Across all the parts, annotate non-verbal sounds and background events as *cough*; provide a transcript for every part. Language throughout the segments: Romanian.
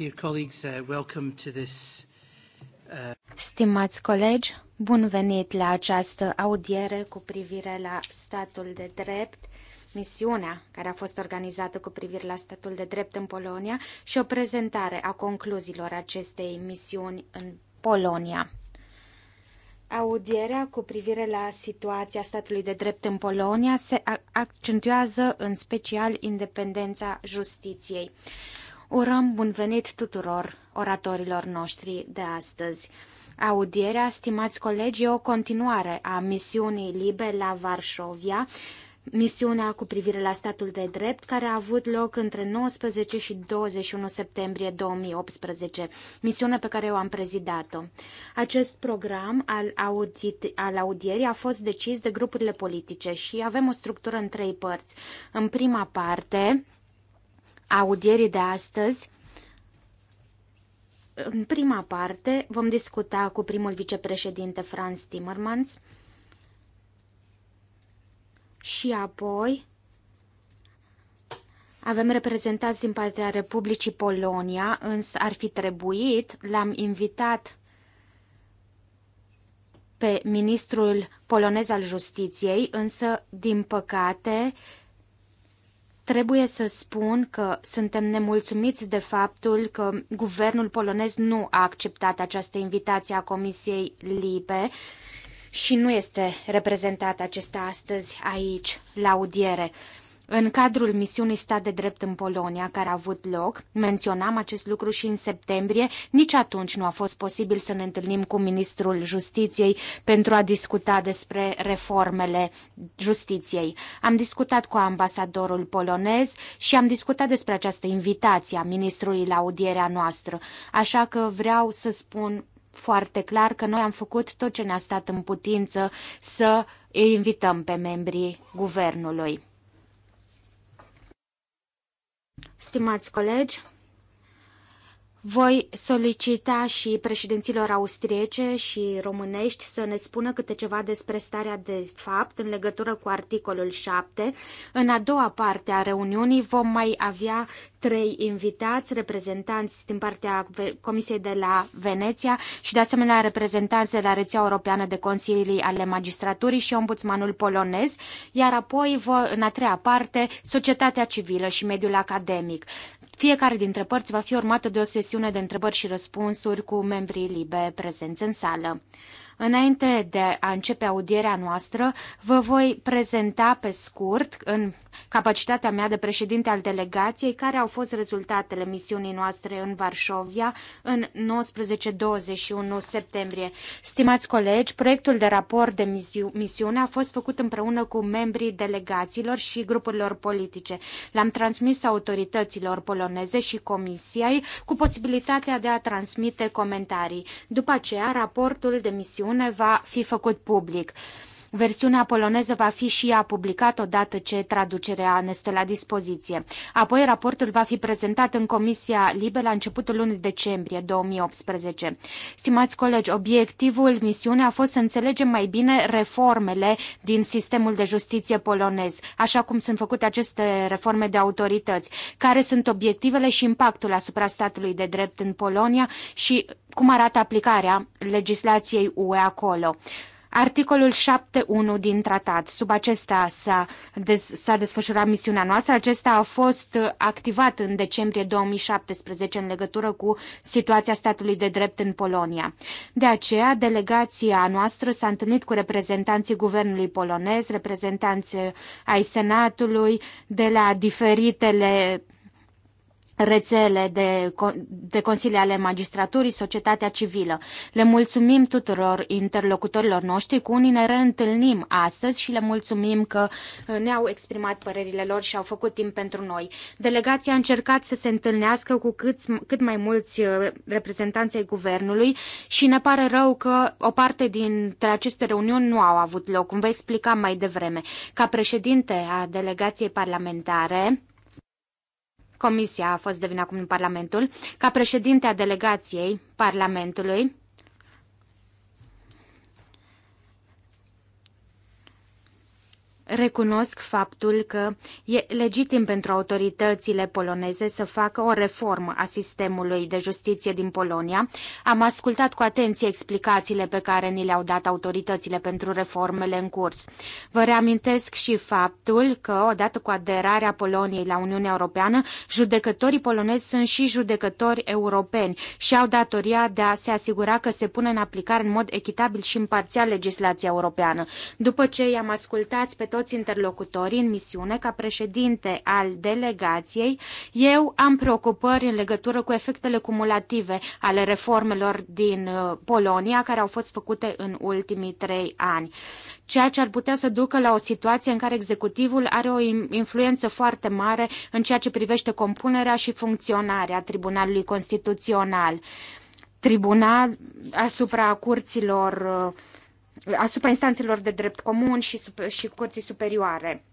Uh, uh, Stimați colegi, bun venit la această audiere cu privire la statul de drept, misiunea care a fost organizată cu privire la statul de drept în Polonia și o prezentare a concluziilor acestei misiuni în Polonia. Audierea cu privire la situația statului de drept în Polonia se accentuează în special independența justiției. Urăm bun venit tuturor oratorilor noștri de astăzi. Audierea, stimați colegi, e o continuare a misiunii Libe la Varșovia, misiunea cu privire la statul de drept, care a avut loc între 19 și 21 septembrie 2018, misiune pe care eu am prezidat-o. Acest program al, audit, al audierii a fost decis de grupurile politice și avem o structură în trei părți. În prima parte, audierii de astăzi, în prima parte vom discuta cu primul vicepreședinte Franz Timmermans și apoi avem reprezentanți din partea Republicii Polonia, însă ar fi trebuit, l-am invitat pe ministrul polonez al justiției, însă, din păcate, Trebuie să spun că suntem nemulțumiți de faptul că guvernul polonez nu a acceptat această invitație a Comisiei Libe și nu este reprezentat acesta astăzi aici, la audiere. În cadrul misiunii Stat de Drept în Polonia, care a avut loc, menționam acest lucru și în septembrie, nici atunci nu a fost posibil să ne întâlnim cu Ministrul Justiției pentru a discuta despre reformele justiției. Am discutat cu ambasadorul polonez și am discutat despre această invitație a ministrului la audierea noastră. Așa că vreau să spun foarte clar că noi am făcut tot ce ne-a stat în putință să îi invităm pe membrii guvernului. Stimați colegi, voi solicita și președinților austriece și românești să ne spună câte ceva despre starea de fapt în legătură cu articolul 7. În a doua parte a reuniunii vom mai avea trei invitați, reprezentanți din partea Comisiei de la Veneția și de asemenea reprezentanți de la Rețea Europeană de Consilii ale Magistraturii și Ombudsmanul polonez, iar apoi, în a treia parte, societatea civilă și mediul academic. Fiecare dintre părți va fi urmată de o sesiune de întrebări și răspunsuri cu membrii libe prezenți în sală. Înainte de a începe audierea noastră, vă voi prezenta pe scurt, în capacitatea mea de președinte al delegației, care au fost rezultatele misiunii noastre în Varșovia în 19-21 septembrie. Stimați colegi, proiectul de raport de misiune a fost făcut împreună cu membrii delegațiilor și grupurilor politice. L-am transmis autorităților poloneze și comisiei cu posibilitatea de a transmite comentarii. După aceea, raportul de misiune acțiune va fi făcut public. Versiunea poloneză va fi și ea publicată odată ce traducerea ne stă la dispoziție. Apoi raportul va fi prezentat în Comisia Libe la începutul lunii decembrie 2018. Stimați colegi, obiectivul misiunii a fost să înțelegem mai bine reformele din sistemul de justiție polonez, așa cum sunt făcute aceste reforme de autorități, care sunt obiectivele și impactul asupra statului de drept în Polonia și cum arată aplicarea legislației UE acolo. Articolul 7.1 din tratat. Sub acesta s-a, dez, desfășurat misiunea noastră. Acesta a fost activat în decembrie 2017 în legătură cu situația statului de drept în Polonia. De aceea, delegația noastră s-a întâlnit cu reprezentanții guvernului polonez, reprezentanții ai Senatului, de la diferitele rețele de, de consilii ale magistraturii, societatea civilă. Le mulțumim tuturor interlocutorilor noștri, cu unii ne reîntâlnim astăzi și le mulțumim că uh, ne-au exprimat părerile lor și au făcut timp pentru noi. Delegația a încercat să se întâlnească cu cât, cât mai mulți uh, reprezentanți ai guvernului și ne pare rău că o parte dintre aceste reuniuni nu au avut loc, cum vă explicam mai devreme. Ca președinte a delegației parlamentare, Comisia a fost de vină acum în Parlamentul, ca președinte a delegației Parlamentului, Recunosc faptul că e legitim pentru autoritățile poloneze să facă o reformă a sistemului de justiție din Polonia. Am ascultat cu atenție explicațiile pe care ni le-au dat autoritățile pentru reformele în curs. Vă reamintesc și faptul că, odată cu aderarea Poloniei la Uniunea Europeană, judecătorii polonezi sunt și judecători europeni și au datoria de a se asigura că se pune în aplicare în mod echitabil și imparțial legislația europeană. După ce i-am ascultat pe toți toți interlocutorii în misiune ca președinte al delegației, eu am preocupări în legătură cu efectele cumulative ale reformelor din uh, Polonia care au fost făcute în ultimii trei ani ceea ce ar putea să ducă la o situație în care executivul are o influență foarte mare în ceea ce privește compunerea și funcționarea Tribunalului Constituțional, tribunal asupra curților uh, asupra instanțelor de drept comun și, și curții superioare.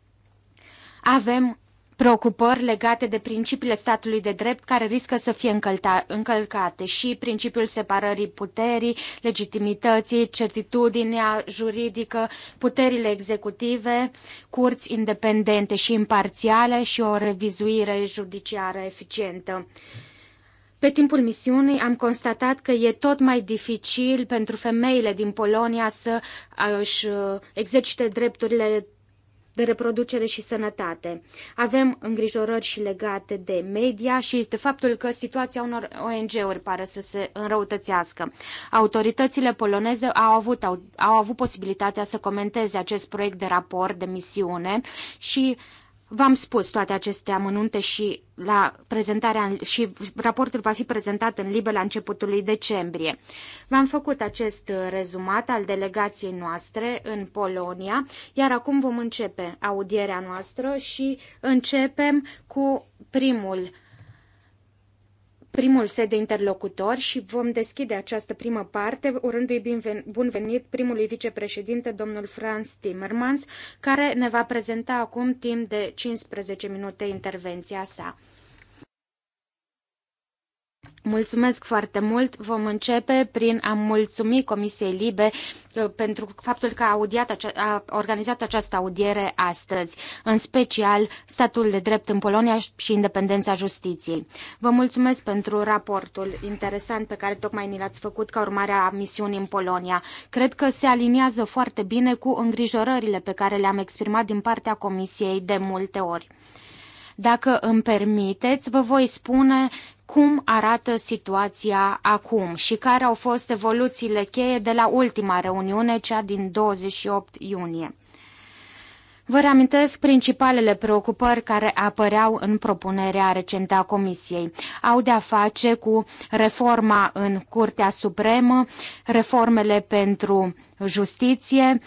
Avem preocupări legate de principiile statului de drept care riscă să fie încălta, încălcate și principiul separării puterii, legitimității, certitudinea juridică, puterile executive, curți independente și imparțiale și o revizuire judiciară eficientă. Pe timpul misiunii am constatat că e tot mai dificil pentru femeile din Polonia să își uh, exercite drepturile de reproducere și sănătate. Avem îngrijorări și legate de media și de faptul că situația unor ONG-uri pare să se înrăutățească. Autoritățile poloneze au avut, au, au avut posibilitatea să comenteze acest proiect de raport de misiune și V-am spus toate aceste amănunte și la prezentarea și raportul va fi prezentat în liber la începutul lui decembrie. V-am făcut acest rezumat al delegației noastre în Polonia, iar acum vom începe audierea noastră și începem cu primul primul set de interlocutori și vom deschide această primă parte urându-i bun venit primului vicepreședinte, domnul Franz Timmermans, care ne va prezenta acum timp de 15 minute intervenția sa. Mulțumesc foarte mult. Vom începe prin a mulțumi Comisiei Libe uh, pentru faptul că a, audiat, a organizat această audiere astăzi, în special statul de drept în Polonia și independența justiției. Vă mulțumesc pentru raportul interesant pe care tocmai ni l-ați făcut ca urmare a misiunii în Polonia. Cred că se aliniază foarte bine cu îngrijorările pe care le-am exprimat din partea Comisiei de multe ori. Dacă îmi permiteți, vă voi spune cum arată situația acum și care au fost evoluțiile cheie de la ultima reuniune, cea din 28 iunie. Vă reamintesc principalele preocupări care apăreau în propunerea recentă a Comisiei. Au de-a face cu reforma în Curtea Supremă, reformele pentru justiție,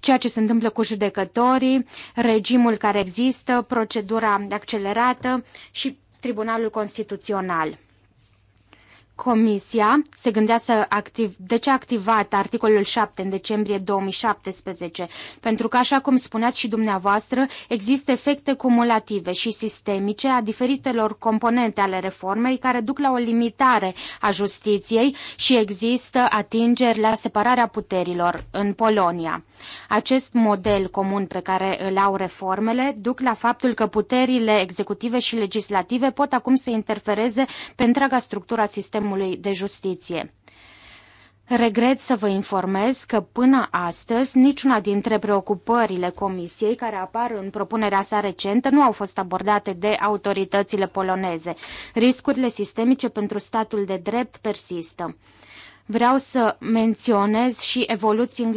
ceea ce se întâmplă cu judecătorii, regimul care există, procedura accelerată și Tribunalul Constituțional. Comisia se gândea să activ... De ce a activat articolul 7 în decembrie 2017? Pentru că, așa cum spuneați și dumneavoastră, există efecte cumulative și sistemice a diferitelor componente ale reformei care duc la o limitare a justiției și există atingeri la separarea puterilor în Polonia. Acest model comun pe care îl au reformele duc la faptul că puterile executive și legislative pot acum să interfereze pe întreaga structura sistemului sistemului de justiție. Regret să vă informez că până astăzi niciuna dintre preocupările comisiei care apar în propunerea sa recentă nu au fost abordate de autoritățile poloneze. Riscurile sistemice pentru statul de drept persistă. Vreau să menționez și evoluții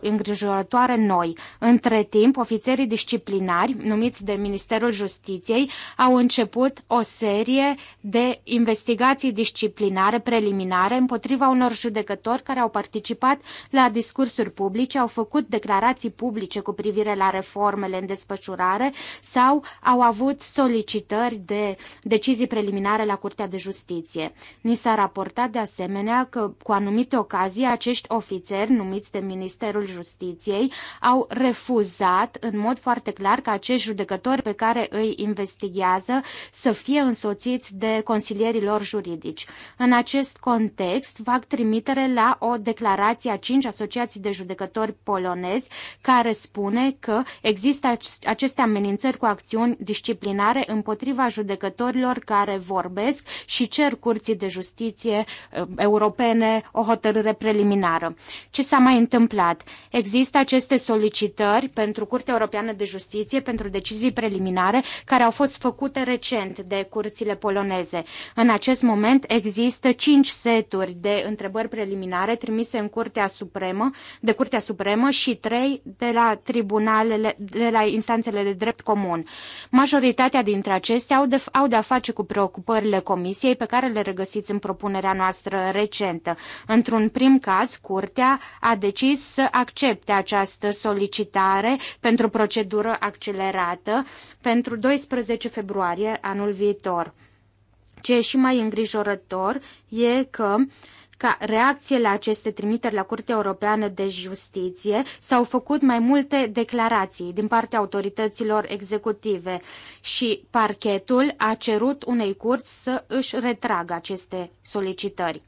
îngrijorătoare noi. Între timp, ofițerii disciplinari, numiți de Ministerul Justiției, au început o serie de investigații disciplinare preliminare împotriva unor judecători care au participat la discursuri publice, au făcut declarații publice cu privire la reformele în desfășurare sau au avut solicitări de decizii preliminare la Curtea de Justiție. Ni s-a raportat de asemenea că cu anumite ocazii, acești ofițeri numiți de Ministerul Justiției au refuzat în mod foarte clar ca acești judecători pe care îi investigează să fie însoțiți de consilierii lor juridici. În acest context, fac trimitere la o declarație a cinci asociații de judecători polonezi care spune că există aceste amenințări cu acțiuni disciplinare împotriva judecătorilor care vorbesc și cer curții de justiție uh, europene o hotărâre preliminară. Ce s-a mai întâmplat? Există aceste solicitări pentru Curtea Europeană de Justiție pentru decizii preliminare care au fost făcute recent de curțile poloneze. În acest moment există cinci seturi de întrebări preliminare trimise în Curtea Supremă, de Curtea Supremă și trei de la tribunalele, de la instanțele de drept comun. Majoritatea dintre acestea au de, au de a face cu preocupările Comisiei pe care le regăsiți în propunerea noastră recentă. Într-un prim caz, Curtea a decis să accepte această solicitare pentru procedură accelerată pentru 12 februarie anul viitor. Ce e și mai îngrijorător e că ca reacție la aceste trimiteri la Curtea Europeană de Justiție, s-au făcut mai multe declarații din partea autorităților executive și parchetul a cerut unei curți să își retragă aceste solicitări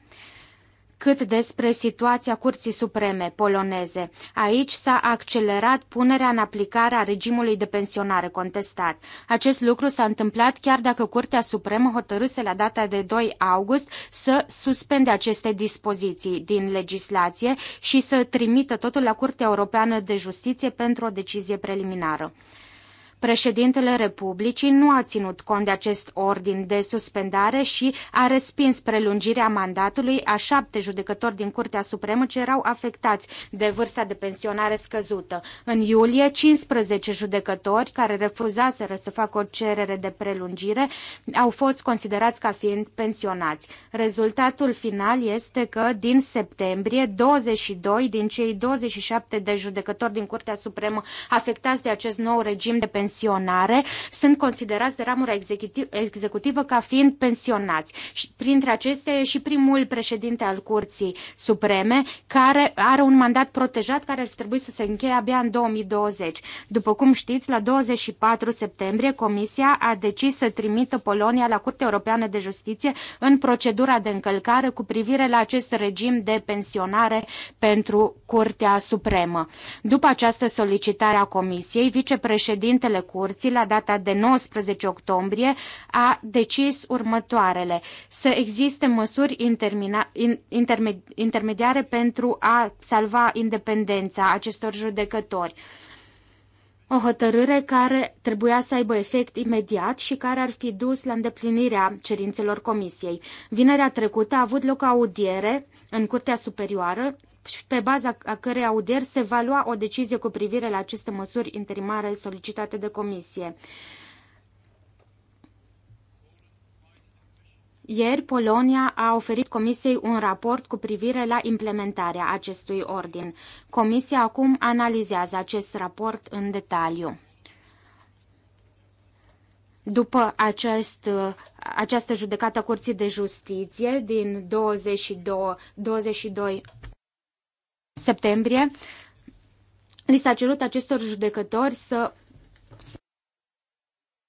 cât despre situația Curții Supreme poloneze. Aici s-a accelerat punerea în aplicare a regimului de pensionare contestat. Acest lucru s-a întâmplat chiar dacă Curtea Supremă hotărâse la data de 2 august să suspende aceste dispoziții din legislație și să trimită totul la Curtea Europeană de Justiție pentru o decizie preliminară. Președintele Republicii nu a ținut cont de acest ordin de suspendare și a respins prelungirea mandatului a șapte judecători din Curtea Supremă ce erau afectați de vârsta de pensionare scăzută. În iulie, 15 judecători care refuzaseră să facă o cerere de prelungire au fost considerați ca fiind pensionați. Rezultatul final este că din septembrie 22 din cei 27 de judecători din Curtea Supremă afectați de acest nou regim de pensionare pensionare sunt considerați de ramura executivă ca fiind pensionați. Și printre acestea e și primul președinte al Curții Supreme, care are un mandat protejat care ar trebui să se încheie abia în 2020. După cum știți, la 24 septembrie, Comisia a decis să trimită Polonia la Curtea Europeană de Justiție în procedura de încălcare cu privire la acest regim de pensionare pentru Curtea Supremă. După această solicitare a Comisiei, vicepreședintele ale curții, la data de 19 octombrie, a decis următoarele. Să existe măsuri intermediare pentru a salva independența acestor judecători. O hotărâre care trebuia să aibă efect imediat și care ar fi dus la îndeplinirea cerințelor comisiei. Vinerea trecută a avut loc audiere în Curtea Superioară pe baza a cărei audier se va lua o decizie cu privire la aceste măsuri interimare solicitate de comisie. Ieri, Polonia a oferit Comisiei un raport cu privire la implementarea acestui ordin. Comisia acum analizează acest raport în detaliu. După acest, această judecată Curții de Justiție din 22, 22 septembrie, li s-a cerut acestor judecători să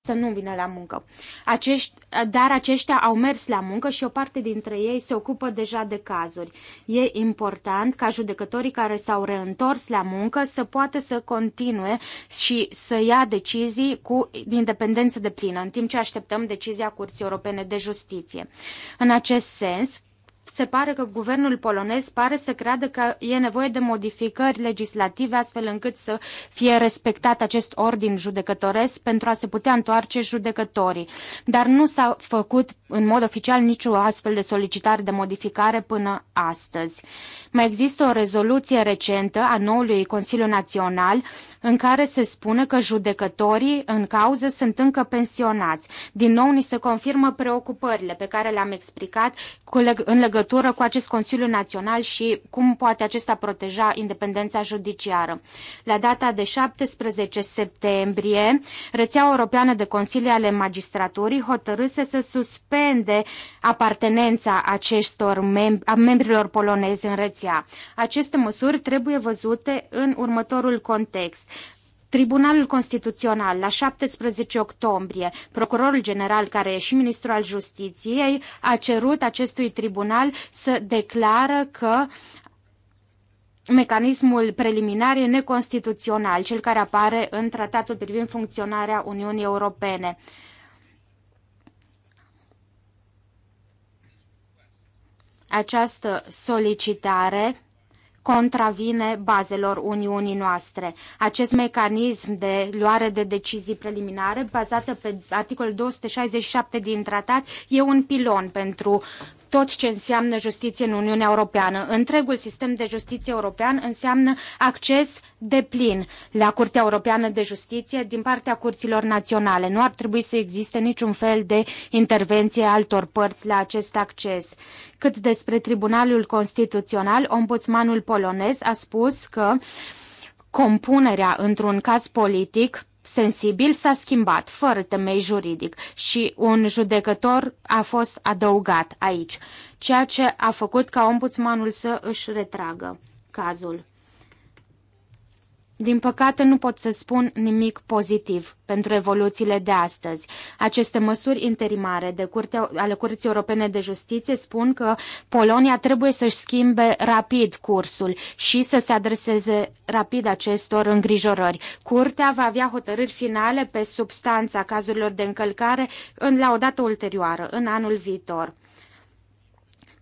să nu vină la muncă. Acești, dar aceștia au mers la muncă și o parte dintre ei se ocupă deja de cazuri. E important ca judecătorii care s-au reîntors la muncă să poată să continue și să ia decizii cu independență de plină, în timp ce așteptăm decizia Curții Europene de Justiție. În acest sens, se pare că guvernul polonez pare să creadă că e nevoie de modificări legislative astfel încât să fie respectat acest ordin judecătoresc pentru a se putea întoarce judecătorii. Dar nu s-a făcut în mod oficial nicio astfel de solicitare de modificare până astăzi. Mai există o rezoluție recentă a noului Consiliu Național în care se spune că judecătorii în cauză sunt încă pensionați. Din nou ni se confirmă preocupările pe care le-am explicat în legătură legătură cu acest Consiliu Național și cum poate acesta proteja independența judiciară. La data de 17 septembrie, Rețeaua Europeană de Consilii ale Magistraturii hotărâse să suspende apartenența acestor mem- a membrilor polonezi în rețea. Aceste măsuri trebuie văzute în următorul context. Tribunalul Constituțional, la 17 octombrie, procurorul general, care e și ministrul al justiției, a cerut acestui tribunal să declară că mecanismul preliminar e neconstituțional, cel care apare în tratatul privind funcționarea Uniunii Europene. Această solicitare contravine bazelor Uniunii noastre. Acest mecanism de luare de decizii preliminare, bazată pe articolul 267 din tratat, e un pilon pentru tot ce înseamnă justiție în Uniunea Europeană. Întregul sistem de justiție european înseamnă acces de plin la Curtea Europeană de Justiție din partea curților naționale. Nu ar trebui să existe niciun fel de intervenție altor părți la acest acces. Cât despre Tribunalul Constituțional, ombudsmanul polonez a spus că compunerea într-un caz politic sensibil s-a schimbat fără temei juridic și un judecător a fost adăugat aici, ceea ce a făcut ca ombudsmanul să își retragă cazul. Din păcate, nu pot să spun nimic pozitiv pentru evoluțiile de astăzi. Aceste măsuri interimare de curte, ale Curții Europene de Justiție spun că Polonia trebuie să-și schimbe rapid cursul și să se adreseze rapid acestor îngrijorări. Curtea va avea hotărâri finale pe substanța cazurilor de încălcare în, la o dată ulterioară, în anul viitor.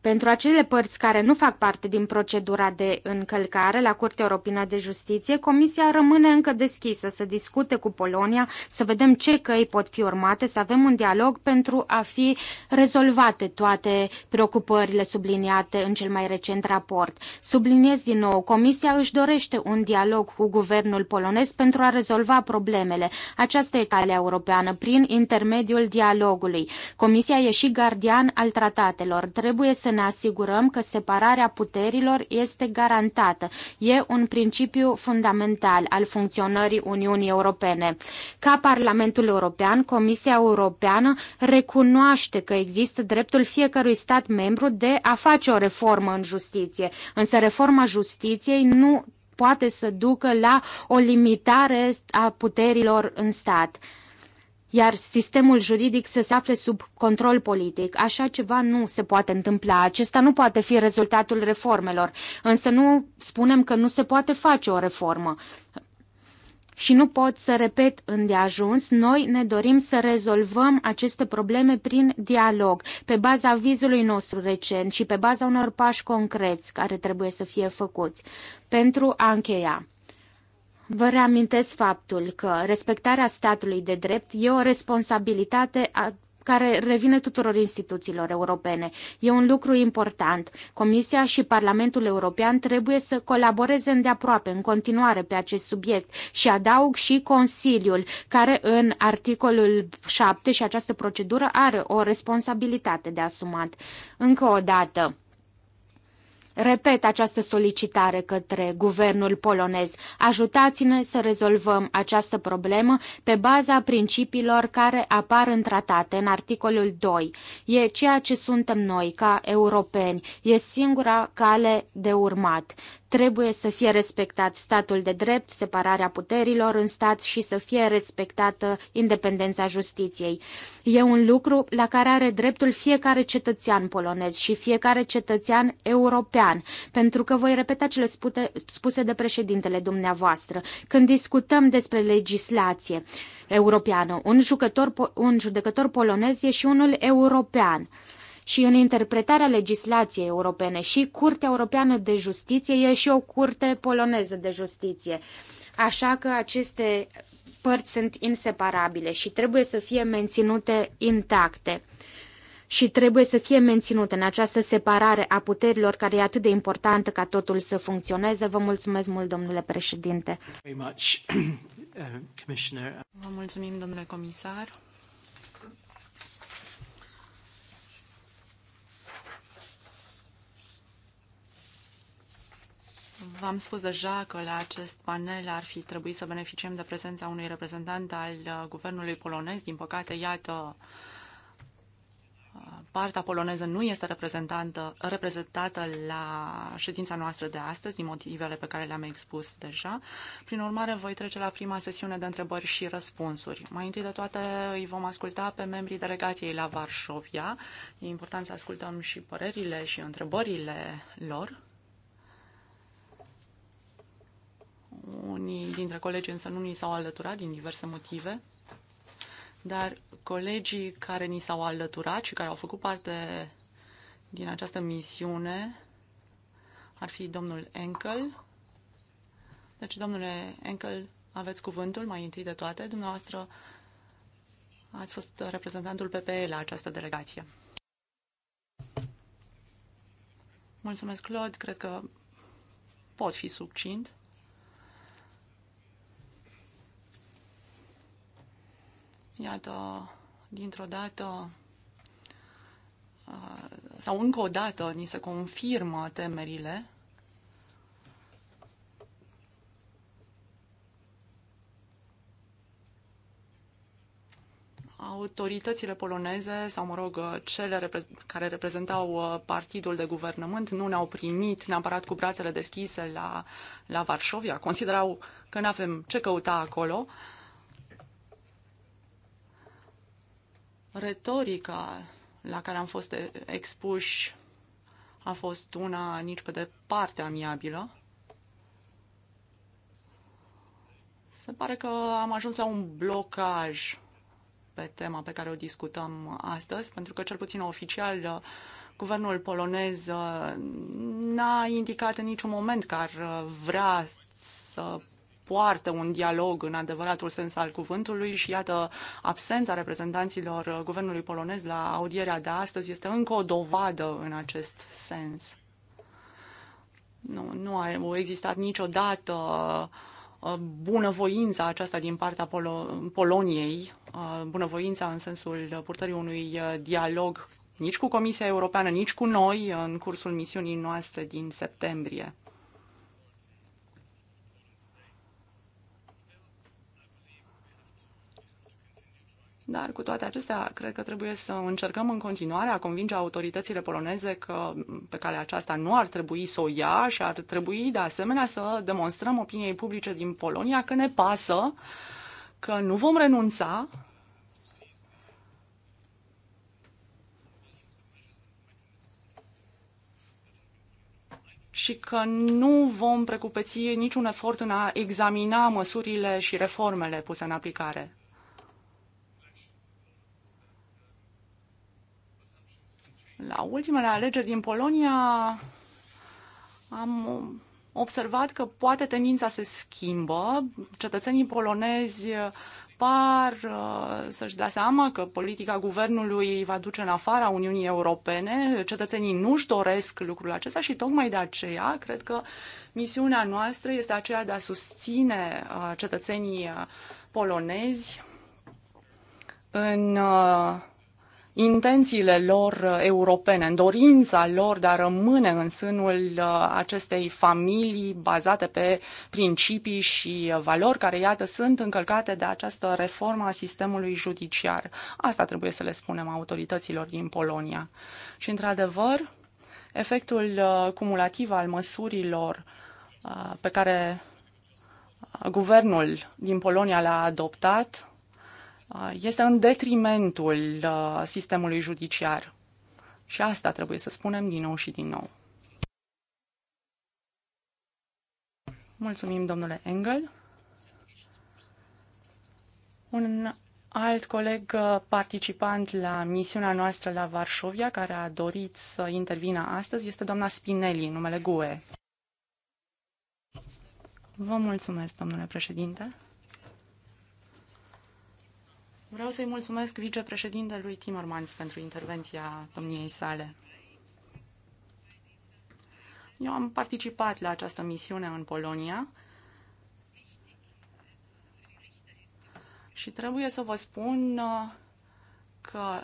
Pentru acele părți care nu fac parte din procedura de încălcare la Curtea Europeană de Justiție, Comisia rămâne încă deschisă să discute cu Polonia, să vedem ce căi pot fi urmate, să avem un dialog pentru a fi rezolvate toate preocupările subliniate în cel mai recent raport. Subliniez din nou, Comisia își dorește un dialog cu guvernul polonez pentru a rezolva problemele. Aceasta e calea europeană, prin intermediul dialogului. Comisia e și gardian al tratatelor. Trebuie să ne asigurăm că separarea puterilor este garantată. E un principiu fundamental al funcționării Uniunii Europene. Ca Parlamentul European, Comisia Europeană recunoaște că există dreptul fiecărui stat membru de a face o reformă în justiție, însă reforma justiției nu poate să ducă la o limitare a puterilor în stat iar sistemul juridic să se afle sub control politic. Așa ceva nu se poate întâmpla. Acesta nu poate fi rezultatul reformelor, însă nu spunem că nu se poate face o reformă. Și nu pot să repet îndeajuns, noi ne dorim să rezolvăm aceste probleme prin dialog, pe baza vizului nostru recent și pe baza unor pași concreți care trebuie să fie făcuți pentru a încheia. Vă reamintesc faptul că respectarea statului de drept e o responsabilitate a care revine tuturor instituțiilor europene. E un lucru important. Comisia și Parlamentul European trebuie să colaboreze îndeaproape în continuare pe acest subiect și adaug și Consiliul, care în articolul 7 și această procedură are o responsabilitate de asumat. Încă o dată, Repet această solicitare către guvernul polonez. Ajutați-ne să rezolvăm această problemă pe baza principiilor care apar în tratate, în articolul 2. E ceea ce suntem noi, ca europeni. E singura cale de urmat. Trebuie să fie respectat statul de drept, separarea puterilor în stat și să fie respectată independența justiției. E un lucru la care are dreptul fiecare cetățean polonez și fiecare cetățean european, pentru că voi repeta cele spute, spuse de președintele dumneavoastră. Când discutăm despre legislație europeană, un, jucător, un judecător polonez e și unul european și în interpretarea legislației europene și Curtea Europeană de Justiție e și o curte poloneză de justiție. Așa că aceste părți sunt inseparabile și trebuie să fie menținute intacte și trebuie să fie menținute în această separare a puterilor care e atât de importantă ca totul să funcționeze. Vă mulțumesc mult, domnule președinte. *clears throat* Uh, Vă mulțumim, domnule comisar. V-am spus deja că la acest panel ar fi trebuit să beneficiem de prezența unui reprezentant al uh, guvernului polonez. Din păcate, iată, uh, partea poloneză nu este reprezentată, reprezentată la ședința noastră de astăzi, din motivele pe care le-am expus deja. Prin urmare, voi trece la prima sesiune de întrebări și răspunsuri. Mai întâi de toate îi vom asculta pe membrii delegației la Varșovia. E important să ascultăm și părerile și întrebările lor. Unii dintre colegii însă nu ni s-au alăturat din diverse motive, dar colegii care ni s-au alăturat și care au făcut parte din această misiune ar fi domnul Enkel. Deci, domnule Enkel, aveți cuvântul mai întâi de toate. Dumneavoastră ați fost reprezentantul PPE la această delegație. Mulțumesc, Claude. Cred că pot fi succint. Iată, dintr-o dată sau încă o dată ni se confirmă temerile autoritățile poloneze sau, mă rog, cele repre care reprezentau uh, partidul de guvernământ nu ne-au primit neapărat cu brațele deschise la, la Varșovia. Considerau că nu avem ce căuta acolo. Uh, Retorica la care am fost expuși a fost una nici pe departe amiabilă. Se pare că am ajuns la un blocaj pe tema pe care o discutăm astăzi, pentru că cel puțin oficial guvernul polonez n-a indicat în niciun moment că ar vrea să poartă un dialog în adevăratul sens al cuvântului și iată absența reprezentanților guvernului polonez la audierea de astăzi este încă o dovadă în acest sens. Nu, nu a existat niciodată uh, bunăvoința aceasta din partea Polo- Poloniei, uh, bunăvoința în sensul purtării unui uh, dialog nici cu Comisia Europeană, nici cu noi în cursul misiunii noastre din septembrie. Dar cu toate acestea, cred că trebuie să încercăm în continuare a convinge autoritățile poloneze că pe calea aceasta nu ar trebui să o ia și ar trebui de asemenea să demonstrăm opiniei publice din Polonia că ne pasă, că nu vom renunța și că nu vom precupeți niciun efort în a examina măsurile și reformele puse în aplicare. La ultimele alegeri din Polonia am observat că poate tendința se schimbă. Cetățenii polonezi par uh, să-și dea seama că politica guvernului va duce în afara Uniunii Europene. Cetățenii nu-și doresc lucrul acesta și tocmai de aceea cred că misiunea noastră este aceea de a susține uh, cetățenii uh, polonezi în intențiile lor uh, europene, în dorința lor de a rămâne în sânul uh, acestei familii bazate pe principii și uh, valori care, iată, sunt încălcate de această reformă a sistemului judiciar. Asta trebuie să le spunem autorităților din Polonia. Și, într-adevăr, efectul cumulativ al măsurilor pe care guvernul din Polonia le-a adoptat Uh, este în detrimentul uh, sistemului judiciar. Și asta trebuie să spunem din nou și din nou. Mulțumim, domnule Engel. Un alt coleg uh, participant la misiunea noastră la Varșovia, care a dorit să intervină astăzi, este doamna Spinelli, numele GUE. Vă mulțumesc, domnule președinte. Vreau să-i mulțumesc vicepreședintelui Timmermans pentru intervenția domniei sale. Eu am participat la această misiune în Polonia și trebuie să vă spun uh, că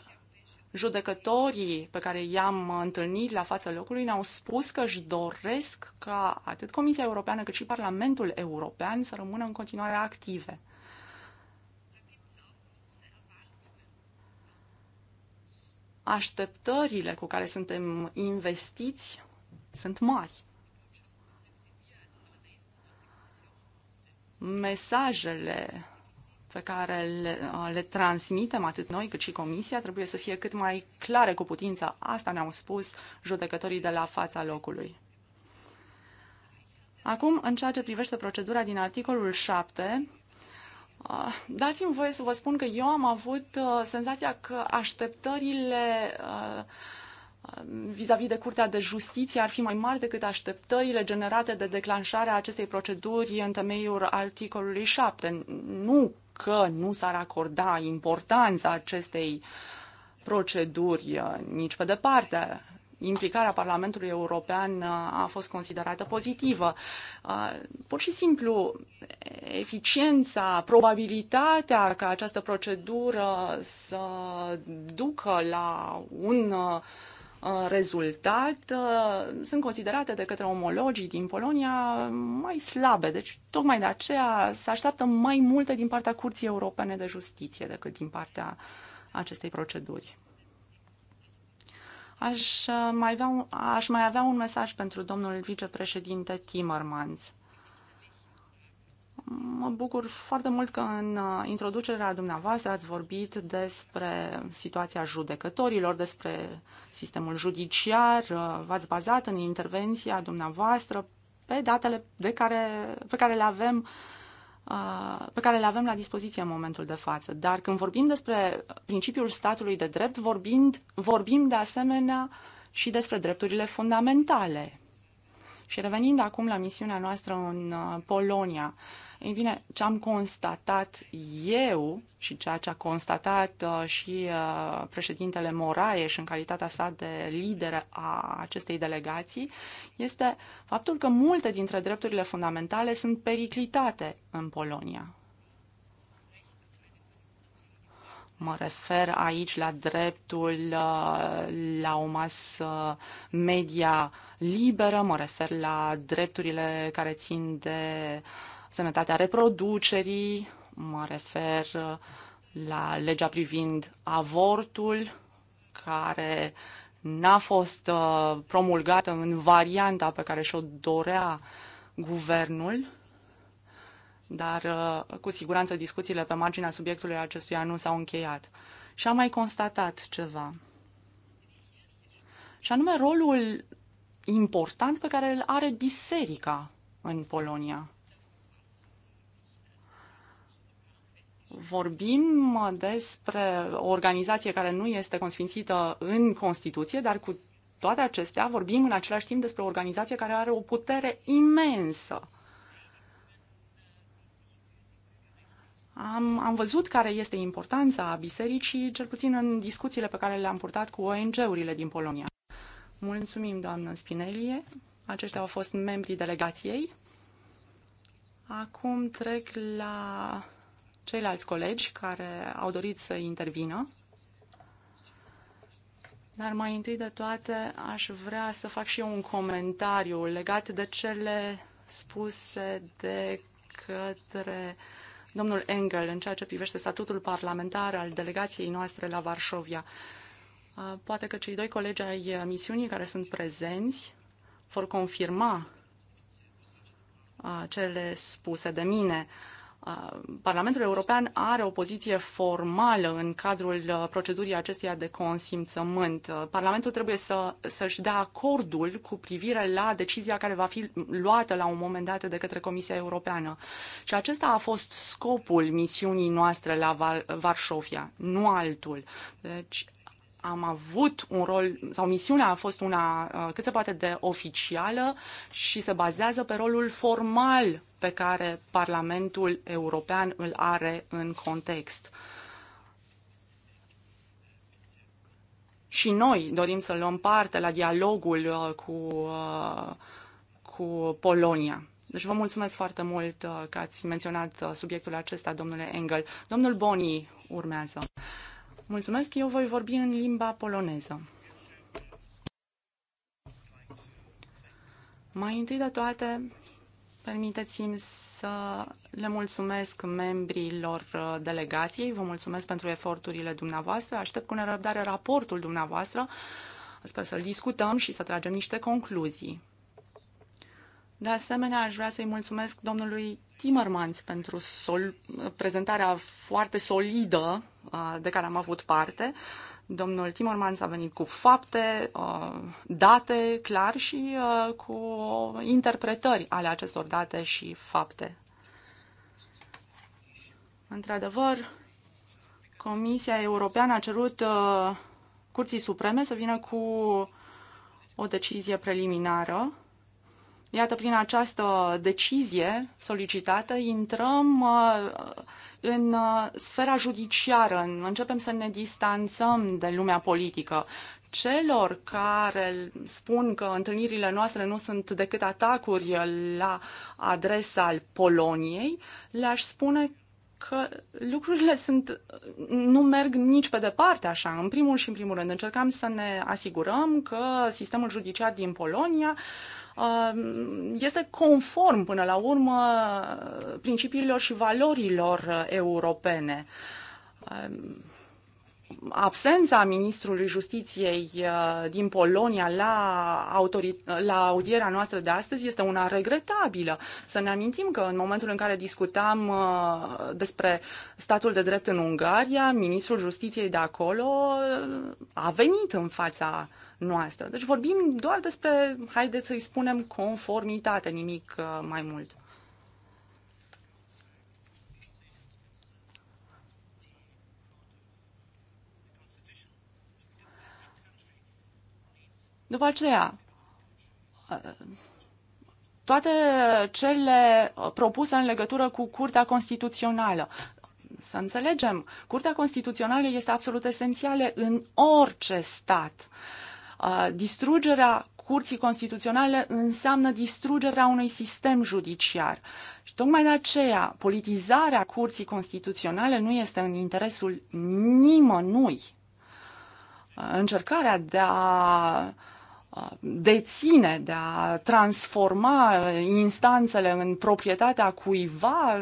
judecătorii pe care i-am întâlnit la fața locului ne-au spus că își doresc ca atât Comisia Europeană cât și Parlamentul European să rămână în continuare active. așteptările cu care suntem investiți sunt mari. Mesajele pe care le, le transmitem atât noi cât și comisia trebuie să fie cât mai clare cu putința. Asta ne-au spus judecătorii de la fața locului. Acum, în ceea ce privește procedura din articolul 7, Ah, dați-mi voie să vă spun că eu am avut uh, senzația că așteptările uh, uh, vis-a-vis -vis de Curtea de Justiție ar fi mai mari decât așteptările generate de declanșarea acestei proceduri în temeiul articolului 7. Nu că nu s-ar acorda importanța acestei proceduri nici pe departe implicarea Parlamentului European uh, a fost considerată pozitivă. Uh, pur și simplu, eficiența, probabilitatea ca această procedură să ducă la un uh, rezultat sunt considerate de către omologii din Polonia mai slabe. Deci, tocmai de aceea se așteaptă mai multe din partea Curții Europene de Justiție decât din partea acestei proceduri. Aș uh, mai avea, aș mai avea un mesaj pentru domnul vicepreședinte Timmermans. Mă bucur foarte mult că în uh, introducerea dumneavoastră ați vorbit despre situația judecătorilor, despre sistemul judiciar, uh, v-ați bazat în intervenția dumneavoastră pe datele de care, pe care le avem uh, pe care le avem la dispoziție în momentul de față. Dar când vorbim despre principiul statului de drept, vorbind, vorbim de asemenea și despre drepturile fundamentale. Și revenind acum la misiunea noastră în uh, Polonia, ei bine, ce am constatat eu și ceea ce a constatat uh, și uh, președintele Moraes în calitatea sa de lider a acestei delegații este faptul că multe dintre drepturile fundamentale sunt periclitate în Polonia. Mă refer aici la dreptul uh, la o masă media liberă, mă refer la drepturile care țin de uh, sănătatea reproducerii, mă refer uh, la legea privind avortul, care n-a fost uh, promulgată în varianta pe care și-o dorea guvernul, dar uh, cu siguranță discuțiile pe marginea subiectului acestuia nu s-au încheiat. Și am mai constatat ceva. Și anume rolul important pe care îl are biserica în Polonia. vorbim despre o organizație care nu este consfințită în Constituție, dar cu toate acestea vorbim în același timp despre o organizație care are o putere imensă. Am, am văzut care este importanța bisericii, cel puțin în discuțiile pe care le-am purtat cu ONG-urile din Polonia. Mulțumim, doamnă Spinelie. Aceștia au fost membrii delegației. Acum trec la ceilalți colegi care au dorit să intervină. Dar mai întâi de toate aș vrea să fac și eu un comentariu legat de cele spuse de către domnul Engel în ceea ce privește statutul parlamentar al delegației noastre la Varșovia. Poate că cei doi colegi ai misiunii care sunt prezenți vor confirma cele spuse de mine. Parlamentul European are o poziție formală în cadrul uh, procedurii acesteia de consimțământ. Uh, Parlamentul trebuie să, să-și dea acordul cu privire la decizia care va fi luată la un moment dat de către Comisia Europeană. Și acesta a fost scopul misiunii noastre la Var- Varșovia, nu altul. Deci am avut un rol, sau misiunea a fost una uh, cât se poate de oficială și se bazează pe rolul formal pe care Parlamentul European îl are în context. Și noi dorim să luăm parte la dialogul uh, cu, uh, cu Polonia. Deci vă mulțumesc foarte mult uh, că ați menționat subiectul acesta, domnule Engel. Domnul Boni urmează. Mulțumesc, eu voi vorbi în limba poloneză. Mai întâi de toate, Permiteți-mi să le mulțumesc membrilor uh, delegației, vă mulțumesc pentru eforturile dumneavoastră, aștept cu nerăbdare raportul dumneavoastră, sper să-l discutăm și să tragem niște concluzii. De asemenea, aș vrea să-i mulțumesc domnului Timmermans pentru sol- prezentarea foarte solidă uh, de care am avut parte. Uh, Domnul s a venit cu fapte, uh, date clar și uh, cu interpretări ale acestor date și fapte. Într-adevăr, Comisia Europeană a cerut uh, Curții Supreme să vină cu o decizie preliminară. Iată, prin această decizie solicitată, intrăm în uh, sfera judiciară, începem să ne distanțăm de lumea politică. Celor care spun că întâlnirile noastre nu sunt decât atacuri la adresa Poloniei, le-aș spune că lucrurile sunt, nu merg nici pe departe așa. În primul și în primul rând încercam să ne asigurăm că sistemul judiciar din Polonia uh, Um, este conform până la urmă principiilor și valorilor uh, europene um, absența ministrului justiției uh, din Polonia la, la audierea noastră de astăzi este una regretabilă. Să ne amintim că în momentul în care discutam uh, despre statul de drept în Ungaria, ministrul justiției de acolo a venit în fața noastră. Deci vorbim doar despre, haideți să-i spunem, conformitate, nimic uh, mai mult. După aceea, uh, toate cele uh, propuse în legătură cu Curtea Constituțională. Să înțelegem, Curtea Constituțională este absolut esențială în orice stat. Uh, Distrugerea curții constituționale înseamnă distrugerea unui sistem judiciar. Și tocmai de aceea, politizarea curții constituționale nu este în interesul nimănui. Încercarea de a deține, de a transforma instanțele în proprietatea cuiva,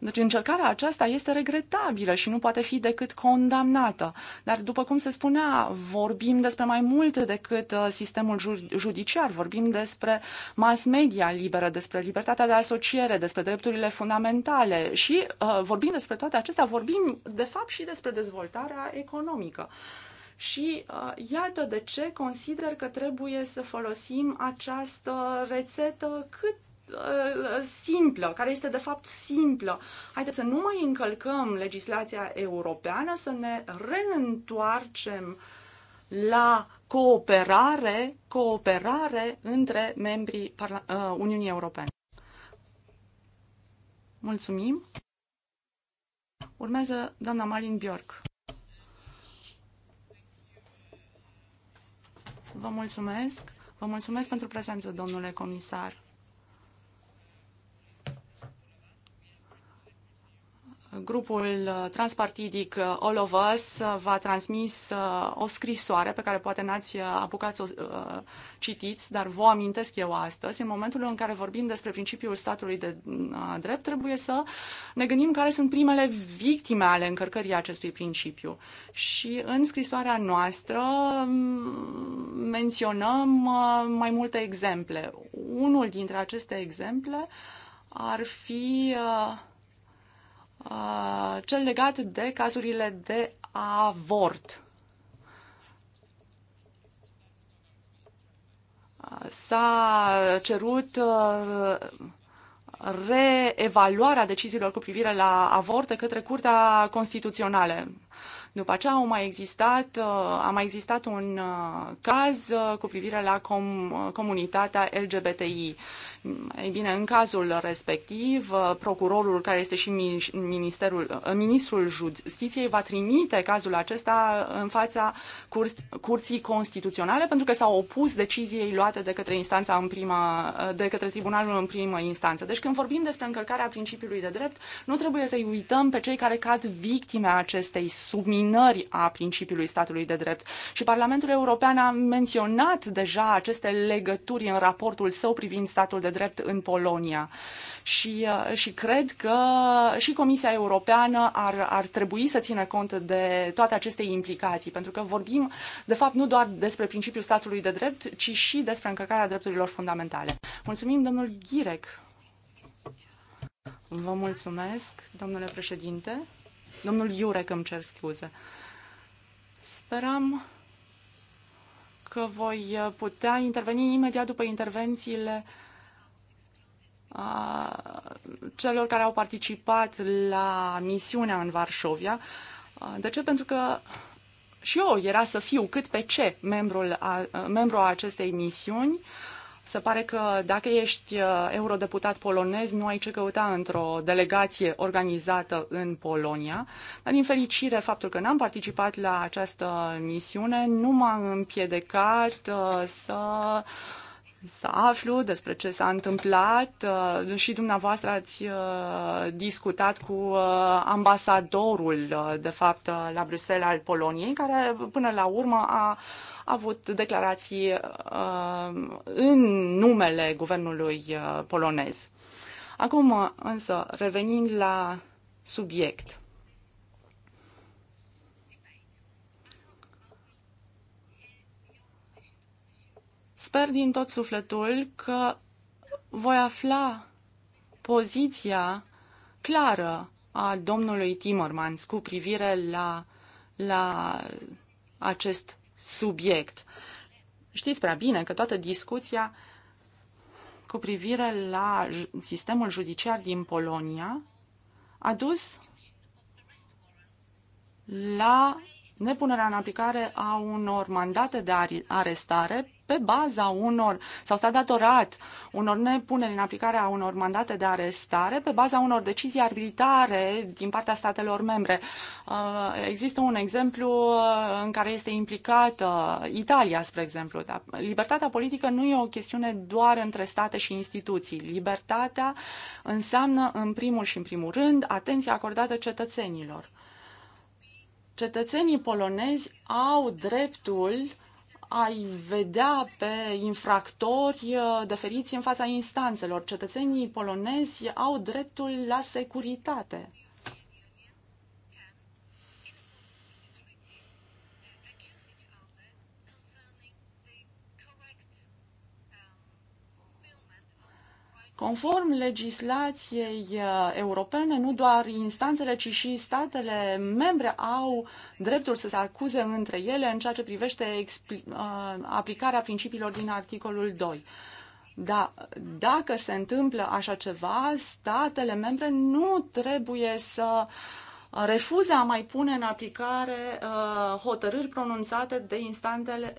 deci încercarea aceasta este regretabilă și nu poate fi decât condamnată. Dar după cum se spunea, vorbim despre mai mult decât uh, sistemul judiciar, vorbim despre mass media liberă, despre libertatea de asociere, despre drepturile fundamentale și uh, vorbim despre toate acestea, vorbim de fapt și despre dezvoltarea economică. Și uh, iată de ce consider că trebuie să folosim această rețetă cât Uh, uh, simplă, care este de fapt simplă. Haideți să nu mai încălcăm legislația europeană, să ne reîntoarcem la cooperare, cooperare între membrii uh, Uniunii Europene. Mulțumim. Urmează doamna Malin Bjork. Vă mulțumesc. Vă mulțumesc pentru prezență, domnule comisar. grupul uh, transpartidic uh, All of Us uh, v-a transmis o scrisoare pe care poate n-ați apucat să o citiți, dar vă amintesc eu astăzi. În momentul în care vorbim despre principiul statului de drept, trebuie să ne gândim care sunt primele victime ale încărcării acestui principiu. Și în scrisoarea noastră mm, menționăm mai multe exemple. Unul dintre aceste exemple ar fi uh, Ah, cel legat de cazurile de avort. Ah, s-a cerut uh, reevaluarea deciziilor cu privire la avort de către Curtea Constituțională. După aceea au mai existat, uh, a mai existat un uh, caz cu privire la com, comunitatea LGBTI. Ei bine, în cazul respectiv, procurorul care este și ministerul, ă, ministrul justiției va trimite cazul acesta în fața cur- curții constituționale pentru că s-a opus deciziei luate de către instanța în prima, ă, de către tribunalul în primă instanță. Deci când vorbim despre încălcarea principiului de drept, nu trebuie să-i uităm pe cei care cad victime acestei subminări a principiului statului de drept. Și Parlamentul European a menționat deja aceste legături în raportul său privind statul de de Drept în Polonia. Și, uh, și cred că și Comisia Europeană ar, ar trebui să țină cont de toate aceste implicații, pentru că vorbim, de fapt, nu doar despre principiul statului de drept, ci și despre încălcarea drepturilor fundamentale. Mulțumim, domnul Ghirec. Vă mulțumesc, domnule președinte. Domnul Iurec, îmi cer scuze. Speram că voi putea interveni imediat după intervențiile celor care au participat la misiunea în Varșovia. De ce? Pentru că și eu era să fiu cât pe ce membrul a, membru a acestei misiuni. Se pare că dacă ești eurodeputat polonez, nu ai ce căuta într-o delegație organizată în Polonia. Dar, din fericire, faptul că n-am participat la această misiune nu m-a împiedicat să uh, să aflu despre ce s-a întâmplat uh, și dumneavoastră ați uh, discutat cu uh, ambasadorul, de fapt, la Bruxelles al Poloniei, care până la urmă a avut declarații în numele guvernului polonez. Acum, însă, revenind la subiect. Sper din tot sufletul că voi afla poziția clară a domnului Timmermans cu privire la, la acest subiect. Știți prea bine că toată discuția cu privire la sistemul judiciar din Polonia a dus la nepunerea în aplicare a unor mandate de arestare pe baza unor, sau s-a datorat unor nepuneri în aplicarea unor mandate de arestare, pe baza unor decizii arbitrare din partea statelor membre. Uh, există un exemplu uh, în care este implicată uh, Italia, spre exemplu. libertatea politică nu e o chestiune doar între state și instituții. Libertatea înseamnă, în primul și în primul rând, atenția acordată cetățenilor. Cetățenii polonezi au dreptul ai vedea pe infractori uh, deferiți în fața instanțelor. Cetățenii polonezi au dreptul la securitate. Conform legislației uh, europene, nu doar instanțele, ci și statele membre au dreptul să se acuze între ele în ceea ce privește uh, aplicarea principiilor din articolul 2. Da, dacă se întâmplă așa ceva, statele membre nu trebuie să uh, refuză a mai pune în aplicare uh, hotărâri pronunțate de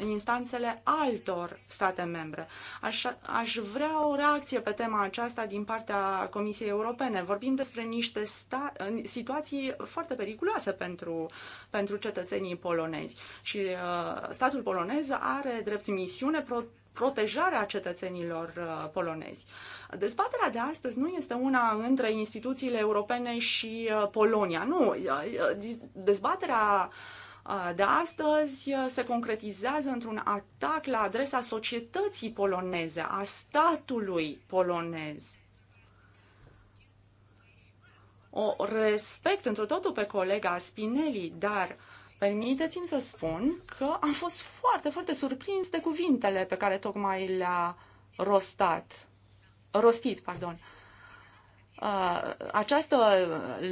instanțele altor state membre. Aș, aș vrea o reacție pe tema aceasta din partea Comisiei Europene. Vorbim despre niște sta, situații foarte periculoase pentru, pentru cetățenii polonezi și uh, statul polonez are drept misiune pro, protejarea cetățenilor uh, polonezi. Dezbaterea de astăzi nu este una între instituțiile europene și uh, Polonia. Nu, uh, dezbaterea de astăzi se concretizează într-un atac la adresa societății poloneze, a statului polonez. O respect într totul pe colega Spinelli, dar uh, Permiteți-mi să spun că am fost foarte, foarte surprins de cuvintele pe care tocmai le-a rostat, rostit, pardon. Uh, această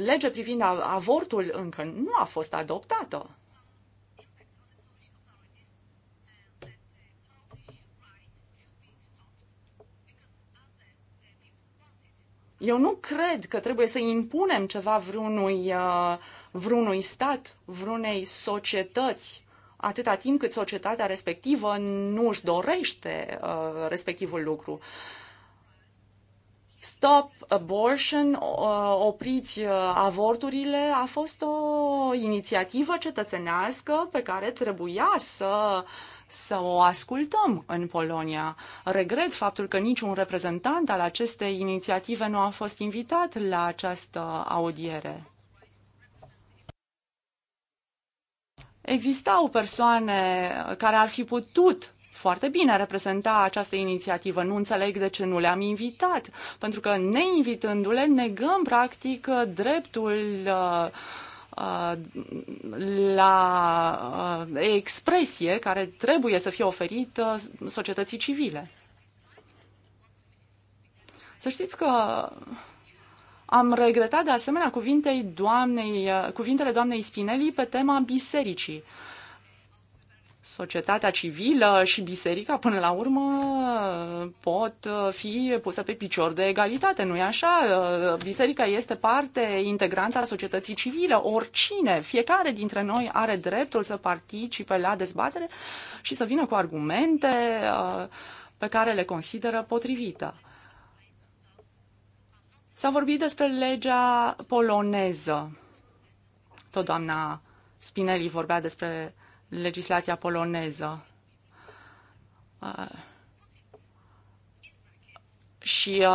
lege privind avortul încă nu a fost adoptată. Eu nu cred că trebuie să impunem ceva vreunui, uh, vreunui stat, vreunei societăți, atâta timp cât societatea respectivă nu își dorește uh, respectivul lucru. Stop Abortion, uh, opriți avorturile, a fost o inițiativă cetățenească pe care trebuia să uh, să o ascultăm în Polonia. Regret faptul că niciun reprezentant al acestei inițiative nu a fost invitat la această audiere. Existau persoane care ar fi putut foarte bine reprezenta această inițiativă. Nu înțeleg de ce nu le-am invitat, pentru că neinvitându-le negăm practic dreptul uh, Uh, la uh, expresie care trebuie să fie oferită societății civile. Să știți că am regretat de asemenea cuvintei doamnei, uh, cuvintele doamnei Spinelli pe tema bisericii societatea civilă și biserica, până la urmă, pot uh, fi puse pe picior de egalitate, nu-i așa? Uh, biserica este parte integrantă a societății civile. Oricine, fiecare dintre noi are dreptul să participe la dezbatere și să vină cu argumente uh, pe care le consideră potrivită. S-a vorbit despre legea poloneză. Tot doamna Spinelli vorbea despre legislația poloneză. Și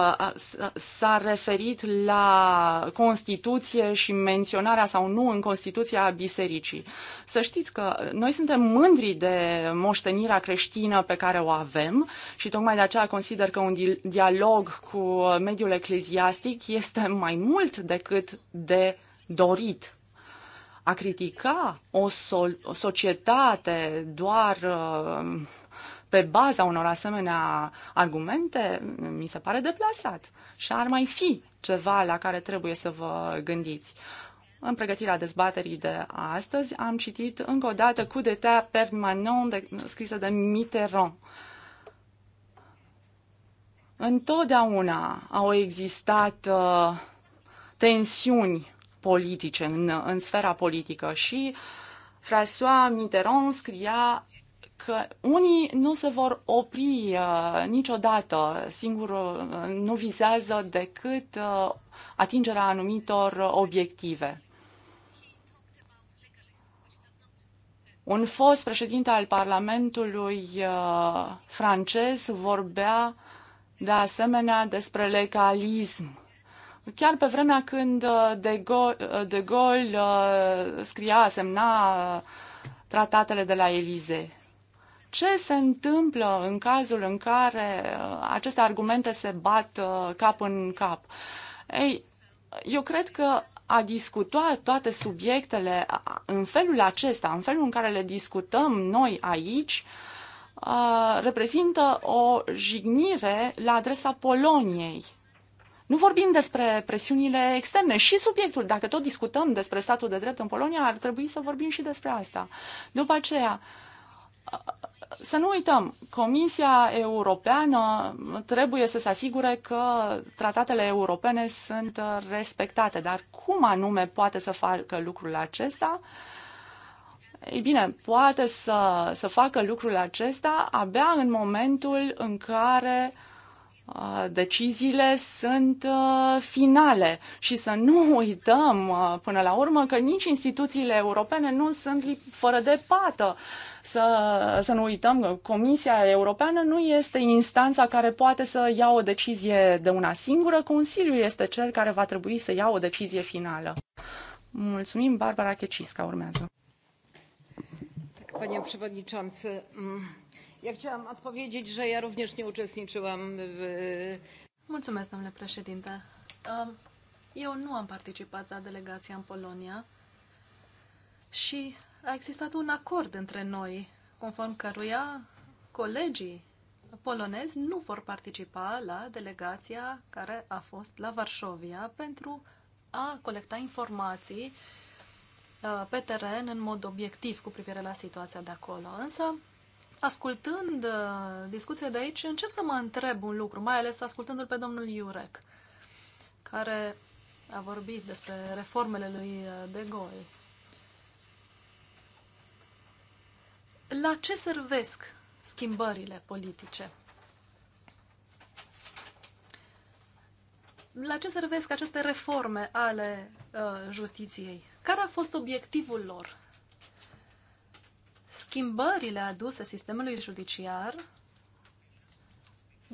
s-a referit la Constituție și menționarea sau nu în Constituția bisericii. Să știți că noi suntem mândri de moștenirea creștină pe care o avem și tocmai de aceea consider că un dialog cu mediul ecleziastic este mai mult decât de dorit a critica o, sol, o societate doar uh, pe baza unor asemenea argumente mi se pare deplasat și ar mai fi ceva la care trebuie să vă gândiți. În pregătirea dezbaterii de astăzi am citit încă o dată cu detea permanent de, scrisă de Mitterrand. Întotdeauna au existat uh, tensiuni politice, în, în sfera politică și François Mitterrand scria că unii nu se vor opri uh, niciodată, singur uh, nu vizează decât uh, atingerea anumitor obiective. Un fost președinte al Parlamentului uh, francez vorbea de asemenea despre legalism Chiar pe vremea când uh, uh, De Gaulle, de uh, Gaulle scria, semna tratatele de la Elize. Ce se întâmplă în cazul în care aceste argumente se bat cap în cap? Ei, eu cred că a discuta toate subiectele în felul acesta, în felul în care le discutăm noi aici, reprezintă o jignire la adresa Poloniei nu vorbim despre presiunile externe și subiectul. Dacă tot discutăm despre statul de drept în Polonia, ar trebui să vorbim și despre asta. După aceea, să nu uităm, Comisia Europeană trebuie să se asigure că tratatele europene sunt respectate, dar cum anume poate să facă lucrul acesta? Ei bine, poate să, să facă lucrul acesta abia în momentul în care uh, deciziile sunt finale și să nu uităm până la urmă că nici instituțiile europene nu sunt fără de pată. Să, să nu uităm că Comisia Europeană nu este instanța care poate să ia o decizie de una singură, Consiliul este cel care va trebui să ia o decizie finală. Mulțumim, Barbara Checisca urmează. Panie Przewodniczący, mm, Ja chciałam odpowiedzieć, że ja również nie uczestniczyłam w... Mulțumesc, domnule președinte. Eu nu am participat la delegația în Polonia și a existat un acord între noi, conform căruia colegii polonezi nu vor participa la delegația care a fost la Varșovia pentru a colecta informații uh, pe teren în mod obiectiv cu privire la situația de acolo. Însă ascultând uh, discuția de aici, încep să mă întreb un lucru, mai ales ascultându-l pe domnul Iurec, care a vorbit despre reformele lui uh, De Gaulle. La ce servesc schimbările politice? La ce servesc aceste reforme ale uh, justiției? Care a fost obiectivul lor? schimbările aduse sistemului judiciar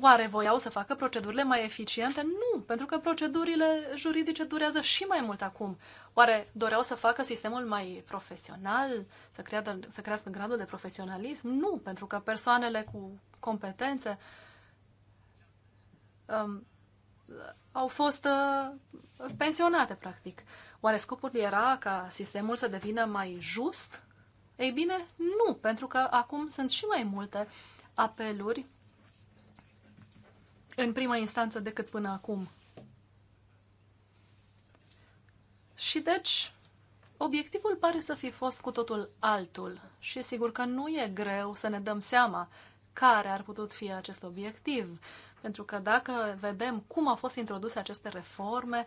Oare voiau să facă procedurile mai eficiente? Nu, pentru că procedurile juridice durează și mai mult acum. Oare doreau să facă sistemul mai profesional, să, creadă, să crească gradul de profesionalism? Nu, pentru că persoanele cu competențe um, au fost uh, pensionate, practic. Oare scopul era ca sistemul să devină mai just? Ei bine, nu, pentru că acum sunt și mai multe apeluri în prima instanță decât până acum. Și deci, obiectivul pare să fi fost cu totul altul și sigur că nu e greu să ne dăm seama care ar putut fi acest obiectiv, pentru că dacă vedem cum au fost introduse aceste reforme,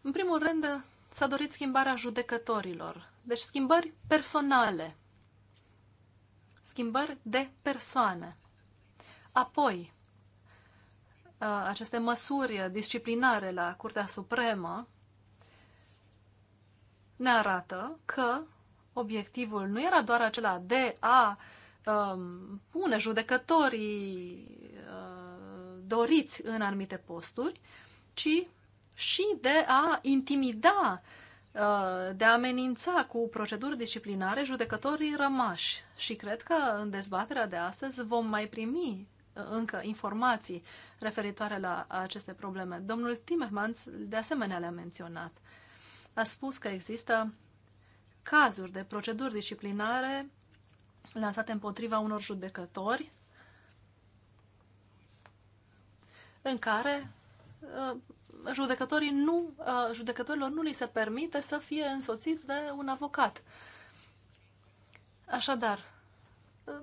în primul rând s-a dorit schimbarea judecătorilor. Deci schimbări personale. Schimbări de persoane. Apoi, aceste măsuri disciplinare la Curtea Supremă ne arată că obiectivul nu era doar acela de a um, pune judecătorii doriți în anumite posturi, ci și de a intimida uh, Uh, de a amenința cu proceduri disciplinare judecătorii rămași. Și cred că în dezbaterea de astăzi vom mai primi uh, încă informații referitoare la aceste probleme. Domnul Timmermans de asemenea le-a menționat. A spus că există cazuri de proceduri disciplinare lansate împotriva unor judecători în care uh, judecătorii nu, uh, judecătorilor nu li se permite să fie însoțiți de un avocat. Așadar, uh,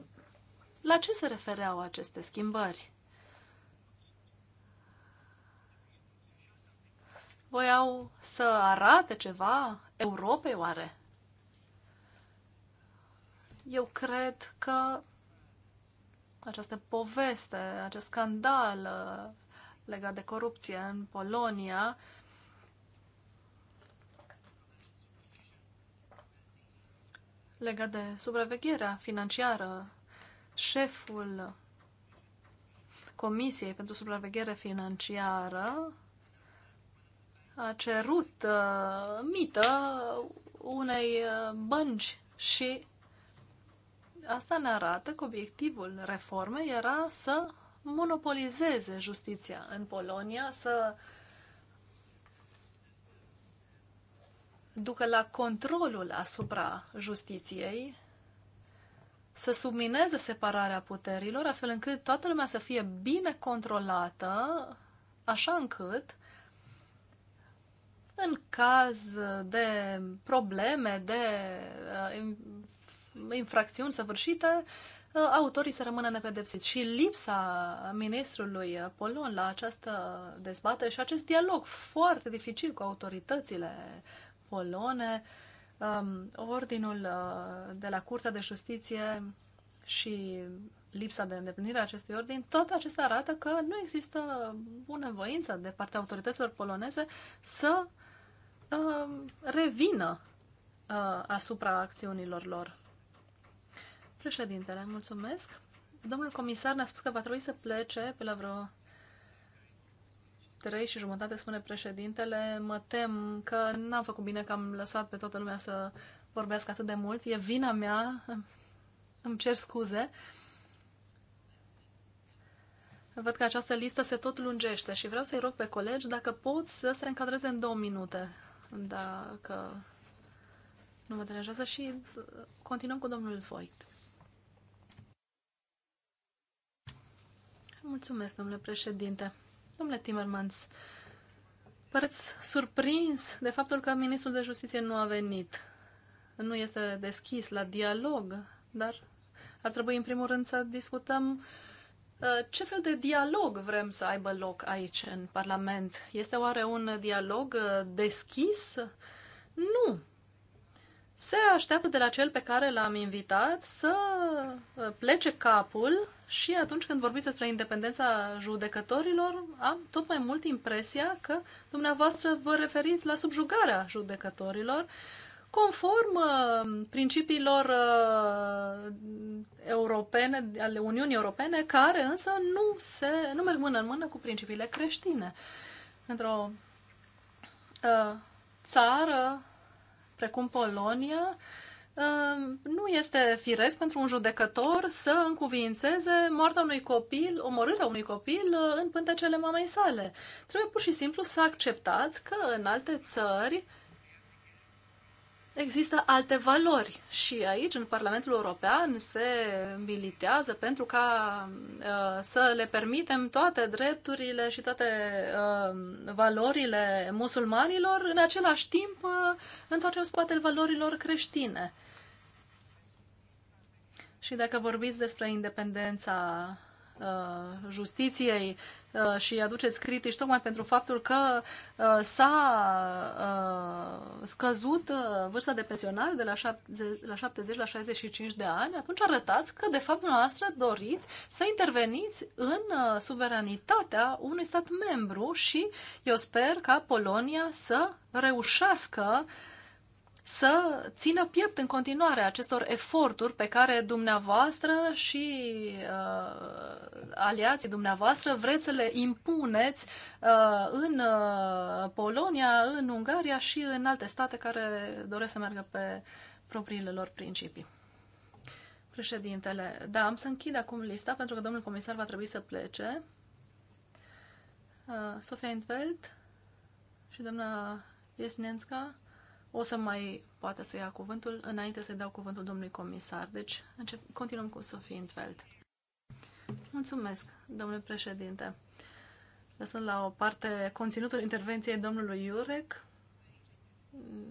la ce se refereau aceste schimbări? Voiau să arate ceva Europei oare? Eu cred că această poveste, acest scandal uh, legat de corupție în Polonia. legat de supravegherea financiară, șeful Comisiei pentru Supraveghere Financiară a cerut uh, mită unei uh, bănci și asta ne arată că obiectivul reformei era să monopolizeze justiția în Polonia, să ducă la controlul asupra justiției, să submineze separarea puterilor, astfel încât toată lumea să fie bine controlată, așa încât în caz de probleme, de uh, infracțiuni săvârșite, autorii să rămână nepedepsiți. Și lipsa ministrului Polon la această dezbatere și acest dialog foarte dificil cu autoritățile polone, um, ordinul uh, de la Curtea de Justiție și lipsa de îndeplinire a acestui ordin, tot acesta arată că nu există bunăvoință de partea autorităților poloneze să uh, revină uh, asupra acțiunilor lor. Președintele, mulțumesc. Domnul comisar ne-a spus că va trebui să plece pe la vreo trei și jumătate, spune președintele. Mă tem că n-am făcut bine că am lăsat pe toată lumea să vorbească atât de mult. E vina mea, îmi cer scuze. Văd că această listă se tot lungește și vreau să-i rog pe colegi dacă pot să se încadreze în două minute, dacă nu mă deranjează și continuăm cu domnul Voigt. Mulțumesc, domnule președinte. Domnule Timmermans, părți surprins de faptul că ministrul de justiție nu a venit. Nu este deschis la dialog, dar ar trebui în primul rând să discutăm uh, ce fel de dialog vrem să aibă loc aici în Parlament. Este oare un dialog uh, deschis? Nu se așteaptă de la cel pe care l-am invitat să uh, plece capul și atunci când vorbiți despre independența judecătorilor, am tot mai mult impresia că dumneavoastră vă referiți la subjugarea judecătorilor conform uh, principiilor uh, europene, ale Uniunii Europene, care însă nu, se, nu merg mână în mână cu principiile creștine. Într-o țară precum Polonia, um, nu este firesc pentru un judecător să încuvințeze moartea unui copil, omorârea unui copil uh, în pântecele mamei sale. Trebuie pur și simplu să acceptați că în alte țări există alte valori și aici, în Parlamentul European, se militează pentru ca uh, să le permitem toate drepturile și toate uh, valorile musulmanilor, în același timp uh, întoarcem spatele valorilor creștine. Și dacă vorbiți despre independența uh, justiției, Uh, și aduceți critici tocmai pentru faptul că uh, s-a uh, scăzut vârsta de pensionare de la 70 la, 65 de ani, atunci arătați că de fapt dumneavoastră doriți să interveniți în suveranitatea unui stat membru și eu sper ca Polonia să reușească uh, să țină piept în continuare acestor eforturi pe care dumneavoastră și uh, aliații dumneavoastră vreți să le impuneți uh, în uh, Polonia, în Ungaria și în alte state care doresc să meargă pe propriile lor principii. Președintele, da, am să închid acum lista pentru că domnul comisar va trebui să plece. Uh, Sofia Intveld și doamna Iesnenska o să mai poată să ia cuvântul înainte să dau cuvântul domnului comisar. Deci încep, continuăm cu Sofie Intveld. Mulțumesc, domnule președinte. Lăsând la o parte conținutul intervenției domnului Iurec,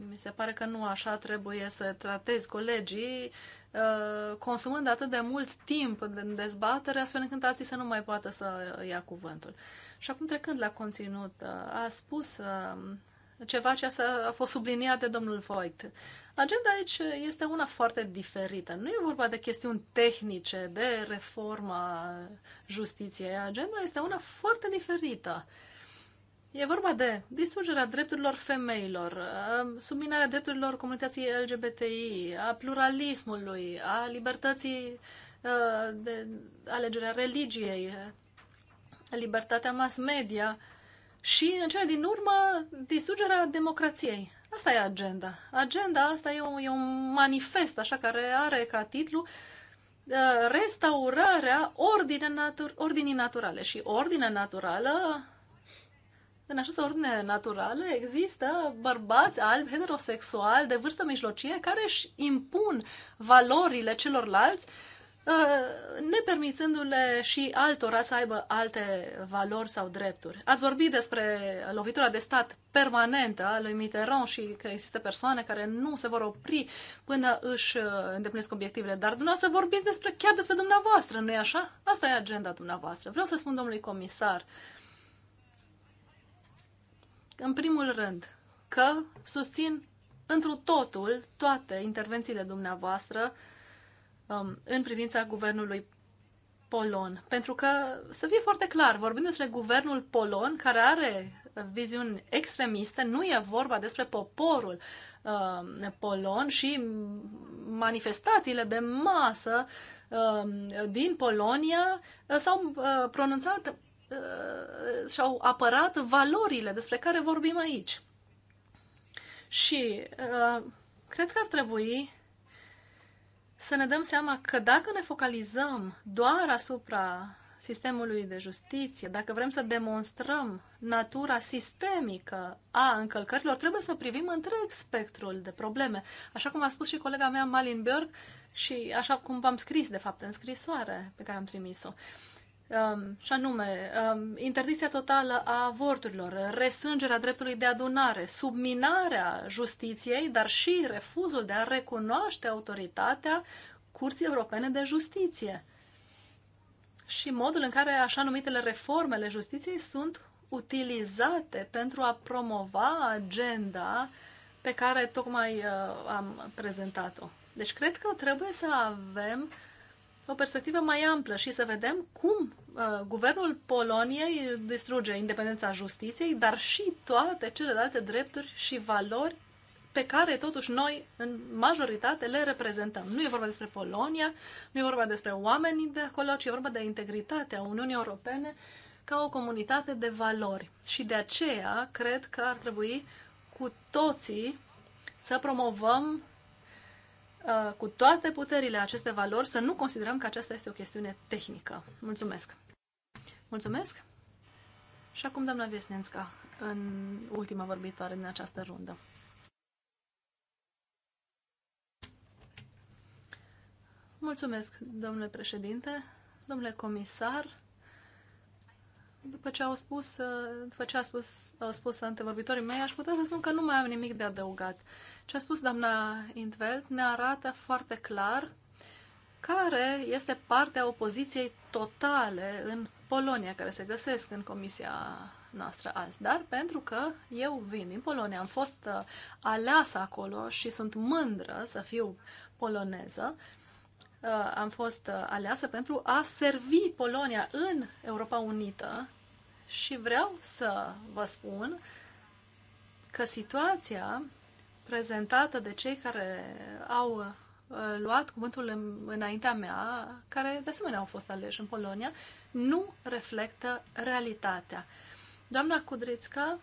mi se pare că nu așa trebuie să tratezi colegii, uh, consumând atât de mult timp în dezbatere, astfel încât alții să nu mai poată să ia cuvântul. Și acum trecând la conținut, uh, a spus uh, ceva ce a fost subliniat de domnul Voigt. Agenda aici este una foarte diferită. Nu e vorba de chestiuni tehnice, de reforma justiției. Agenda este una foarte diferită. E vorba de distrugerea drepturilor femeilor, um, subminarea drepturilor comunității LGBTI, a pluralismului, a libertății uh, de alegerea religiei, libertatea mass media, și, în cele din urmă, distrugerea democrației. Asta e agenda. Agenda asta e un, e un manifest, așa, care are ca titlu uh, restaurarea ordine natur- ordinii naturale. Și ordinea naturală, în această ordine naturală, există bărbați albi, heterosexuali, de vârstă mijlocie, care își impun valorile celorlalți uh, Uh, nepermițându-le și altora să aibă alte valori sau drepturi. Ați vorbit despre lovitura de stat permanentă a lui Mitterrand și că există persoane care nu se vor opri până își uh, îndeplinesc obiectivele, dar dumneavoastră vorbiți despre, chiar despre dumneavoastră, nu-i așa? Asta e agenda dumneavoastră. Vreau să spun domnului comisar, în primul rând, că susțin întru totul toate intervențiile dumneavoastră um, în privința guvernului polon. Pentru că, să fie foarte clar, vorbim despre guvernul polon care are viziuni extremiste, nu e vorba despre poporul uh, polon și manifestațiile de masă uh, din Polonia uh, s-au uh, pronunțat uh, și-au apărat valorile despre care vorbim aici. Și uh, cred că ar trebui să ne dăm seama că dacă ne focalizăm doar asupra sistemului de justiție, dacă vrem să demonstrăm natura sistemică a încălcărilor, trebuie să privim întreg spectrul de probleme. Așa cum a spus și colega mea Malin Björk și așa cum v-am scris, de fapt, în scrisoare pe care am trimis-o. Uh, um, și anume um, interdicția totală a avorturilor, restrângerea dreptului de adunare, subminarea justiției, dar și refuzul de a recunoaște autoritatea Curții Europene de Justiție și modul în care așa numitele reformele justiției sunt utilizate pentru a promova agenda pe care tocmai uh, am prezentat-o. Deci cred că trebuie să avem uh, o perspectivă mai amplă și să vedem cum uh, guvernul Poloniei distruge independența justiției, dar și toate celelalte drepturi și valori pe care totuși noi, în majoritate, le reprezentăm. Nu e vorba despre Polonia, nu e vorba despre oamenii de acolo, ci e vorba de integritatea Uniunii Europene ca o comunitate de valori. Și de aceea cred că ar trebui cu toții să promovăm Uh, cu toate puterile aceste valori, să nu considerăm că aceasta este o chestiune tehnică. Mulțumesc! Mulțumesc! Și acum, doamna Viesnenska, în ultima vorbitoare din această rundă. Mulțumesc, domnule președinte, domnule comisar, după ce au spus, uh, după ce a spus, au spus antevorbitorii mei, aș putea să spun că nu mai am nimic de adăugat. Ce a spus doamna Intveld ne arată foarte clar care este partea opoziției totale în Polonia, care se găsesc în comisia noastră azi. Dar pentru că eu vin din Polonia, am fost uh, aleasă acolo și sunt mândră să fiu poloneză, Uh, am fost uh, aleasă pentru a servi Polonia în Europa Unită și vreau să vă spun că situația prezentată de cei care au uh, luat cuvântul în, înaintea mea, care de asemenea au fost aleși în Polonia, nu reflectă realitatea. Doamna Kudrițca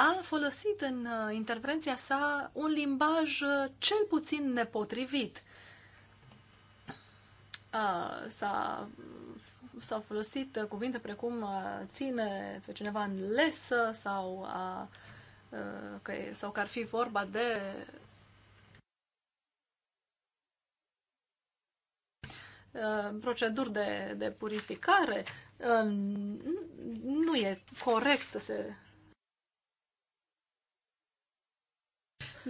a folosit în uh, intervenția sa un limbaj uh, cel puțin nepotrivit. S-a, s-au folosit uh, cuvinte precum ține pe cineva în lesă sau, a, că, sau că ar fi vorba de proceduri de, de purificare. Nu e corect să se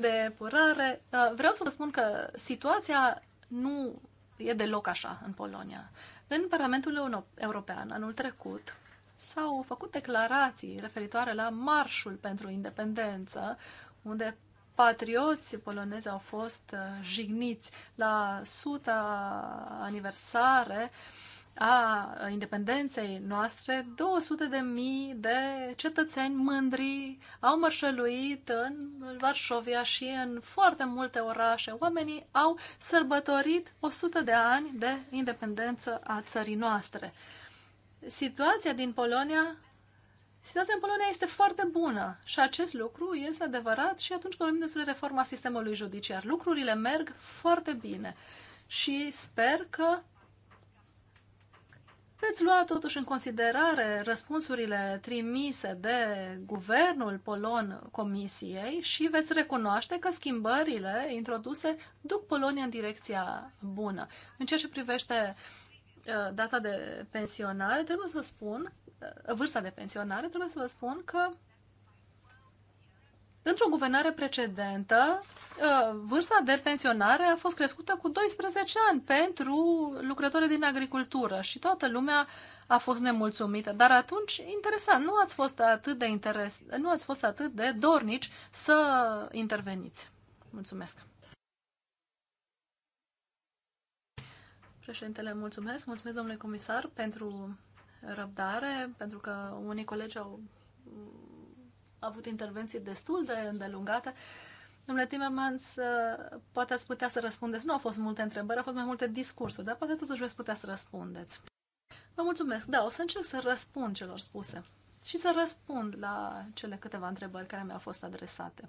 de epurare, uh, vreau să vă spun că situația nu e deloc așa în Polonia. În Parlamentul European, anul trecut, s-au făcut declarații referitoare la Marșul pentru Independență, unde patrioți polonezi au fost uh, jigniți la suta aniversare uh, a independenței noastre, 200 de mii de cetățeni mândri au mărșăluit în Varșovia și în foarte multe orașe. Oamenii au sărbătorit 100 de ani de independență a țării noastre. Situația din Polonia Situația în Polonia este foarte bună și acest lucru este adevărat și atunci când vorbim despre reforma sistemului judiciar. Lucrurile merg foarte bine și sper că veți lua totuși în considerare răspunsurile trimise de guvernul polon Comisiei și veți recunoaște că schimbările introduse duc Polonia în direcția bună. În ceea ce privește uh, data de pensionare, trebuie să spun, uh, vârsta de pensionare, trebuie să vă spun că Într-o guvernare precedentă, uh, vârsta de pensionare a fost crescută cu 12 ani pentru lucrători din agricultură și toată lumea a fost nemulțumită. Dar atunci, interesant, nu ați fost atât de, interes, nu ați fost atât de dornici să interveniți. Mulțumesc! Președintele, mulțumesc. Mulțumesc, domnule comisar, pentru răbdare, pentru că unii colegi au a avut intervenții destul de îndelungate. Domnule Timmermans, uh, poate ați putea să răspundeți. Nu au fost multe întrebări, au fost mai multe discursuri, dar poate totuși veți putea să răspundeți. Vă mulțumesc. Da, o să încerc să răspund celor spuse și să răspund la cele câteva întrebări care mi-au fost adresate.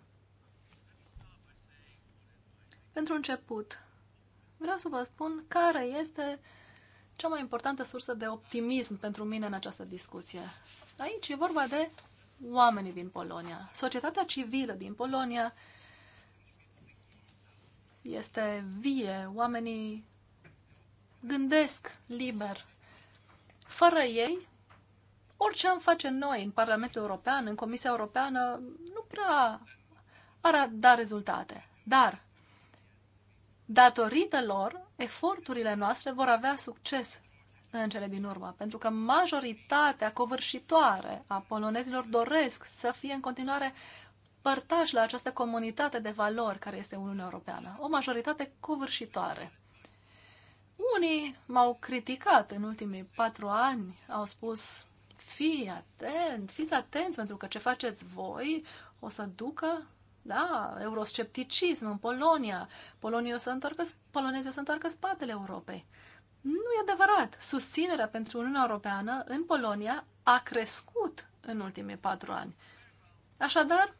Pentru început, vreau să vă spun care este cea mai importantă sursă de optimism pentru mine în această discuție. Aici e vorba de oamenii din Polonia. Societatea civilă din Polonia este vie, oamenii gândesc liber. Fără ei, orice am face noi în Parlamentul European, în Comisia Europeană, nu prea ar da rezultate. Dar, datorită lor, eforturile noastre vor avea succes în cele din urmă, pentru că majoritatea covârșitoare a polonezilor doresc să fie în continuare părtași la această comunitate de valori care este Uniunea Europeană. O majoritate covârșitoare. Unii m-au criticat în ultimii patru ani, au spus, fii atent, fiți atenți, pentru că ce faceți voi o să ducă da, euroscepticism în Polonia. Polonia o să întoarcă, polonezii o să întoarcă spatele Europei. Nu e adevărat. Susținerea pentru Uniunea Europeană în Polonia a crescut în ultimii patru ani. Așadar,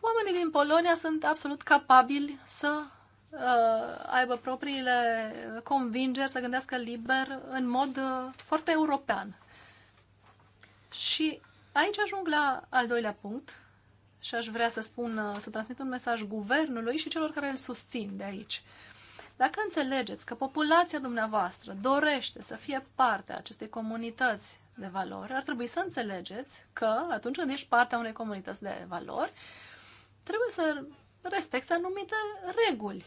oamenii din Polonia sunt absolut capabili să uh, aibă propriile convingeri, să gândească liber în mod uh, foarte european. Și aici ajung la al doilea punct și aș vrea să spun, uh, să transmit un mesaj guvernului și celor care îl susțin de aici. Uh, dacă înțelegeți că populația dumneavoastră dorește să fie parte a acestei comunități de valori, ar trebui să înțelegeți că atunci când ești parte a unei comunități de valori, trebuie să respecti anumite reguli.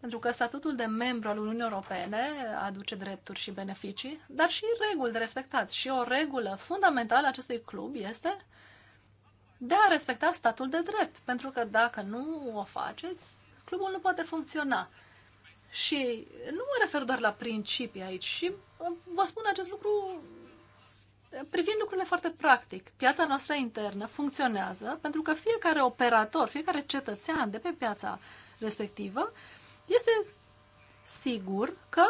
Pentru că statutul de membru al Uniunii Europene aduce drepturi și beneficii, dar și reguli de respectat. Și o regulă fundamentală a acestui club este de a respecta statul de drept. Pentru că dacă nu o faceți, clubul nu poate funcționa. Și nu mă refer doar la principii aici și uh, vă spun acest lucru uh, privind lucrurile foarte practic. Piața noastră internă funcționează pentru că fiecare operator, fiecare cetățean de pe piața respectivă este sigur că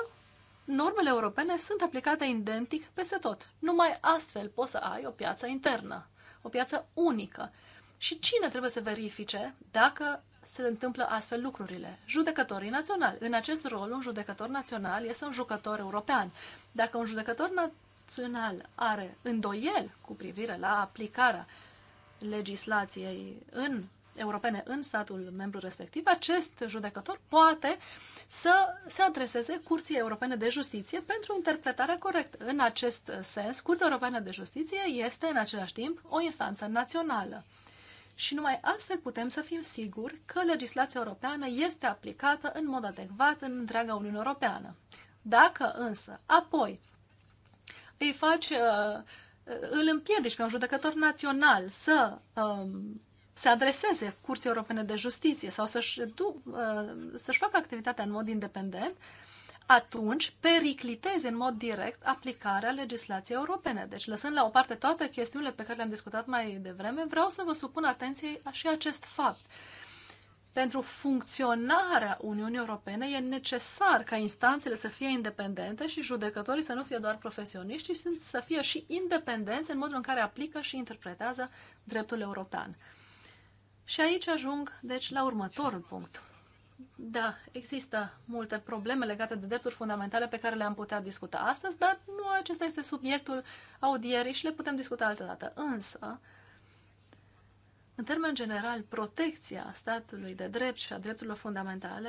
normele europene sunt aplicate identic peste tot. Numai astfel poți să ai o piață internă, o piață unică. Și cine trebuie să verifice dacă se întâmplă astfel lucrurile. Judecătorii naționali. În acest rol, un judecător național este un jucător european. Dacă un judecător național are îndoiel cu privire la aplicarea legislației în europene în statul membru respectiv, acest judecător poate să se adreseze Curții Europene de Justiție pentru interpretarea corectă. În acest sens, Curtea Europeană de Justiție este în același timp o instanță națională și numai astfel putem să fim siguri că legislația europeană este aplicată în mod adecvat în întreaga Uniune Europeană. Dacă însă apoi îi faci, uh, uh, îl împiedici pe un judecător național să um, se adreseze Curții Europene de Justiție sau să-și, să, uh, să -și facă activitatea în mod independent, atunci pericliteze în mod direct aplicarea legislației europene. Deci, lăsând la o parte toate chestiunile pe care le-am discutat mai devreme, vreau să vă supun atenției și acest fapt. Pentru funcționarea Uniunii Europene e necesar ca instanțele să fie independente și judecătorii să nu fie doar profesioniști, ci să fie și independenți în modul în care aplică și interpretează dreptul european. Și aici ajung, deci, la următorul punct. Da, există multe probleme legate de drepturi fundamentale pe care le-am putea discuta astăzi, dar nu acesta este subiectul audierii și le putem discuta altădată. dată. Însă, în termen general, protecția statului de drept și a drepturilor fundamentale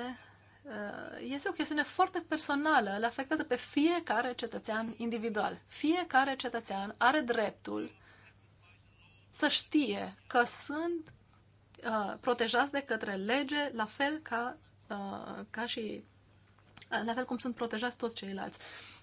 eh, este o chestiune foarte personală, le afectează pe fiecare cetățean individual. Fiecare cetățean are dreptul să știe că sunt Uh, protejați de către lege, la fel ca, uh, ca și uh, la fel cum sunt protejați toți ceilalți.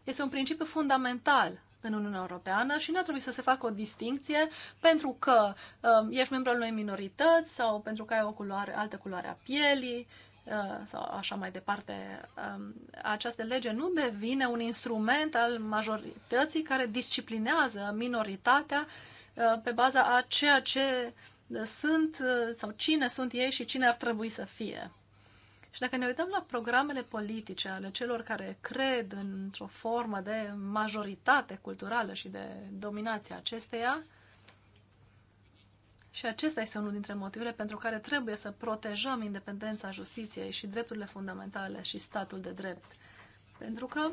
Este un principiu fundamental în Uniunea Europeană și nu trebuie să se facă o distinție pentru că um, ești membru al unei minorități sau pentru că ai o culoare, altă culoare a pielii uh, sau așa mai departe. Um, această lege nu devine un instrument al majorității care disciplinează minoritatea uh, pe baza a ceea ce uh, sunt uh, sau cine sunt ei și cine ar trebui să fie. Și dacă ne uităm la programele politice ale celor care cred într-o formă de majoritate culturală și de dominație acesteia, și acesta este unul dintre motivele pentru care trebuie să protejăm independența justiției și drepturile fundamentale și statul de drept. Pentru că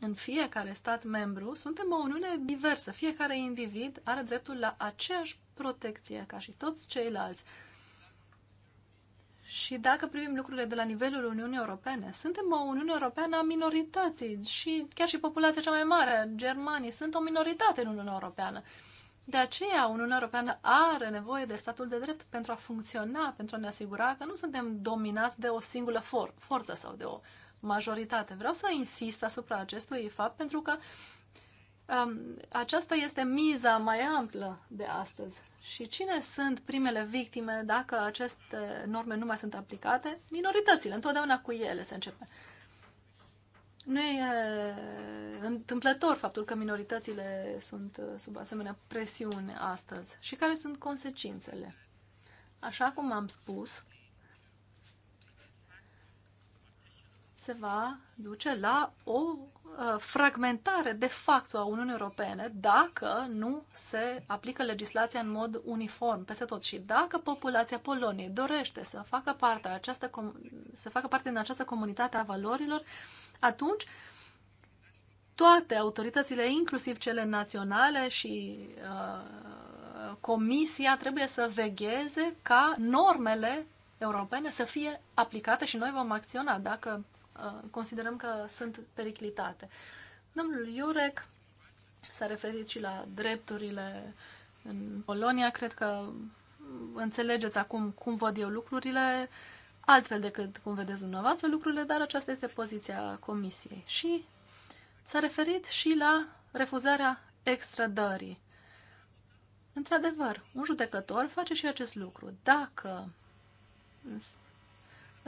în fiecare stat membru suntem o uniune diversă. Fiecare individ are dreptul la aceeași protecție ca și toți ceilalți. Și dacă privim lucrurile de la nivelul Uniunii Europene, suntem o Uniune Europeană a minorității și chiar și populația cea mai mare, germanii, sunt o minoritate în Uniunea Europeană. De aceea, Uniunea Europeană are nevoie de statul de drept pentru a funcționa, pentru a ne asigura că nu suntem dominați de o singură for- forță sau de o majoritate. Vreau să insist asupra acestui fapt pentru că um, aceasta este miza mai amplă de astăzi. Și cine sunt primele victime dacă aceste norme nu mai sunt aplicate? Minoritățile, întotdeauna cu ele se începe. Nu e întâmplător faptul că minoritățile sunt uh, sub asemenea presiune astăzi și care sunt consecințele. Așa cum am spus, se va duce la o uh, fragmentare de facto a Uniunii Europene dacă nu se aplică legislația în mod uniform peste tot și dacă populația Poloniei dorește să facă parte, această, să facă parte din această comunitate a valorilor, atunci toate autoritățile, inclusiv cele naționale și uh, comisia, trebuie să vegheze ca normele europene să fie aplicate și noi vom acționa dacă Uh, considerăm că sunt periclitate. Domnul Iurec s-a referit și la drepturile în Polonia. Cred că înțelegeți acum cum văd eu lucrurile, altfel decât cum vedeți dumneavoastră lucrurile, dar aceasta este poziția Comisiei. Și s-a referit și la refuzarea extradării. Într-adevăr, un judecător face și acest lucru. Dacă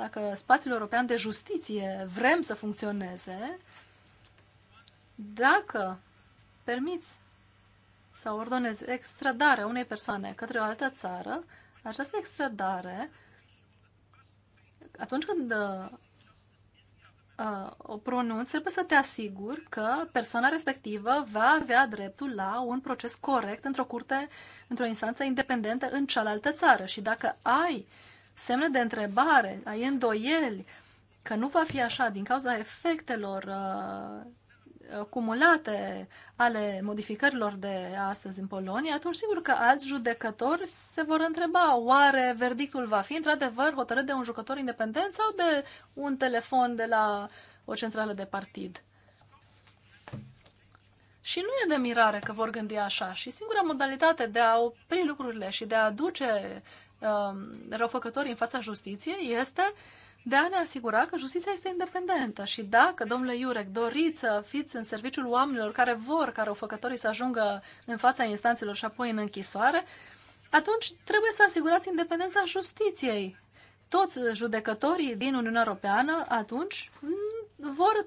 dacă spațiul european de justiție vrem să funcționeze, dacă permiți să ordonezi extradarea unei persoane către o altă țară, această extradare, atunci când uh, uh, o pronunți, trebuie să te asiguri că persoana respectivă va avea dreptul la un proces corect într-o curte, într-o instanță independentă în cealaltă țară. Și dacă ai semne de întrebare, ai îndoieli că nu va fi așa din cauza efectelor uh, cumulate ale modificărilor de astăzi în Polonia, atunci sigur că alți judecători se vor întreba oare verdictul va fi într-adevăr hotărât de un jucător independent sau de un telefon de la o centrală de partid. Și nu e de mirare că vor gândi așa. Și singura modalitate de a opri lucrurile și de a aduce Um, răufăcători în fața justiției este de a ne asigura că justiția este independentă și dacă, domnule Iurec, doriți să fiți în serviciul oamenilor care vor ca răufăcătorii să ajungă în fața instanțelor și apoi în închisoare, atunci trebuie să asigurați independența justiției. Toți judecătorii din Uniunea Europeană atunci vor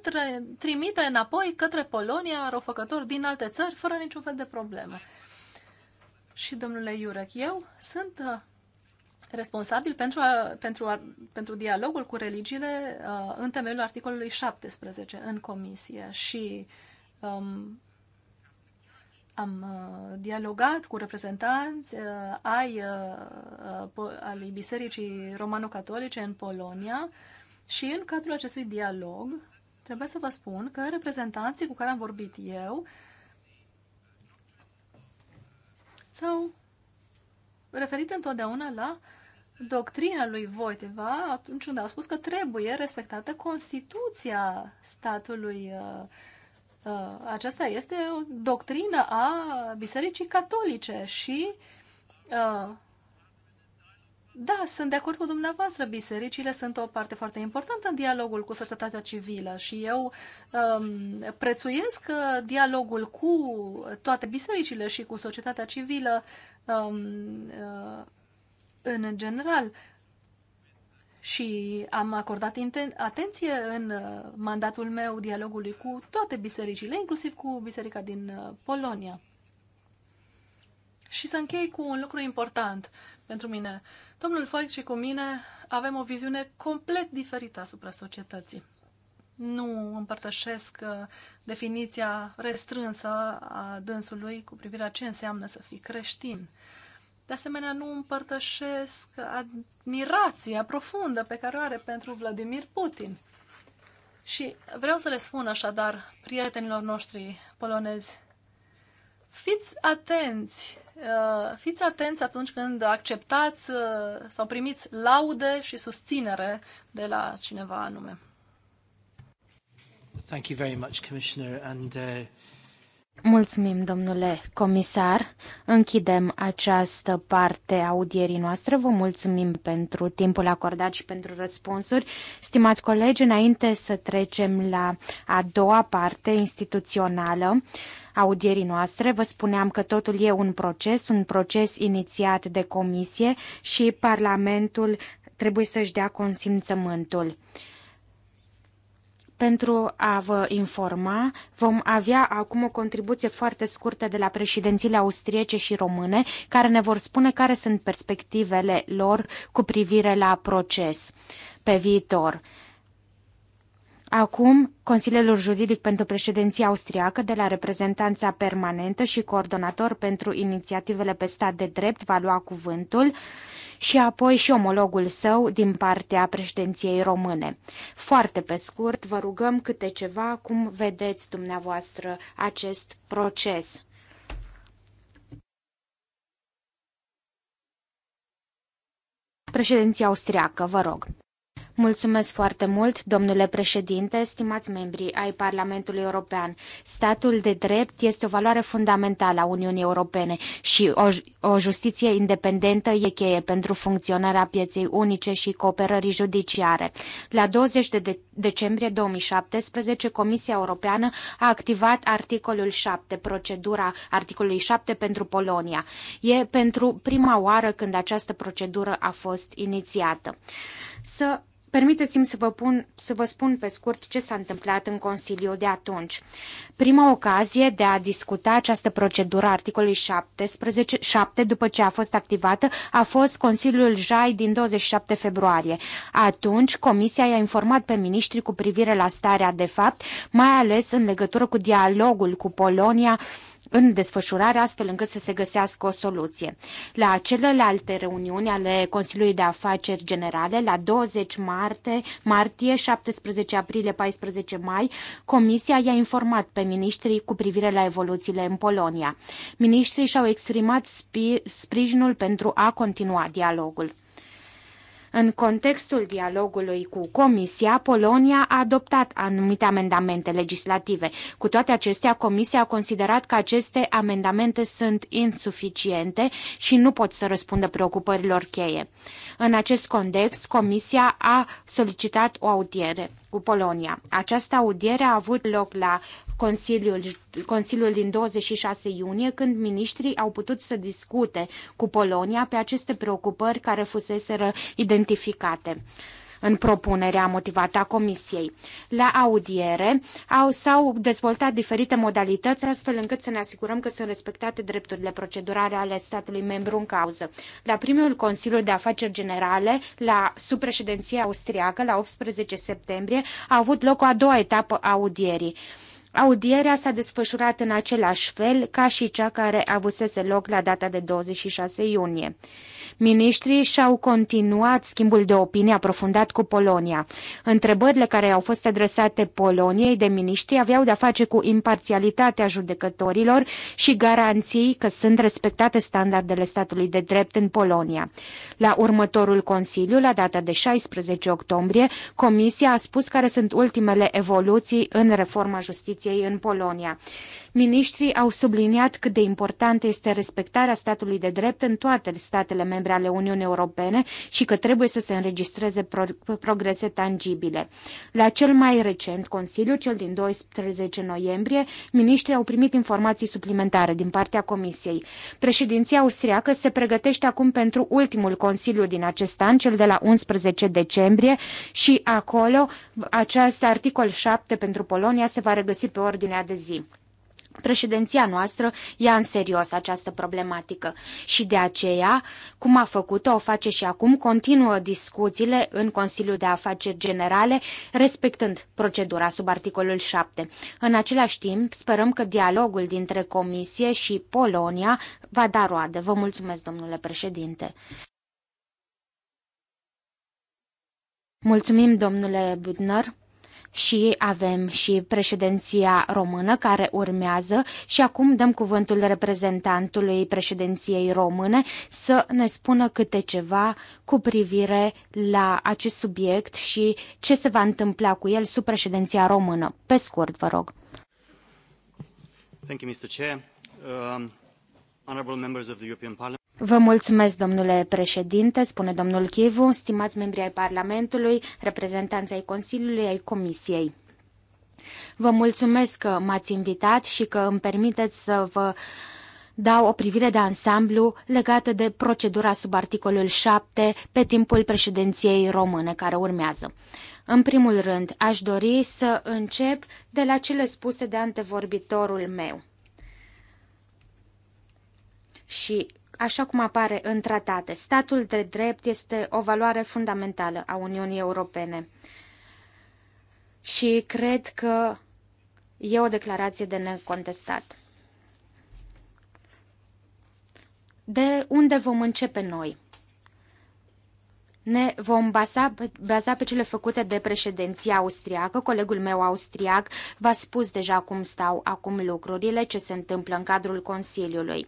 trimite înapoi către Polonia răufăcători din alte țări fără niciun fel de problemă. Și, domnule Iurec, eu sunt uh, responsabil pentru, a, pentru, a, pentru dialogul cu religiile uh, în temeiul articolului 17 în comisie și um, am uh, dialogat cu reprezentanți uh, ai uh, uh ale Bisericii Romano-Catolice în Polonia și în cadrul acestui dialog trebuie să vă spun că reprezentanții cu care am vorbit eu s-au referit întotdeauna la uh, doctrina lui Voiteva, atunci când au spus că trebuie respectată Constituția statului. Uh, uh, aceasta este o doctrină a Bisericii Catolice și uh, da, sunt de acord cu dumneavoastră. Bisericile sunt o parte foarte importantă în dialogul cu societatea civilă și eu um, prețuiesc dialogul cu toate bisericile și cu societatea civilă. Um, uh, în general și am acordat atenție în uh, mandatul meu dialogului cu toate bisericile, inclusiv cu biserica din uh, Polonia. Și să închei cu un lucru important pentru mine. Domnul Foic și cu mine avem o viziune complet diferită asupra societății. Nu împărtășesc uh, definiția restrânsă a dânsului cu privire la ce înseamnă să fii creștin. Uh, de asemenea, nu împărtășesc admirația profundă pe care o are pentru Vladimir Putin. Și vreau să le spun așadar prietenilor noștri polonezi, fiți atenți, uh, fiți atenți atunci când acceptați uh, sau primiți laude și susținere de la cineva anume. Thank you very much, Commissioner, and uh... Mulțumim, domnule comisar. Închidem această parte a audierii noastre. Vă mulțumim pentru timpul acordat și pentru răspunsuri. Stimați colegi, înainte să trecem la a doua parte instituțională, audierii noastre, vă spuneam că totul e un proces, un proces inițiat de comisie și Parlamentul trebuie să-și dea consimțământul. Pentru a vă informa, vom avea acum o contribuție foarte scurtă de la președințiile austriece și române, care ne vor spune care sunt perspectivele lor cu privire la proces pe viitor. Acum, Consiliul Juridic pentru Președinția Austriacă de la reprezentanța permanentă și coordonator pentru inițiativele pe stat de drept va lua cuvântul și apoi și omologul său din partea președinției române. Foarte pe scurt, vă rugăm câte ceva cum vedeți dumneavoastră acest proces. Președinția austriacă, vă rog. Mulțumesc foarte mult, domnule președinte, stimați membri ai Parlamentului European. Statul de drept este o valoare fundamentală a Uniunii Europene și o, o justiție independentă e cheie pentru funcționarea pieței unice și cooperării judiciare. La 20 de decembrie 2017, Comisia Europeană a activat articolul 7, procedura articolului 7 pentru Polonia. E pentru prima oară când această procedură a fost inițiată să Permiteți-mi să vă, pun, să vă spun pe scurt ce s-a întâmplat în Consiliu de atunci. Prima ocazie de a discuta această procedură articolului 17, 7 după ce a fost activată a fost Consiliul JAI din 27 februarie. Atunci, Comisia i-a informat pe miniștri cu privire la starea de fapt, mai ales în legătură cu dialogul cu Polonia, uh, în desfășurare, astfel încât să se găsească o soluție. La celelalte reuniuni ale Consiliului de Afaceri Generale, la 20 martie, martie 17 aprilie, 14 mai, Comisia i-a informat pe miniștrii cu privire la evoluțiile în Polonia. Miniștrii și-au exprimat sprijinul pentru a continua dialogul. În contextul dialogului cu Comisia, Polonia a adoptat anumite amendamente legislative. Cu toate acestea, Comisia a considerat că aceste amendamente sunt insuficiente și nu pot să răspundă preocupărilor cheie. În acest context, Comisia a solicitat o audiere cu Polonia. Această audiere a avut loc la Consiliul, Consiliul din 26 iunie, când miniștrii au putut să discute cu Polonia pe aceste preocupări care fuseseră identificate în propunerea motivată a Comisiei. La audiere au, s-au dezvoltat diferite modalități astfel încât să ne asigurăm că sunt respectate drepturile procedurale ale statului membru în cauză. La primul Consiliu de Afaceri Generale, la subpreședinția austriacă, la 18 septembrie, a avut loc o a doua etapă a audierii. Audierea s-a desfășurat în același fel ca și cea care avusese loc la data de 26 iunie. Ministrii și-au continuat schimbul de opinie aprofundat cu Polonia. Întrebările care au fost adresate Poloniei de miniștri aveau de-a face cu imparțialitatea judecătorilor și garanții că sunt respectate standardele statului de drept în Polonia. La următorul Consiliu, la data de 16 octombrie, Comisia a spus care sunt ultimele evoluții în reforma justiției în Polonia. Ministrii au subliniat cât de importantă este respectarea statului de drept în toate statele membre ale Uniunii Europene și că trebuie să se înregistreze pro progrese tangibile. La cel mai recent Consiliu, cel din 12 noiembrie, ministrii au primit informații suplimentare din partea Comisiei. Președinția austriacă se pregătește acum pentru ultimul Consiliu din acest an, cel de la 11 decembrie, și acolo acest articol 7 pentru Polonia se va regăsi pe ordinea de zi. Președinția noastră ia în serios această problematică și de aceea, cum a făcut-o, o face și acum, continuă discuțiile în Consiliul de Afaceri Generale, respectând procedura sub articolul 7. În același timp, sperăm că dialogul dintre Comisie și Polonia va da roade. Vă mulțumesc, domnule președinte. Mulțumim, domnule Budner și avem și președinția română care urmează și acum dăm cuvântul reprezentantului președinției române să ne spună câte ceva cu privire la acest subiect și ce se va întâmpla cu el sub președinția română. Pe scurt, vă rog. Thank you, Mr. Chair. Um, honorable members of the European Parliament. Vă mulțumesc, domnule președinte, spune domnul Chivu, stimați membri ai Parlamentului, reprezentanți ai Consiliului, ai Comisiei. Vă mulțumesc că m-ați invitat și că îmi permiteți să vă dau o privire de ansamblu legată de procedura sub articolul 7 pe timpul președinției române care urmează. În primul rând, aș dori să încep de la cele spuse de antevorbitorul meu. Și Așa cum apare în tratate, statul de drept este o valoare fundamentală a Uniunii Europene. Și cred că e o declarație de necontestat. De unde vom începe noi? ne vom baza, baza pe cele făcute de președinția austriacă. Colegul meu austriac v-a spus deja cum stau acum lucrurile, ce se întâmplă în cadrul Consiliului.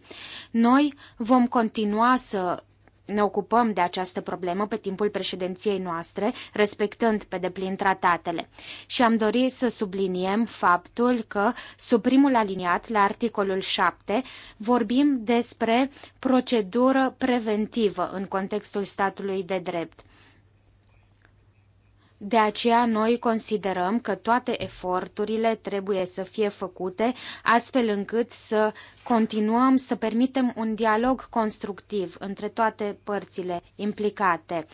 Noi vom continua să ne ocupăm de această problemă pe timpul președinției noastre, respectând pe deplin tratatele. Și am dorit să subliniem faptul că, sub primul aliniat, la articolul 7, vorbim despre procedură preventivă în contextul statului de drept. De aceea noi considerăm că toate eforturile trebuie să fie făcute astfel încât să continuăm să permitem un dialog constructiv între toate părțile implicate.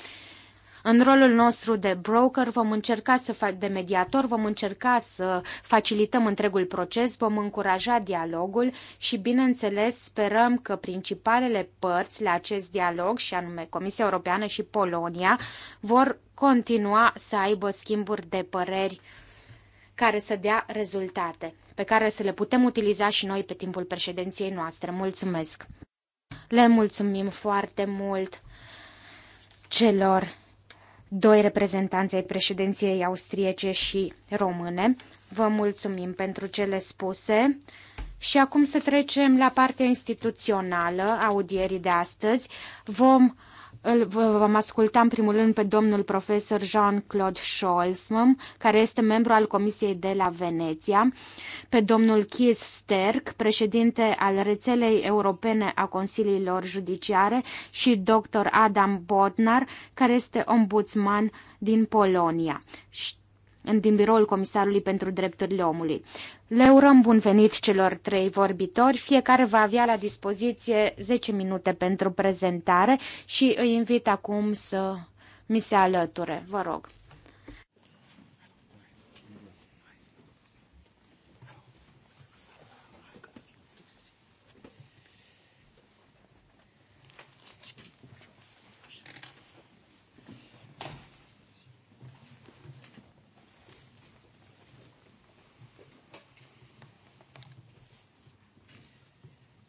În rolul nostru de broker vom încerca să fac de mediator, vom încerca să facilităm întregul proces, vom încuraja dialogul și, bineînțeles, sperăm că principalele părți la acest dialog, și anume Comisia Europeană și Polonia, vor continua să aibă schimburi de păreri care să dea rezultate, pe care să le putem utiliza și noi pe timpul președinției noastre. Mulțumesc! Le mulțumim foarte mult celor doi reprezentanți ai președinției austriece și române. Vă mulțumim pentru cele spuse. Și acum să trecem la partea instituțională a audierii de astăzi. Vom îl vom asculta în primul rând pe domnul profesor Jean-Claude Scholzman, care este membru al Comisiei de la Veneția, pe domnul Keith Sterk, președinte al rețelei europene a Consiliilor Judiciare și dr. Adam Bodnar, care este ombudsman din Polonia din biroul Comisarului pentru Drepturile Omului. Le urăm bun venit celor trei vorbitori. Fiecare va avea la dispoziție 10 minute pentru prezentare și îi invit acum să mi se alăture. Vă rog.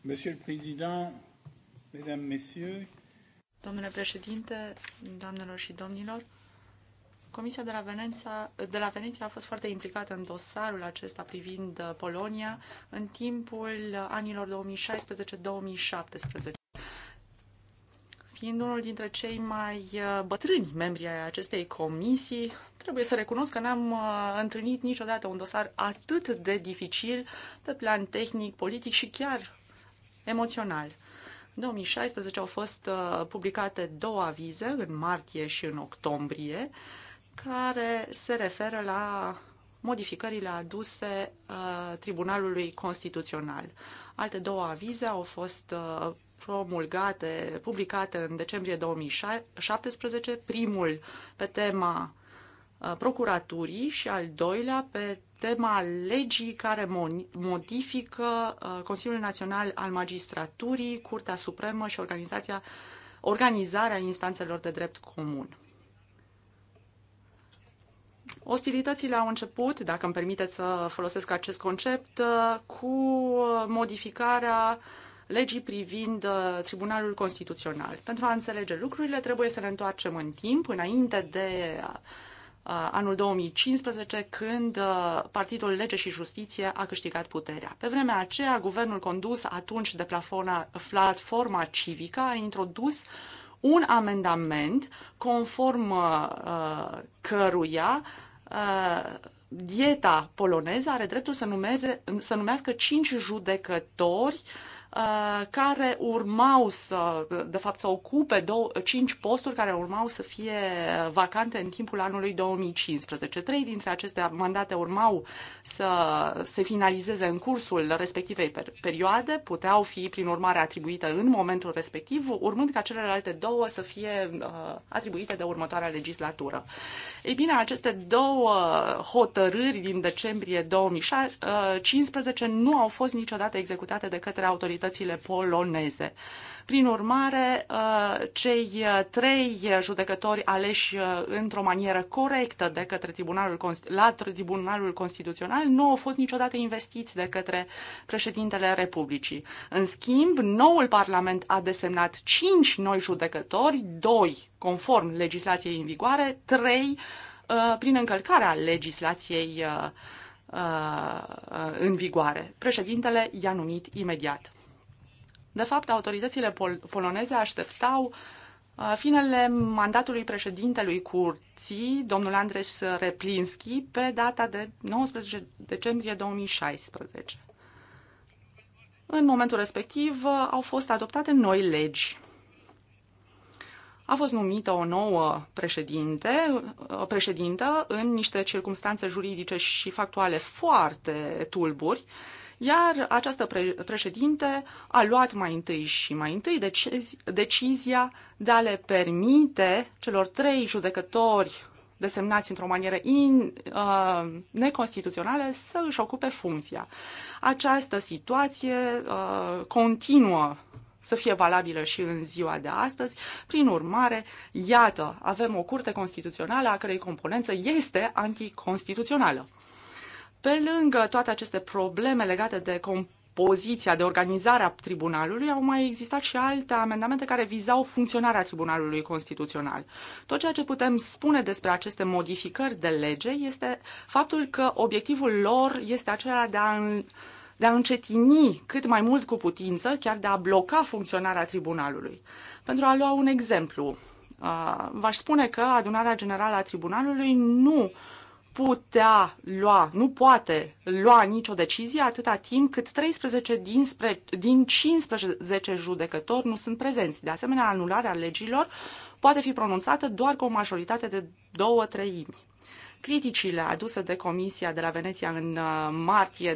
Monsieur le Président, Mesdames, Messieurs. Domnule președinte, doamnelor și domnilor, Comisia de la, Veneța, de la Veneția a fost foarte implicată în dosarul acesta privind uh, Polonia în timpul uh, anilor 2016-2017. Fiind unul dintre cei mai uh, bătrâni membri ai acestei comisii, trebuie să recunosc că n-am întâlnit niciodată un dosar atât de dificil pe plan tehnic, politic și chiar emoțional. În 2016 au fost uh, publicate două avize, în martie și în octombrie, care se referă la modificările aduse uh, Tribunalului Constituțional. Alte două avize au fost uh, promulgate, publicate în decembrie 2017, primul pe tema uh, procuraturii și al doilea pe tema legii care modifică uh, Consiliul Național al Magistraturii, Curtea Supremă și organizația, organizarea instanțelor de drept comun. Ostilitățile au început, dacă îmi permiteți să folosesc acest concept, uh, cu modificarea legii privind uh, Tribunalul Constituțional. Pentru a înțelege lucrurile, trebuie să ne întoarcem în timp, înainte de Uh, anul 2015, când uh, Partidul Lege și Justiție a câștigat puterea. Pe vremea aceea, guvernul condus atunci de platforma, platforma civică a introdus un amendament conform uh, uh, căruia uh, dieta poloneză are dreptul să, numeze, să numească cinci judecători uh, Uh, care urmau să, de fapt, să ocupe două, cinci posturi care urmau să fie vacante în timpul anului 2015. Trei dintre aceste mandate urmau să se finalizeze în cursul respectivei perioade, puteau fi, prin urmare, atribuite în momentul respectiv, urmând ca celelalte două să fie uh, atribuite de următoarea legislatură. Ei bine, aceste două hotărâri din decembrie 2015 uh, nu au fost niciodată executate de către autoritățile poloneze. Prin urmare, uh, cei uh, trei judecători aleși uh, într-o manieră corectă de către Tribunalul, la Tribunalul Constituțional nu au fost niciodată investiți de către președintele Republicii. În schimb, noul Parlament a desemnat cinci noi judecători, doi conform legislației în vigoare, trei prin încălcarea legislației în vigoare. Președintele i-a numit imediat. De fapt, autoritățile pol- poloneze așteptau uh, finele mandatului președintelui curții, domnul Andres Replinski, pe data de 19 decembrie 2016. În momentul respectiv uh, au fost adoptate noi legi. A fost numită o nouă președinte, uh, președintă în niște circunstanțe juridice și factuale foarte tulburi, iar această pre- președinte a luat mai întâi și mai întâi deci- decizia de a le permite celor trei judecători desemnați într-o manieră in, uh, neconstituțională să își ocupe funcția. Această situație uh, continuă să fie valabilă și în ziua de astăzi. Prin urmare, iată, avem o curte constituțională a cărei componență este anticonstituțională. Pe lângă toate aceste probleme legate de compoziția, de organizarea tribunalului, au mai existat și alte amendamente care vizau funcționarea Tribunalului Constituțional. Tot ceea ce putem spune despre aceste modificări de lege este faptul că obiectivul lor este acela de a, de a încetini cât mai mult cu putință, chiar de a bloca funcționarea tribunalului. Pentru a lua un exemplu, uh, v-aș spune că adunarea generală a tribunalului nu uh, putea lua, nu poate lua nicio decizie atâta timp cât 13 din, spre, din 15 judecători nu sunt prezenți. De asemenea, anularea legilor poate fi pronunțată doar cu o majoritate de două treimi. Criticile aduse de Comisia de la Veneția în uh, martie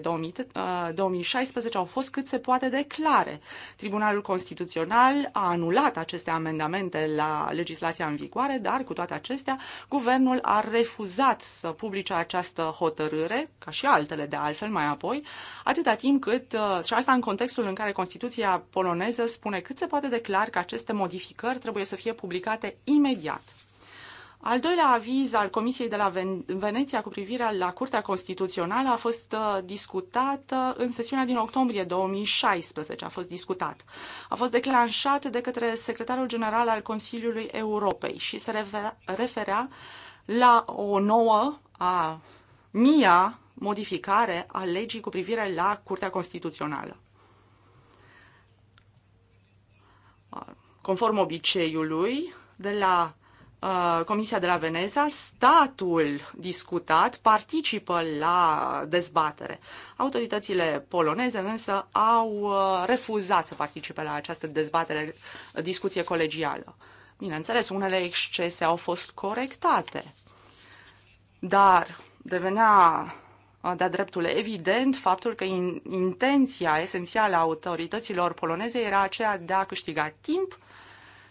2016 uh, au fost cât se poate de clare. Tribunalul Constituțional a anulat aceste amendamente la legislația în vigoare, dar cu toate acestea, guvernul a refuzat să publice această hotărâre, ca și altele de altfel mai apoi, atâta timp cât, uh, și asta în contextul în care Constituția poloneză spune cât se poate de clar că aceste modificări trebuie să fie publicate imediat. Al doilea aviz al Comisiei de la Ven- Veneția cu privire la Curtea Constituțională a fost uh, discutat în sesiunea din octombrie 2016. A fost discutat. A fost declanșat de către secretarul general al Consiliului Europei și se referea la o nouă a mia modificare a legii cu privire la Curtea Constituțională. Conform obiceiului, de la Uh, Comisia de la Veneza, statul discutat participă la dezbatere. Autoritățile poloneze însă au uh, refuzat să participe la această dezbatere, discuție colegială. Bineînțeles, unele excese au fost corectate, dar devenea uh, de-a dreptul evident faptul că in, intenția esențială a autorităților poloneze era aceea de a câștiga timp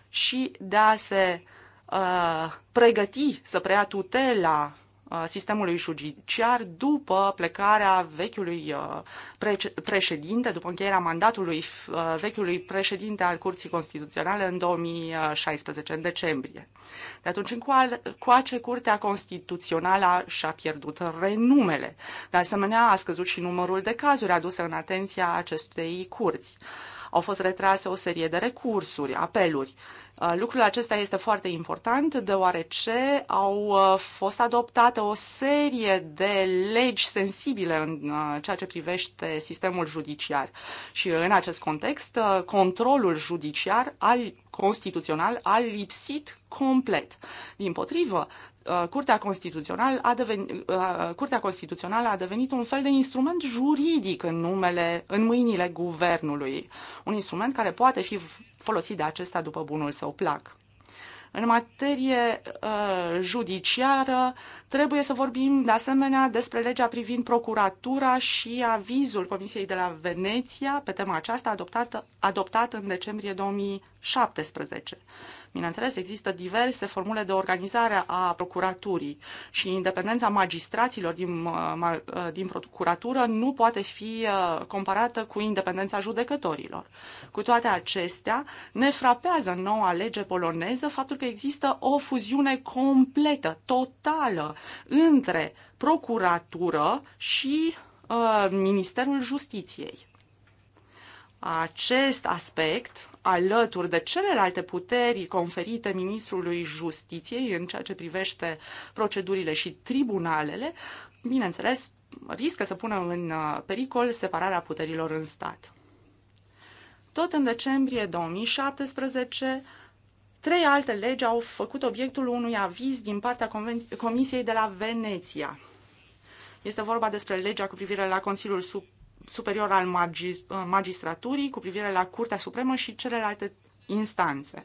și de a se uh, Uh, pregăti, să preia tutela uh, sistemului judiciar după plecarea vechiului uh, președinte, după încheierea mandatului vechiului președinte al Curții Constituționale în 2016, în decembrie. De atunci încoace, Curtea Constituțională și-a pierdut renumele. De asemenea, a scăzut și numărul de cazuri aduse în atenția acestei curți. Au fost retrase o serie de recursuri, apeluri Uh, lucrul acesta este foarte important deoarece au uh, fost adoptate o serie de legi sensibile în uh, ceea ce privește sistemul judiciar și în acest context controlul judiciar al constituțional a lipsit complet. Din potrivă, Curtea Constituțională a, deveni, Curtea Constituțională a devenit un fel de instrument juridic în numele, în mâinile guvernului. Un instrument care poate fi folosit de acesta după bunul său plac. În materie uh, judiciară, trebuie să vorbim de asemenea despre legea privind procuratura și avizul Comisiei de la Veneția pe tema aceasta adoptată, adoptat în decembrie 2017. Bineînțeles, există diverse formule de organizare a procuraturii și independența magistraților din, uh, uh, din procuratură nu poate fi uh, comparată cu independența judecătorilor. Cu toate acestea, ne frapează în noua lege poloneză faptul că există o fuziune completă, totală, între procuratură și uh, Ministerul Justiției. Acest aspect alături de celelalte puteri conferite ministrului justiției în ceea ce privește procedurile și tribunalele, bineînțeles, riscă să pună în uh, pericol separarea puterilor în stat. Tot în decembrie 2017, trei alte legi au făcut obiectul unui aviz din partea Comisiei de la Veneția. Este vorba despre legea cu privire la Consiliul Sup Superior al uh, Magistraturii cu privire la Curtea Supremă și celelalte instanțe.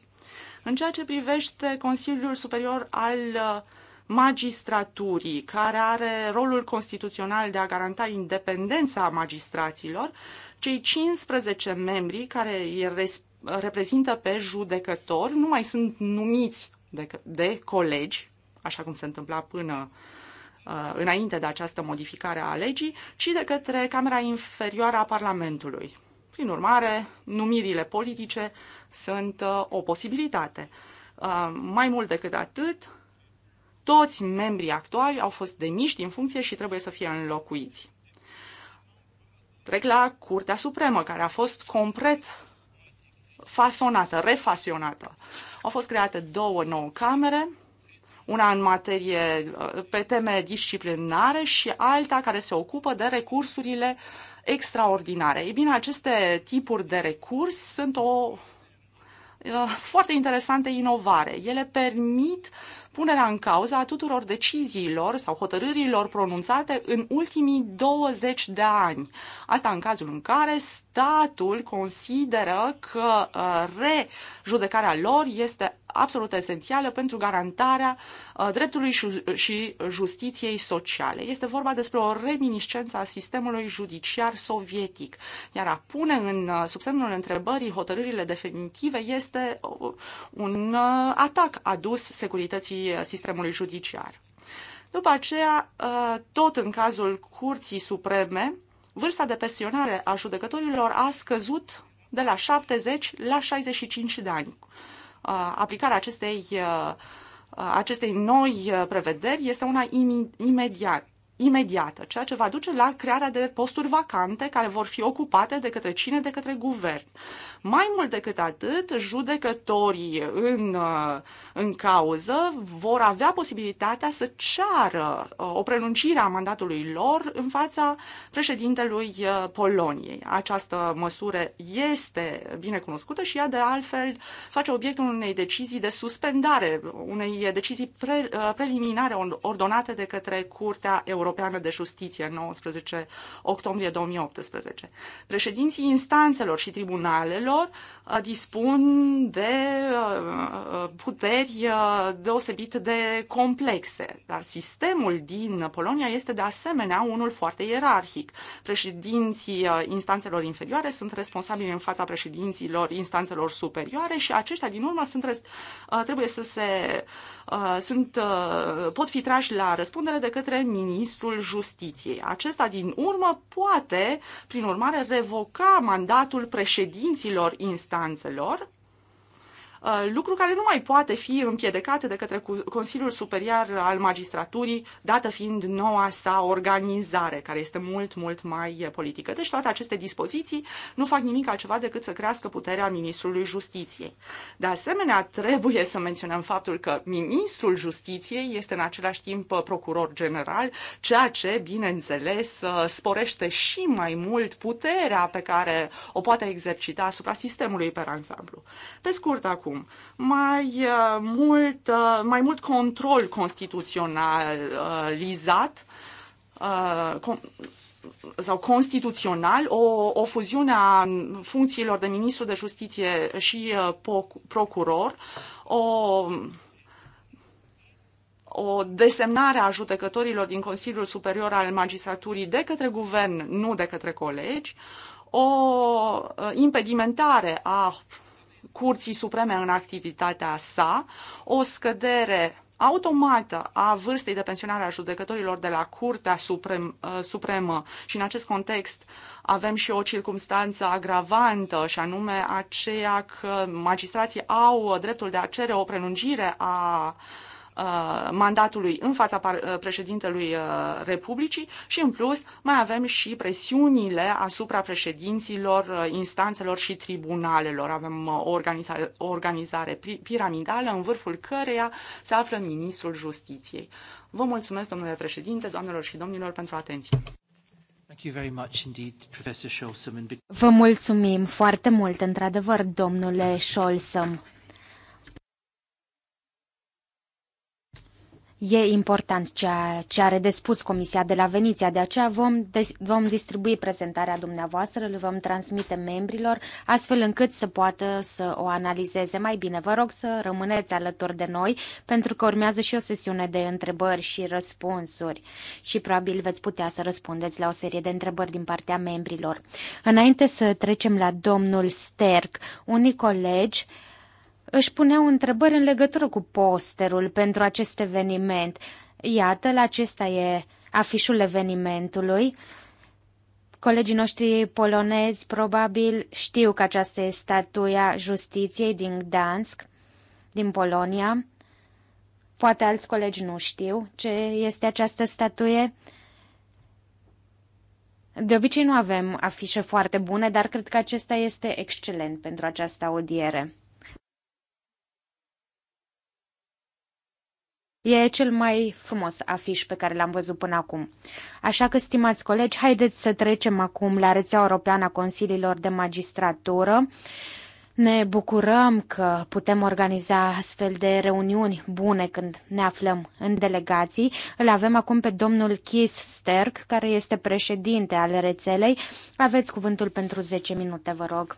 În ceea ce privește Consiliul Superior al uh, Magistraturii, care are rolul constituțional de a garanta independența magistraților, cei 15 membri care îi reprezintă pe judecători nu mai sunt numiți de, de colegi, așa cum se întâmpla până uh, Uh, înainte de această modificare a legii, ci de către Camera Inferioară a Parlamentului. Prin urmare, numirile politice sunt uh, o posibilitate. Uh, mai mult decât atât, toți membrii actuali au fost demiși din funcție și trebuie să fie înlocuiți. Trec la Curtea Supremă, care a fost complet fasonată, refasionată. Au fost create două nouă camere, una în materie pe teme disciplinare și alta care se ocupă de recursurile extraordinare. Ei bine, aceste tipuri de recurs sunt o uh, foarte interesantă inovare. Ele permit punerea în cauza a tuturor deciziilor sau hotărârilor pronunțate în ultimii 20 de ani. Asta în cazul în care statul consideră că uh, rejudecarea lor este absolut esențială pentru garantarea uh, dreptului și justiției sociale. Este vorba despre o reminiscență a sistemului judiciar sovietic, iar a pune în uh, subsemnul întrebării hotărârile definitive este un atac adus securității sistemului judiciar. După aceea, tot în cazul Curții Supreme, Vârsta de pensionare a judecătorilor a scăzut de la 70 la 65 de ani. Aplicarea acestei, acestei noi prevederi este una imediat, imediată, ceea ce va duce la crearea de posturi vacante care vor fi ocupate de către cine? De către guvern. Mai mult decât atât, judecătorii în, uh, în cauză vor avea posibilitatea să ceară uh, o prelungire a mandatului lor în fața președintelui uh, Poloniei. Această măsură este bine cunoscută și ea de altfel face obiectul unei decizii de suspendare, unei decizii pre, preliminare ordonate de către Curtea Europeană Europeană de Justiție, 19 octombrie 2018. Președinții instanțelor și tribunalelor uh, dispun de uh, uh, puteri deosebit de complexe, dar sistemul din Polonia este de asemenea unul foarte ierarhic. Președinții instanțelor inferioare sunt responsabili în fața președinților instanțelor superioare și aceștia din urmă sunt, trebuie să se sunt, pot fi trași la răspundere de către ministru ministrul justiției. Acesta, din urmă, poate, prin urmare, revoca mandatul președinților instanțelor Uh, lucru care nu mai poate fi împiedicat de către Consiliul Superior al Magistraturii, dată fiind noua sa organizare, care este mult, mult mai politică. Deci toate aceste dispoziții nu fac nimic altceva decât să crească puterea Ministrului Justiției. De asemenea, trebuie să menționăm faptul că Ministrul Justiției este în același timp procuror general, ceea ce, bineînțeles, uh, sporește și mai mult puterea pe care o poate exercita asupra sistemului pe ansamblu. Pe scurt, acum, acum. Mai uh, mult, uh, mai mult control constituționalizat uh, sau constituțional, o, o fuziune a funcțiilor de ministru de justiție și procuror, o o desemnare a judecătorilor din Consiliul Superior al Magistraturii de către guvern, nu de către colegi, o impedimentare a Curții Supreme în activitatea sa, o scădere automată a vârstei de pensionare a judecătorilor de la Curtea Suprem, uh, Supremă și în acest context avem și o circumstanță agravantă și anume aceea că magistrații au dreptul de a cere o prelungire a uh, Uh, mandatului în fața uh, președintelui uh, Republicii și, în plus, mai avem și presiunile asupra președinților, instanțelor și tribunalelor. Avem o organizare, o organizare piramidală în vârful căreia se află ministrul justiției. Vă mulțumesc, domnule președinte, doamnelor și domnilor, pentru atenție. Vă mulțumim foarte mult, într-adevăr, domnule Scholsom. E important ceea ce are de spus Comisia de la Veniția, de aceea vom, vom distribui prezentarea dumneavoastră, le vom transmite membrilor, astfel încât să poată să o analizeze mai bine. Vă rog să rămâneți alături de noi, pentru că urmează și o sesiune de întrebări și răspunsuri și probabil veți putea să răspundeți la o serie de întrebări din partea membrilor. Înainte să trecem la domnul Sterc, unii colegi își puneau întrebări în legătură cu posterul pentru acest eveniment. Iată, la acesta e afișul evenimentului. Colegii noștri polonezi probabil știu că aceasta este statuia justiției din Gdansk, din Polonia. Poate alți colegi nu știu ce este această statuie. De obicei nu avem afișe foarte bune, dar cred că acesta este excelent pentru această audiere. E cel mai frumos afiș pe care l-am văzut până acum. Așa că, stimați colegi, haideți să trecem acum la rețea europeană a Consiliilor de Magistratură. Ne bucurăm că putem organiza astfel de reuniuni bune când ne aflăm în delegații. Îl avem acum pe domnul Keith Sterk, care este președinte al rețelei. Aveți cuvântul pentru 10 minute, vă rog.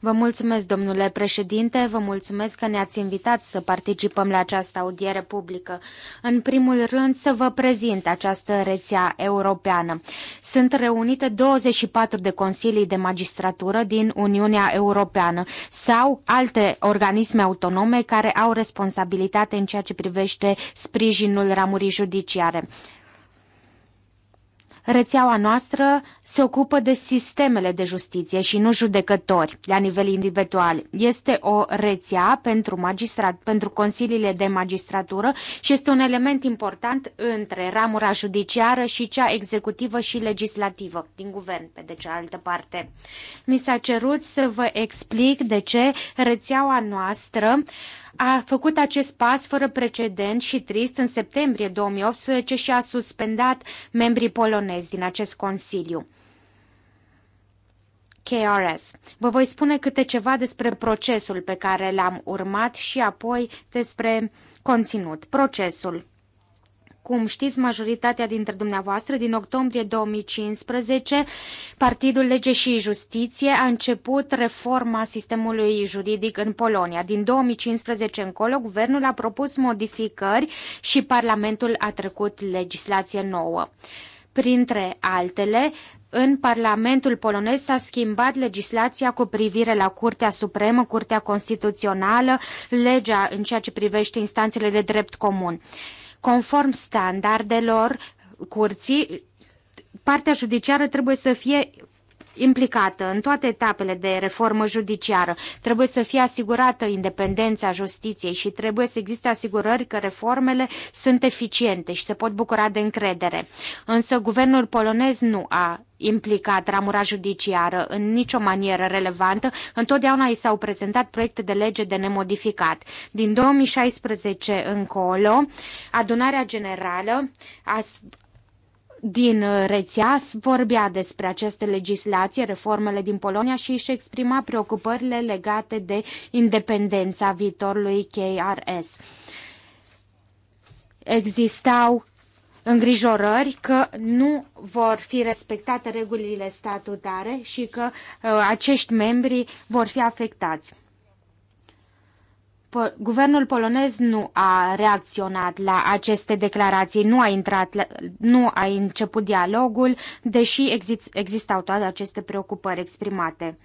Vă mulțumesc, domnule președinte, vă mulțumesc că ne-ați invitat să participăm la această audiere publică. În primul rând, să vă prezint această rețea europeană. Sunt reunite 24 de consilii de magistratură din Uniunea Europeană sau alte organisme autonome care au responsabilitate în ceea ce privește sprijinul ramurii judiciare. Rețeaua noastră se ocupă de sistemele de justiție și nu judecători la nivel individual. Este o rețea pentru, magistrat, pentru consiliile de magistratură și este un element important între ramura judiciară și cea executivă și legislativă din guvern, pe de cealaltă parte. Mi s-a cerut să vă explic de ce rețeaua noastră uh, a făcut acest pas fără precedent și trist în septembrie 2018 și a suspendat membrii polonezi din acest Consiliu. KRS. Vă voi spune câte ceva despre procesul pe care l-am urmat și apoi despre conținut. Procesul cum știți, majoritatea dintre dumneavoastră, din octombrie 2015, Partidul Lege și Justiție a început reforma sistemului juridic în Polonia. Din 2015 încolo, guvernul a propus modificări și Parlamentul a trecut legislație nouă. Printre altele, în Parlamentul polonez s-a schimbat legislația cu privire la Curtea Supremă, Curtea Constituțională, legea în ceea ce privește instanțele de drept comun. Conform standardelor curții, partea judiciară trebuie să fie implicată în toate etapele de reformă judiciară. Trebuie să fie asigurată independența justiției și trebuie să existe asigurări că reformele sunt eficiente și se pot bucura de încredere. Însă guvernul polonez nu a implicat ramura judiciară în nicio manieră relevantă, întotdeauna i s-au prezentat proiecte de lege de nemodificat. Din 2016 încolo, adunarea generală a din uh, rețea vorbea despre aceste legislații, reformele din Polonia și își exprima preocupările legate de independența viitorului KRS. Existau îngrijorări că nu vor fi respectate regulile statutare și că uh, acești membri vor fi afectați po guvernul polonez nu a reacționat la aceste declarații, nu a, intrat, nu a început dialogul, deși exist, existau toate aceste preocupări exprimate.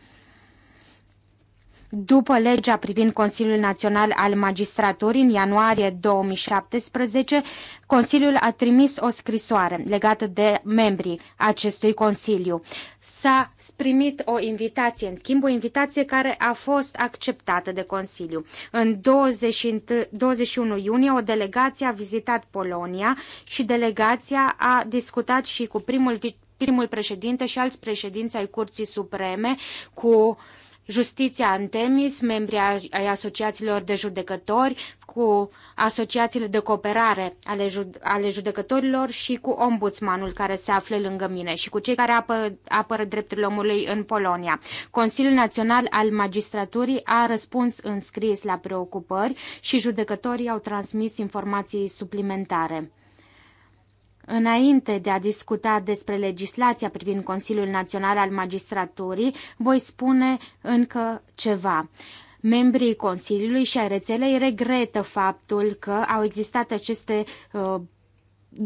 După legea privind Consiliul Național al Magistraturii în ianuarie 2017, Consiliul a trimis o scrisoare legată de membrii acestui Consiliu. S-a primit o invitație, în schimb o invitație care a fost acceptată de Consiliu. În 20, 21 iunie, o delegație a vizitat Polonia și delegația a discutat și cu primul, primul președinte și alți președinți ai Curții Supreme, cu Justiția Antemis, membri ai asociațiilor de judecători, cu asociațiile de cooperare ale, jude- ale judecătorilor și cu ombudsmanul care se află lângă mine și cu cei care apă, apără drepturile omului în Polonia. Consiliul Național al Magistraturii a răspuns în scris la preocupări și judecătorii au transmis informații suplimentare. Înainte de a discuta despre legislația privind Consiliul Național al Magistraturii, voi spune încă ceva. Membrii Consiliului și a rețelei regretă faptul că au existat aceste uh,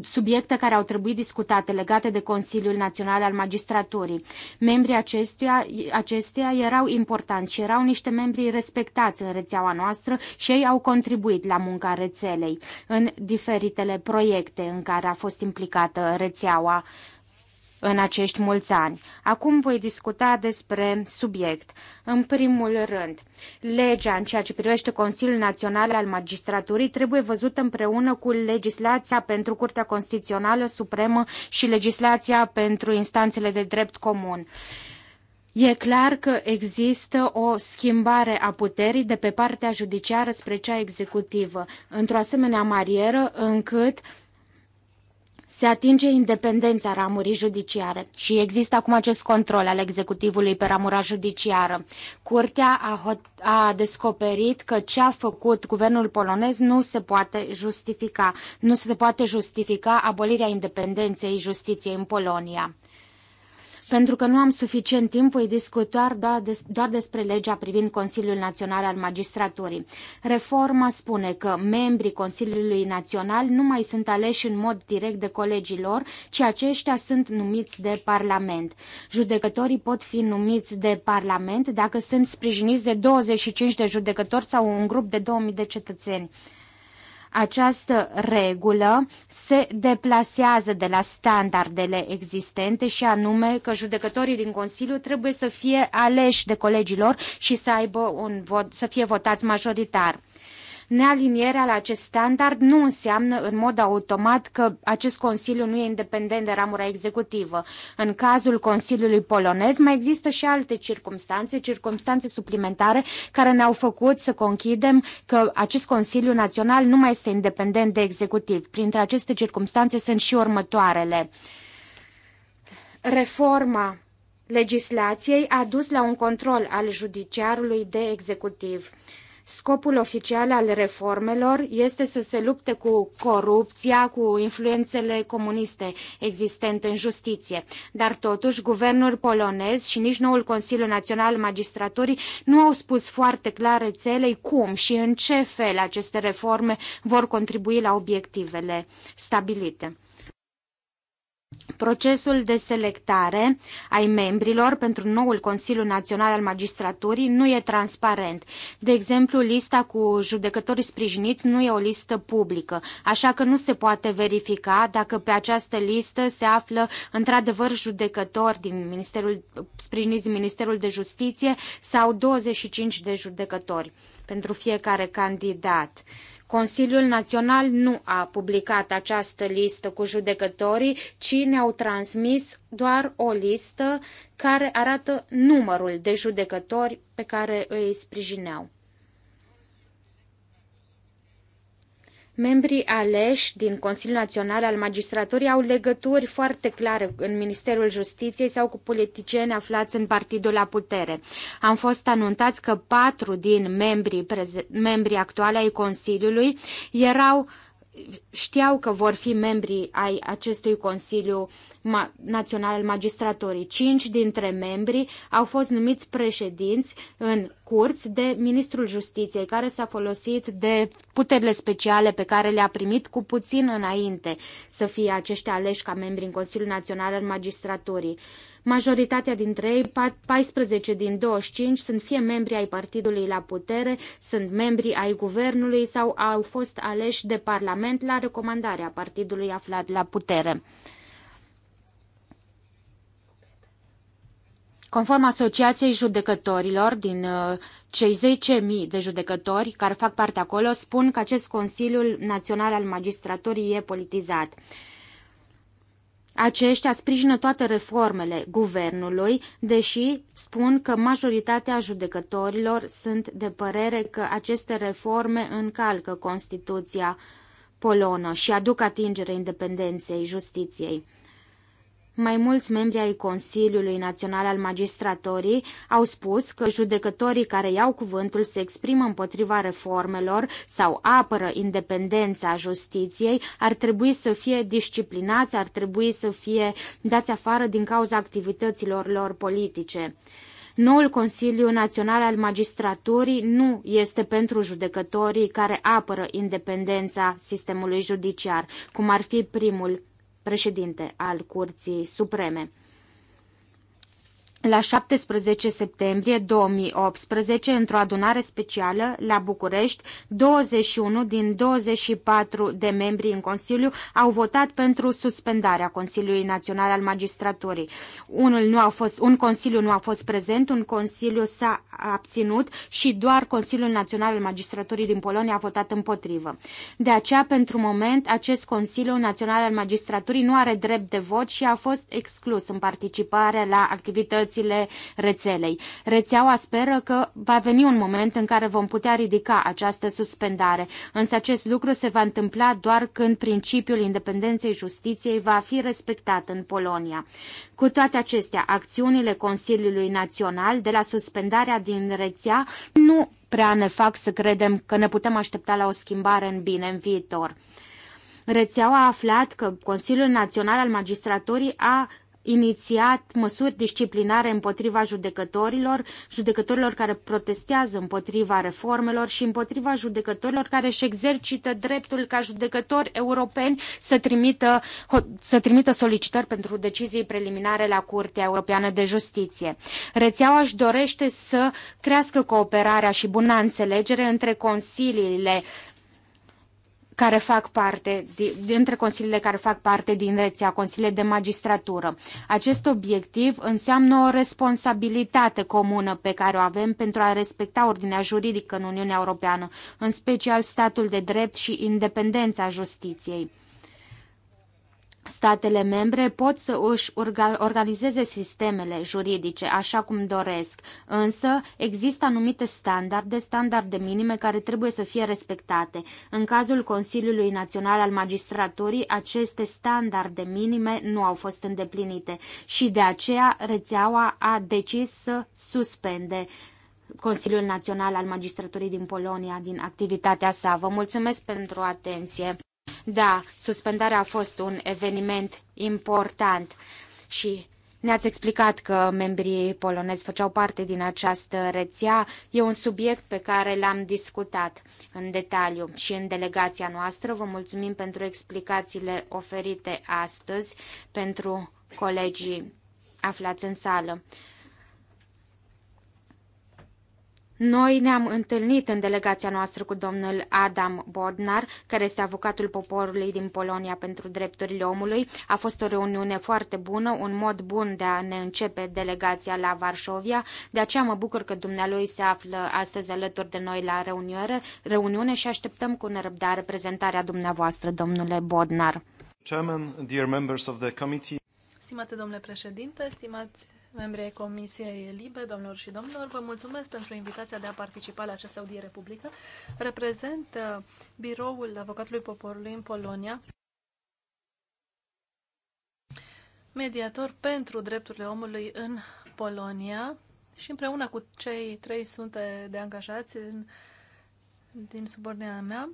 subiecte care au trebuit discutate legate de Consiliul Național al Magistraturii. Membrii acestuia, acesteia erau importanți și erau niște membri respectați în rețeaua noastră și ei au contribuit la munca rețelei în diferitele proiecte în care a fost implicată rețeaua în acești mulți ani. Acum voi discuta despre subiect. În primul rând, legea în ceea ce privește Consiliul Național al Magistraturii trebuie văzută împreună cu legislația pentru Curtea Constituțională Supremă și legislația pentru instanțele de drept comun. E clar că există o schimbare a puterii de pe partea judiciară spre cea executivă, într-o asemenea marieră încât uh, se atinge independența ramurii judiciare și există acum acest control al executivului pe ramura judiciară. Curtea a, a descoperit că ce a făcut guvernul polonez nu se poate justifica. Nu se poate justifica abolirea independenței justiției în Polonia. Pentru că nu am suficient timp, voi discuta doar, des, doar despre legea privind Consiliul Național al Magistraturii. Reforma spune că membrii Consiliului Național nu mai sunt aleși în mod direct de colegii lor, ci aceștia sunt numiți de Parlament. Judecătorii pot fi numiți de Parlament dacă sunt sprijiniți de 25 de judecători sau un grup de 2000 de cetățeni. Această regulă se deplasează de la standardele existente și anume că judecătorii din Consiliu trebuie să fie aleși de colegilor și să aibă un vot, să fie votați majoritar. Nealinierea la acest standard nu înseamnă în mod automat că acest Consiliu nu e independent de ramura executivă. În cazul Consiliului polonez mai există și alte circumstanțe, circumstanțe suplimentare care ne-au făcut să conchidem că acest Consiliu Național nu mai este independent de executiv. Printre aceste circumstanțe sunt și următoarele. Reforma legislației a dus la un control al judiciarului de executiv. Scopul oficial al reformelor este să se lupte cu corupția, cu influențele comuniste existente în justiție. Dar totuși, guvernul polonez și nici noul Consiliu Național Magistraturii nu au spus foarte clar țelei cum și în ce fel aceste reforme vor contribui la obiectivele stabilite. Procesul de selectare ai membrilor pentru noul Consiliu Național al Magistraturii nu e transparent. De exemplu, lista cu judecători sprijiniți nu e o listă publică, așa că nu se poate verifica dacă pe această listă se află într-adevăr judecători din Ministerul, sprijiniți din Ministerul de Justiție sau 25 de judecători pentru fiecare candidat. Consiliul Național nu a publicat această listă cu judecătorii, ci ne-au transmis doar o listă care arată numărul de judecători pe care îi sprijineau. Membrii aleși din Consiliul Național al Magistraturii au legături foarte clare în Ministerul Justiției sau cu politicieni aflați în partidul la putere. Am fost anunțați că patru din membrii, membrii actuale ai Consiliului erau știau că vor fi membri ai acestui Consiliu Național al Magistraturii. Cinci dintre membri au fost numiți președinți în curți de Ministrul Justiției, care s-a folosit de puterile speciale pe care le-a primit cu puțin înainte să fie aceștia aleși ca membri în Consiliul Național al Magistraturii. Uh, Majoritatea dintre ei, 14 din 25, sunt fie membri ai partidului la putere, sunt membri ai guvernului sau au fost aleși de Parlament la recomandarea partidului aflat la putere. Conform Asociației Judecătorilor, din uh, cei 10.000 de judecători care fac parte acolo, spun că acest Consiliul Național al Magistraturii e politizat. Aceștia sprijină toate reformele guvernului, deși spun că majoritatea judecătorilor sunt de părere că aceste reforme încalcă Constituția polonă și aduc atingere independenței justiției. Mai mulți membri ai Consiliului Național al Magistratorii au spus că judecătorii care iau cuvântul se exprimă împotriva reformelor sau apără independența justiției ar trebui să fie disciplinați, ar trebui să fie dați afară din cauza activităților lor politice. Noul Consiliu Național al Magistraturii nu este pentru judecătorii care apără independența sistemului judiciar, cum ar fi primul președinte al Curții Supreme la 17 septembrie 2018, într-o adunare specială la București, 21 din 24 de membri în Consiliu au votat pentru suspendarea Consiliului Național al Magistraturii. Unul nu a fost, un Consiliu nu a fost prezent, un Consiliu s-a abținut și doar Consiliul Național al Magistraturii din Polonia a votat împotrivă. De aceea, pentru moment, acest Consiliu Național al Magistraturii nu are drept de vot și a fost exclus în participare la activități prioritățile rețelei. Rețeaua speră că va veni un moment în care vom putea ridica această suspendare, însă acest lucru se va întâmpla doar când principiul independenței justiției va fi respectat în Polonia. Cu toate acestea, acțiunile Consiliului Național de la suspendarea din rețea nu prea ne fac să credem că ne putem aștepta la o schimbare în bine în viitor. Rețeaua a aflat că Consiliul Național al Magistraturii a inițiat măsuri disciplinare împotriva judecătorilor, judecătorilor care protestează împotriva reformelor și împotriva judecătorilor care își exercită dreptul ca judecători europeni să trimită, să trimită solicitări pentru decizii preliminare la Curtea Europeană de Justiție. Rețeaua își dorește să crească cooperarea și buna înțelegere între consiliile care fac parte, dintre consiliile care fac parte din rețea, consiliile de magistratură. Acest obiectiv înseamnă o responsabilitate comună pe care o avem pentru a respecta ordinea juridică în Uniunea Europeană, în special statul de drept și independența justiției. Statele membre pot să își organizeze sistemele juridice așa cum doresc, însă există anumite standarde, standarde minime care trebuie să fie respectate. În cazul Consiliului Național al Magistraturii, aceste standarde minime nu au fost îndeplinite și de aceea rețeaua a decis să suspende Consiliul Național al Magistraturii din Polonia din activitatea sa. Vă mulțumesc pentru atenție! Da, suspendarea a fost un eveniment important și ne-ați explicat că membrii polonezi făceau parte din această rețea. E un subiect pe care l-am discutat în detaliu și în delegația noastră. Vă mulțumim pentru explicațiile oferite astăzi pentru colegii aflați în sală. Noi ne-am întâlnit în delegația noastră cu domnul Adam Bodnar, care este avocatul poporului din Polonia pentru drepturile omului. A fost o reuniune foarte bună, un mod bun de a ne începe delegația la Varșovia. De aceea mă bucur că dumnealui se află astăzi alături de noi la reuniune, reuniune și așteptăm cu nerăbdare prezentarea dumneavoastră, domnule Bodnar. Chairman, dear members of the committee. Stimate domnule președinte, stimați membrii Comisiei Libe, domnilor și domnilor, vă mulțumesc pentru invitația de a participa la această audiere publică. Reprezent uh, biroul Avocatului Poporului în Polonia, mediator pentru drepturile omului în Polonia și împreună cu cei 300 de angajați în, din subordinea mea,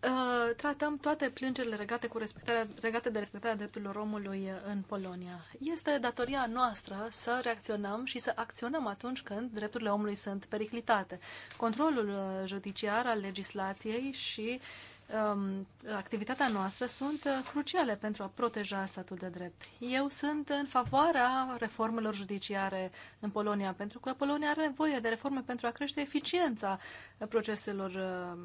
Uh, tratăm toate plângerile regate, cu respectarea, regate de respectarea drepturilor omului uh, în Polonia. Este datoria noastră să reacționăm și să acționăm atunci când drepturile omului sunt periclitate. Controlul uh, judiciar al legislației și uh, um, activitatea noastră sunt uh, cruciale pentru a proteja statul de drept. Eu sunt în favoarea reformelor judiciare în Polonia, pentru că Polonia are nevoie de reforme pentru a crește eficiența proceselor uh,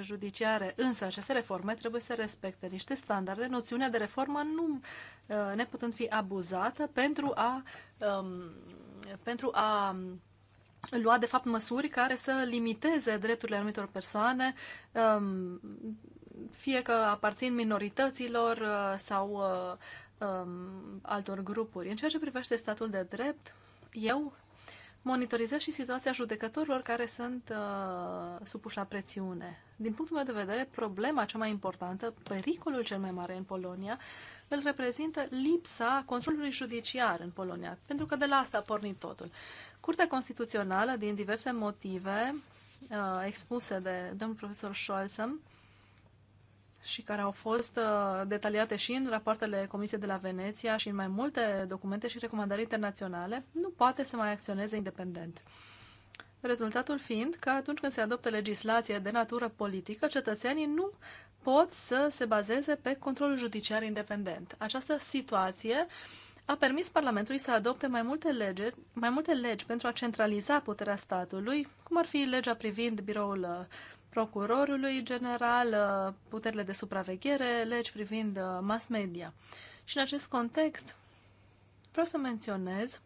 judiciare. Însă aceste reforme trebuie să respecte niște standarde, noțiunea de reformă nu uh, neputând fi abuzată pentru a, um, pentru a lua, de fapt, măsuri care să limiteze drepturile anumitor persoane, um, fie că aparțin minorităților uh, sau uh, um, altor grupuri. În ceea ce privește statul de drept, eu monitorizez și situația judecătorilor care sunt uh, supuși la prețiune. Din punctul meu de vedere, problema cea mai importantă, pericolul cel mai mare în Polonia, îl reprezintă lipsa controlului judiciar în Polonia, pentru că de la asta a pornit totul. Curtea Constituțională, din diverse motive uh, expuse de domnul profesor Scholzem și care au fost uh, detaliate și în rapoartele Comisiei de la Veneția și în mai multe documente și recomandări internaționale, nu poate să mai acționeze independent. Rezultatul fiind că atunci când se adoptă legislație de natură politică, cetățenii nu pot să se bazeze pe controlul judiciar independent. Această situație uh, a permis Parlamentului să adopte mai multe, lege, mai multe legi pentru a centraliza puterea statului, cum ar fi legea privind biroul uh, procurorului general, uh, puterile de supraveghere, legi privind uh, mass media. Și în acest context vreau să menționez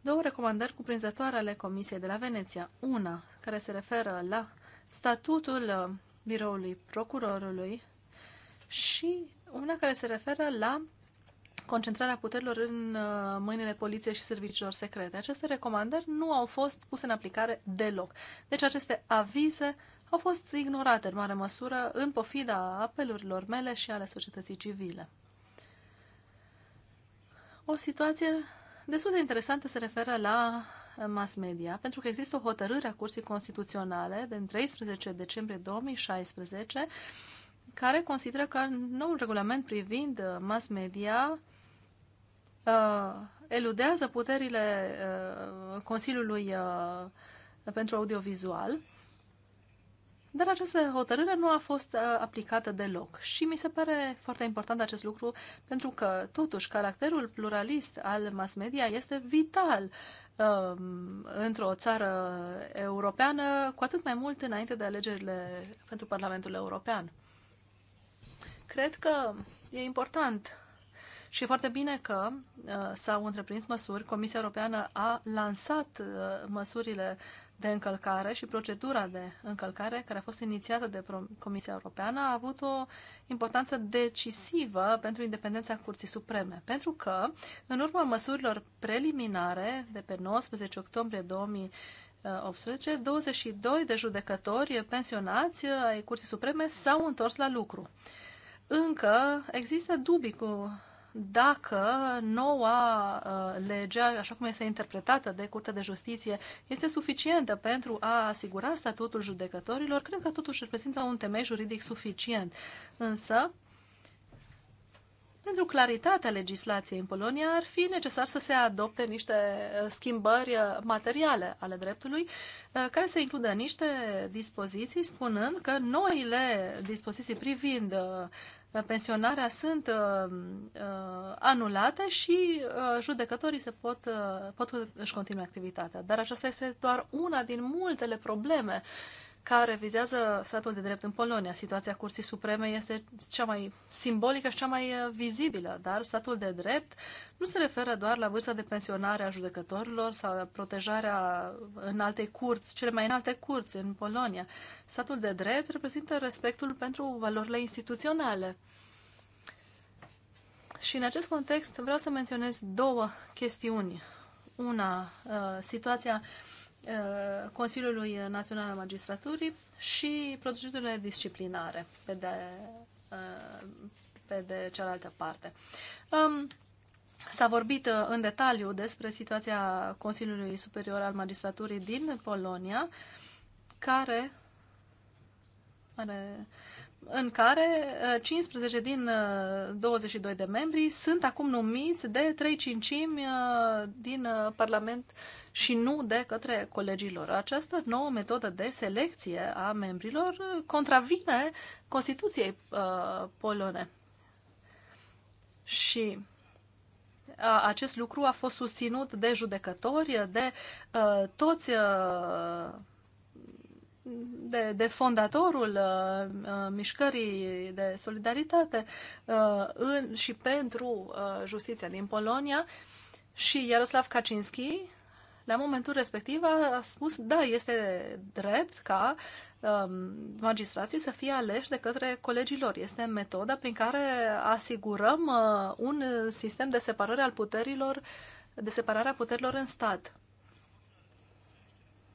două recomandări cuprinzătoare ale Comisiei de la Veneția. Una care se referă la statutul biroului procurorului și una care se referă la concentrarea puterilor în uh, mâinile poliției și serviciilor secrete. Aceste recomandări nu au fost puse în aplicare deloc. Deci aceste avize au fost ignorate în mare măsură în pofida apelurilor mele și ale societății civile. O situație destul de interesantă se referă la uh, mass media, pentru că există o hotărâre a Curții Constituționale din 13 decembrie 2016 care consideră că noul regulament privind uh, mass media uh, eludează puterile uh, Consiliului uh, pentru audiovizual, dar această hotărâre nu a fost uh, aplicată deloc. Și mi se pare foarte important acest lucru, pentru că, totuși, caracterul pluralist al mass media este vital uh, într-o țară europeană, cu atât mai mult înainte de alegerile pentru Parlamentul European. Cred că e important și foarte bine că uh, s-au întreprins măsuri. Comisia Europeană a lansat uh, măsurile de încălcare și procedura de încălcare care a fost inițiată de Comisia Europeană a avut o importanță decisivă pentru independența Curții Supreme, pentru că, în urma măsurilor preliminare de pe 19 octombrie 2018, 22 de judecători pensionați ai Curții Supreme s-au întors la lucru. Uh, încă există dubii cu dacă noua uh, lege, așa cum este interpretată de Curtea de Justiție, este suficientă pentru a asigura statutul judecătorilor, cred că totuși reprezintă un temei juridic suficient. Însă, pentru claritatea legislației în Polonia, ar fi necesar să se adopte niște uh, schimbări uh, materiale ale dreptului, uh, care să includă niște dispoziții, spunând că noile dispoziții privind Uh, pensionarea sunt uh, uh, anulate și judecătorii se pot, pot își continua activitatea. Dar aceasta este doar una din multele probleme care vizează statul de drept în Polonia. Situația Curții Supreme este cea mai simbolică și cea mai uh, vizibilă, dar statul de drept nu se referă doar la vârsta de pensionare a judecătorilor sau la protejarea în alte curți, cele mai înalte curți în Polonia. Statul de drept reprezintă respectul pentru valorile instituționale. Și în acest context vreau să menționez două chestiuni. Una, uh, situația uh, Uh, Consiliului Național al Magistraturii și procedurile disciplinare pe de, uh, pe de cealaltă parte. Um, s-a vorbit uh, în detaliu despre situația Consiliului Superior al Magistraturii din Polonia, care are, în care 15 din 22 de membri sunt acum numiți de 3 cincimi din Parlament și nu de către colegilor. Această nouă metodă de selecție a membrilor contravine Constituției uh, polone. Și uh, acest lucru a fost susținut de judecători, de uh, toți uh, de, de fondatorul uh, uh mișcării de solidaritate uh, în, și pentru uh, justiția din Polonia și Iaroslav Kaczynski, la momentul respectiv a spus, da, este drept ca um, magistrații să fie aleși de către colegii lor. Este metoda prin care asigurăm uh, un sistem de separare al puterilor, de separarea puterilor în stat.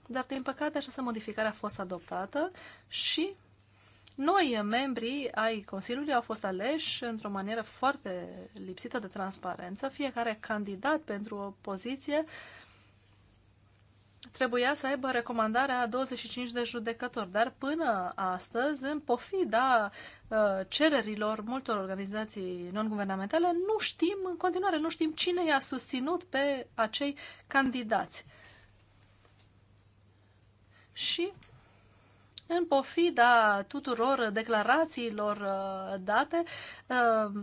Dar, din păcate, această modificare a fost adoptată și noi, membrii ai Consiliului, au fost aleși într-o manieră foarte lipsită de transparență. Fiecare candidat pentru o poziție uh, trebuia să aibă recomandarea a 25 de judecători, dar până astăzi, în pofida uh, cererilor multor organizații non-guvernamentale, nu știm, în continuare, nu știm cine i-a susținut pe acei candidați. Și în pofida tuturor declarațiilor uh, date, uh,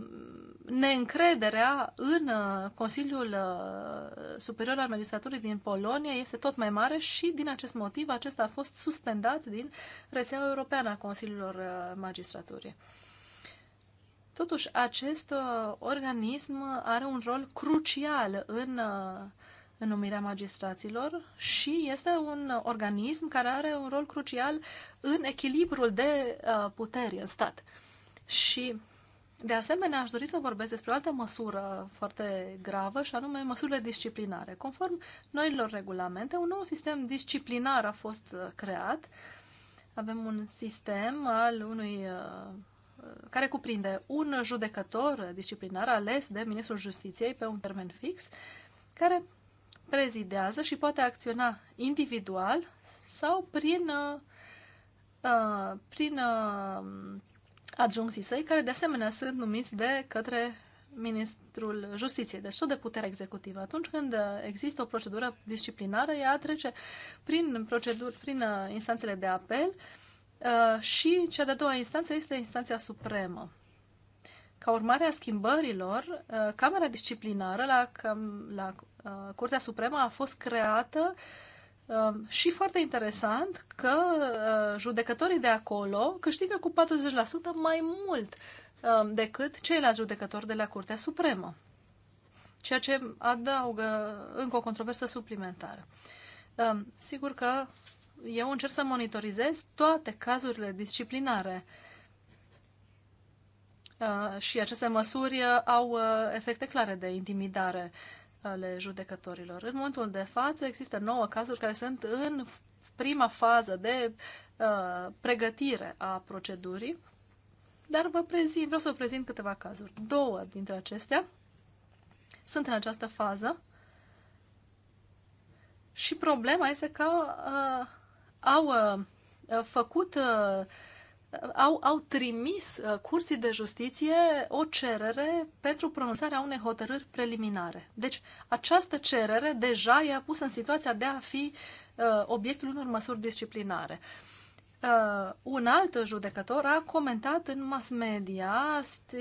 neîncrederea în uh, Consiliul uh, Superior al Magistraturii din Polonia este tot mai mare și din acest motiv acesta a fost suspendat din rețeaua europeană a Consiliilor uh, Magistraturii. Totuși, acest organism are un rol crucial în în numirea magistraților și este un organism care are un rol crucial în echilibrul de puteri în stat. Și de asemenea, aș dori să vorbesc despre o altă măsură foarte gravă, și anume măsurile disciplinare. Conform noilor regulamente, un nou sistem disciplinar a fost uh, creat. Avem un sistem al unui uh, uh, care cuprinde un judecător disciplinar ales de Ministrul Justiției pe un termen fix, care prezidează și poate acționa individual sau prin, prin adjuncții săi, care de asemenea sunt numiți de către Ministrul Justiției, deci tot de putere executivă. Atunci când există o procedură disciplinară, ea trece prin, proceduri, prin uh, instanțele de apel uh, și cea de-a doua instanță este instanța supremă. Ca urmare a schimbărilor, uh, Camera Disciplinară la, la Curtea Supremă a fost creată uh, Um, și foarte interesant că uh, judecătorii de acolo câștigă cu 40% mai mult um, decât ceilalți judecători de la Curtea Supremă, ceea ce adaugă încă o controversă suplimentară. Um, sigur că eu încerc să monitorizez toate cazurile disciplinare uh, și aceste măsuri uh, au efecte clare de intimidare ale judecătorilor. În momentul de față există nouă cazuri care sunt în prima fază de uh, pregătire a procedurii, dar vă prezint, vreau să vă prezint câteva cazuri. Două dintre acestea sunt în această fază și problema este că uh, au uh, făcut uh, au, au trimis uh, curții de justiție o cerere pentru pronunțarea unei hotărâri preliminare. Deci, această cerere deja i-a pus în situația de a fi uh, obiectul unor măsuri disciplinare. Uh, un alt judecător a comentat în mass media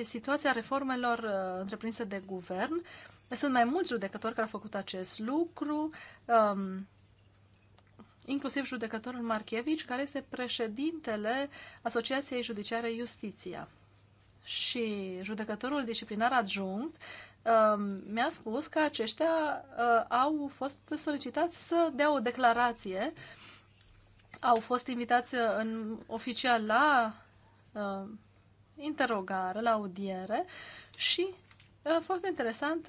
situația reformelor uh, întreprinse de guvern. Sunt mai mulți judecători care au făcut acest lucru. Um, inclusiv judecătorul Marchevici, care este președintele Asociației Judiciare Justiția. Și judecătorul disciplinar adjunct um, mi-a spus că aceștia uh, au fost solicitați să dea o declarație, au fost invitați uh, în oficial la uh, interogare, la audiere și foarte interesant,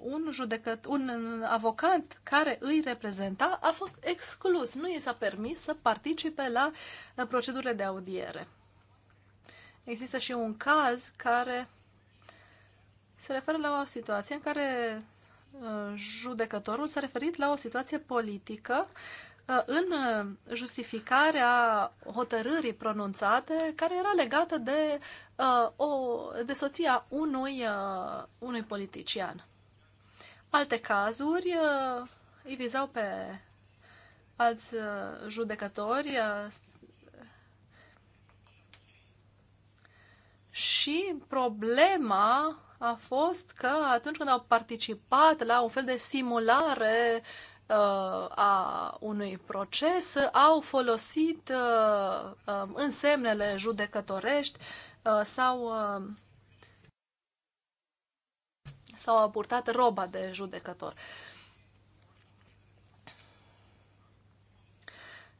un judecăt, un avocat care îi reprezenta a fost exclus. Nu i s-a permis să participe la procedurile de audiere. Există și un caz care se referă la o situație în care judecătorul s-a referit la o situație politică în justificarea hotărârii pronunțate care era legată de uh, o, de soția unui, uh, unui politician. Alte cazuri uh, îi vizau pe alți uh, judecători uh, și problema a fost că atunci când au participat la un fel de simulare uh, a unui proces, au folosit uh, uh, însemnele judecătorești Uh, s-au uh, s-au aburtat roba de judecător.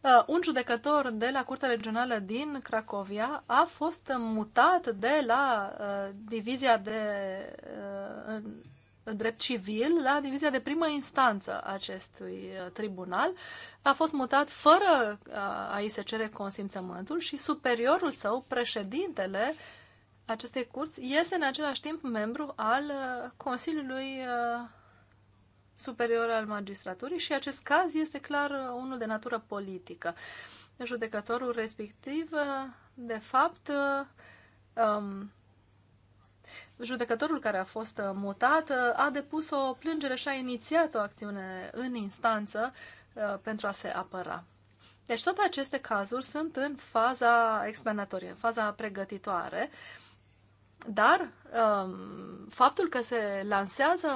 Uh, un judecător de la Curtea Regională din Cracovia a fost mutat de la divizia de drept civil la divizia de primă instanță acestui uh, tribunal. A fost mutat fără uh, a-i se cere consimțământul și superiorul său, președintele acestei curți, este în același timp membru al uh, Consiliului Superior al Magistraturii și acest caz este clar unul de natură politică. Judecătorul respectiv, de fapt, um, Judecătorul care a fost uh, mutat uh, a depus o plângere și a inițiat o acțiune în instanță uh, pentru a se apăra. Deci toate aceste cazuri sunt în faza explanatorie, în faza pregătitoare, dar um, faptul că se lansează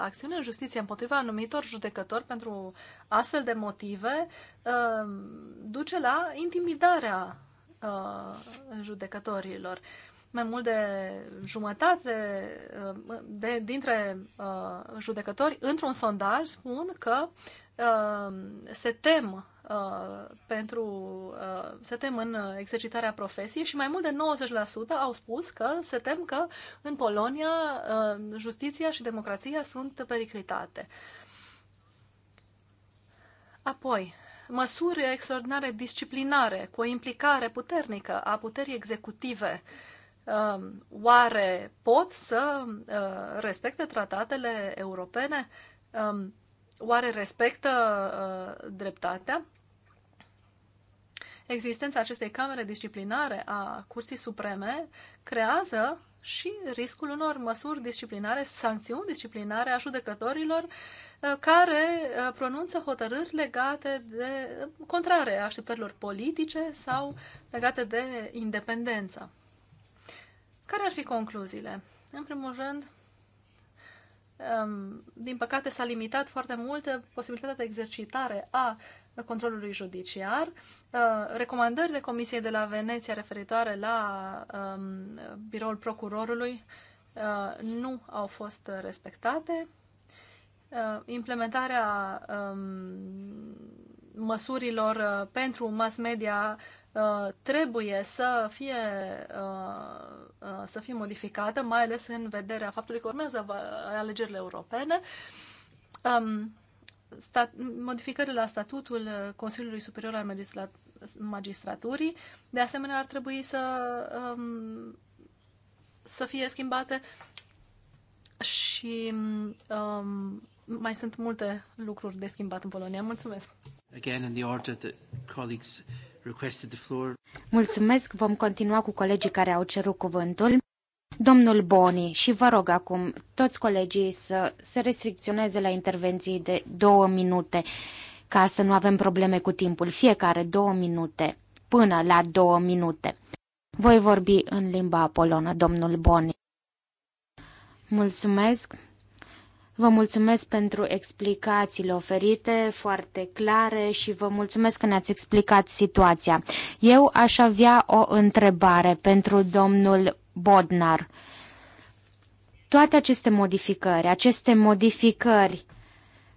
acțiune în justiție împotriva anumitor judecători pentru astfel de motive um, duce la intimidarea judecătorilor. Uh, mai mult de jumătate uh, de, dintre uh, judecători, într-un sondaj, spun că uh, se tem uh, pentru uh, se tem în exercitarea profesiei și mai mult de 90% au spus că se tem că în Polonia uh, justiția și democrația sunt periclitate. Apoi, măsuri extraordinare disciplinare, cu o implicare puternică a puterii executive uh, Um, oare pot să uh, respecte tratatele europene? Um, oare respectă uh, dreptatea? Existența acestei camere disciplinare a Curții Supreme creează și riscul unor măsuri disciplinare, sancțiuni disciplinare a judecătorilor uh, care pronunță hotărâri legate de contrare așteptărilor politice sau legate de independență. Care ar fi concluziile? În primul rând, um, din păcate s-a limitat foarte mult posibilitatea de exercitare a controlului judiciar. Uh, recomandările Comisiei de la Veneția referitoare la um, biroul procurorului uh, nu au fost respectate. Uh, implementarea um, măsurilor pentru mass media trebuie să fie Uh, să fie modificată, mai ales în vederea faptului că urmează alegerile europene. Um, stat, modificările la statutul uh, Consiliului Superior al Magistraturii, de asemenea, ar trebui să, um, să fie schimbate și um, mai sunt multe lucruri de schimbat în Polonia. Mulțumesc! Again, in the order that colleagues requested the floor, Mulțumesc, vom continua cu colegii care au cerut cuvântul. Domnul Boni, și vă rog acum toți colegii să se restricționeze la intervenții de două minute, ca să nu avem probleme cu timpul. Fiecare două minute, până la două minute. Voi vorbi în limba polonă, domnul Boni. Mulțumesc. Vă mulțumesc pentru explicațiile oferite, foarte clare și vă mulțumesc că ne-ați explicat situația. Eu aș avea o întrebare pentru domnul Bodnar. Toate aceste modificări, aceste modificări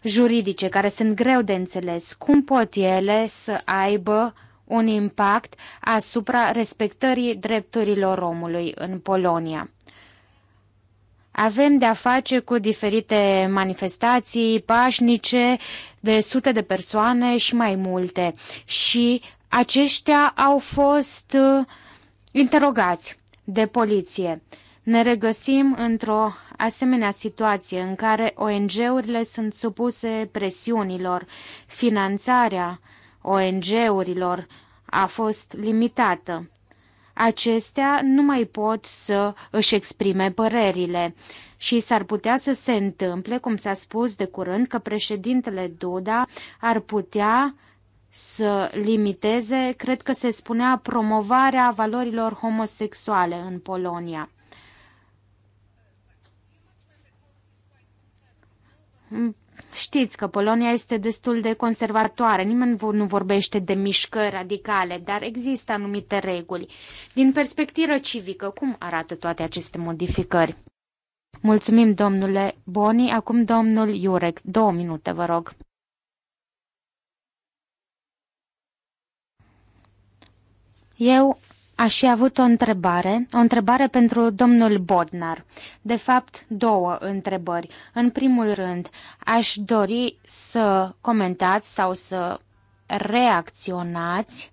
juridice care sunt greu de înțeles, cum pot ele să aibă un impact asupra respectării drepturilor omului în Polonia? Avem de-a face cu diferite manifestații pașnice de sute de persoane și mai multe. Și aceștia au fost uh, interogați de poliție. Ne regăsim într-o asemenea situație în care ONG-urile sunt supuse presiunilor, finanțarea ONG-urilor a fost limitată acestea nu mai pot să își exprime părerile. Și s-ar putea să se întâmple, cum s-a spus de curând, că președintele Duda ar putea să limiteze, cred că se spunea, promovarea valorilor homosexuale în Polonia. Știți că Polonia este destul de conservatoare, nimeni nu vorbește de mișcări radicale, dar există anumite reguli. Din perspectivă civică, cum arată toate aceste modificări? Mulțumim, domnule Boni. Acum domnul Iurec. Două minute, vă rog. Eu Aș fi avut o întrebare, o întrebare pentru domnul Bodnar. De fapt, două întrebări. În primul rând, aș dori să comentați sau să reacționați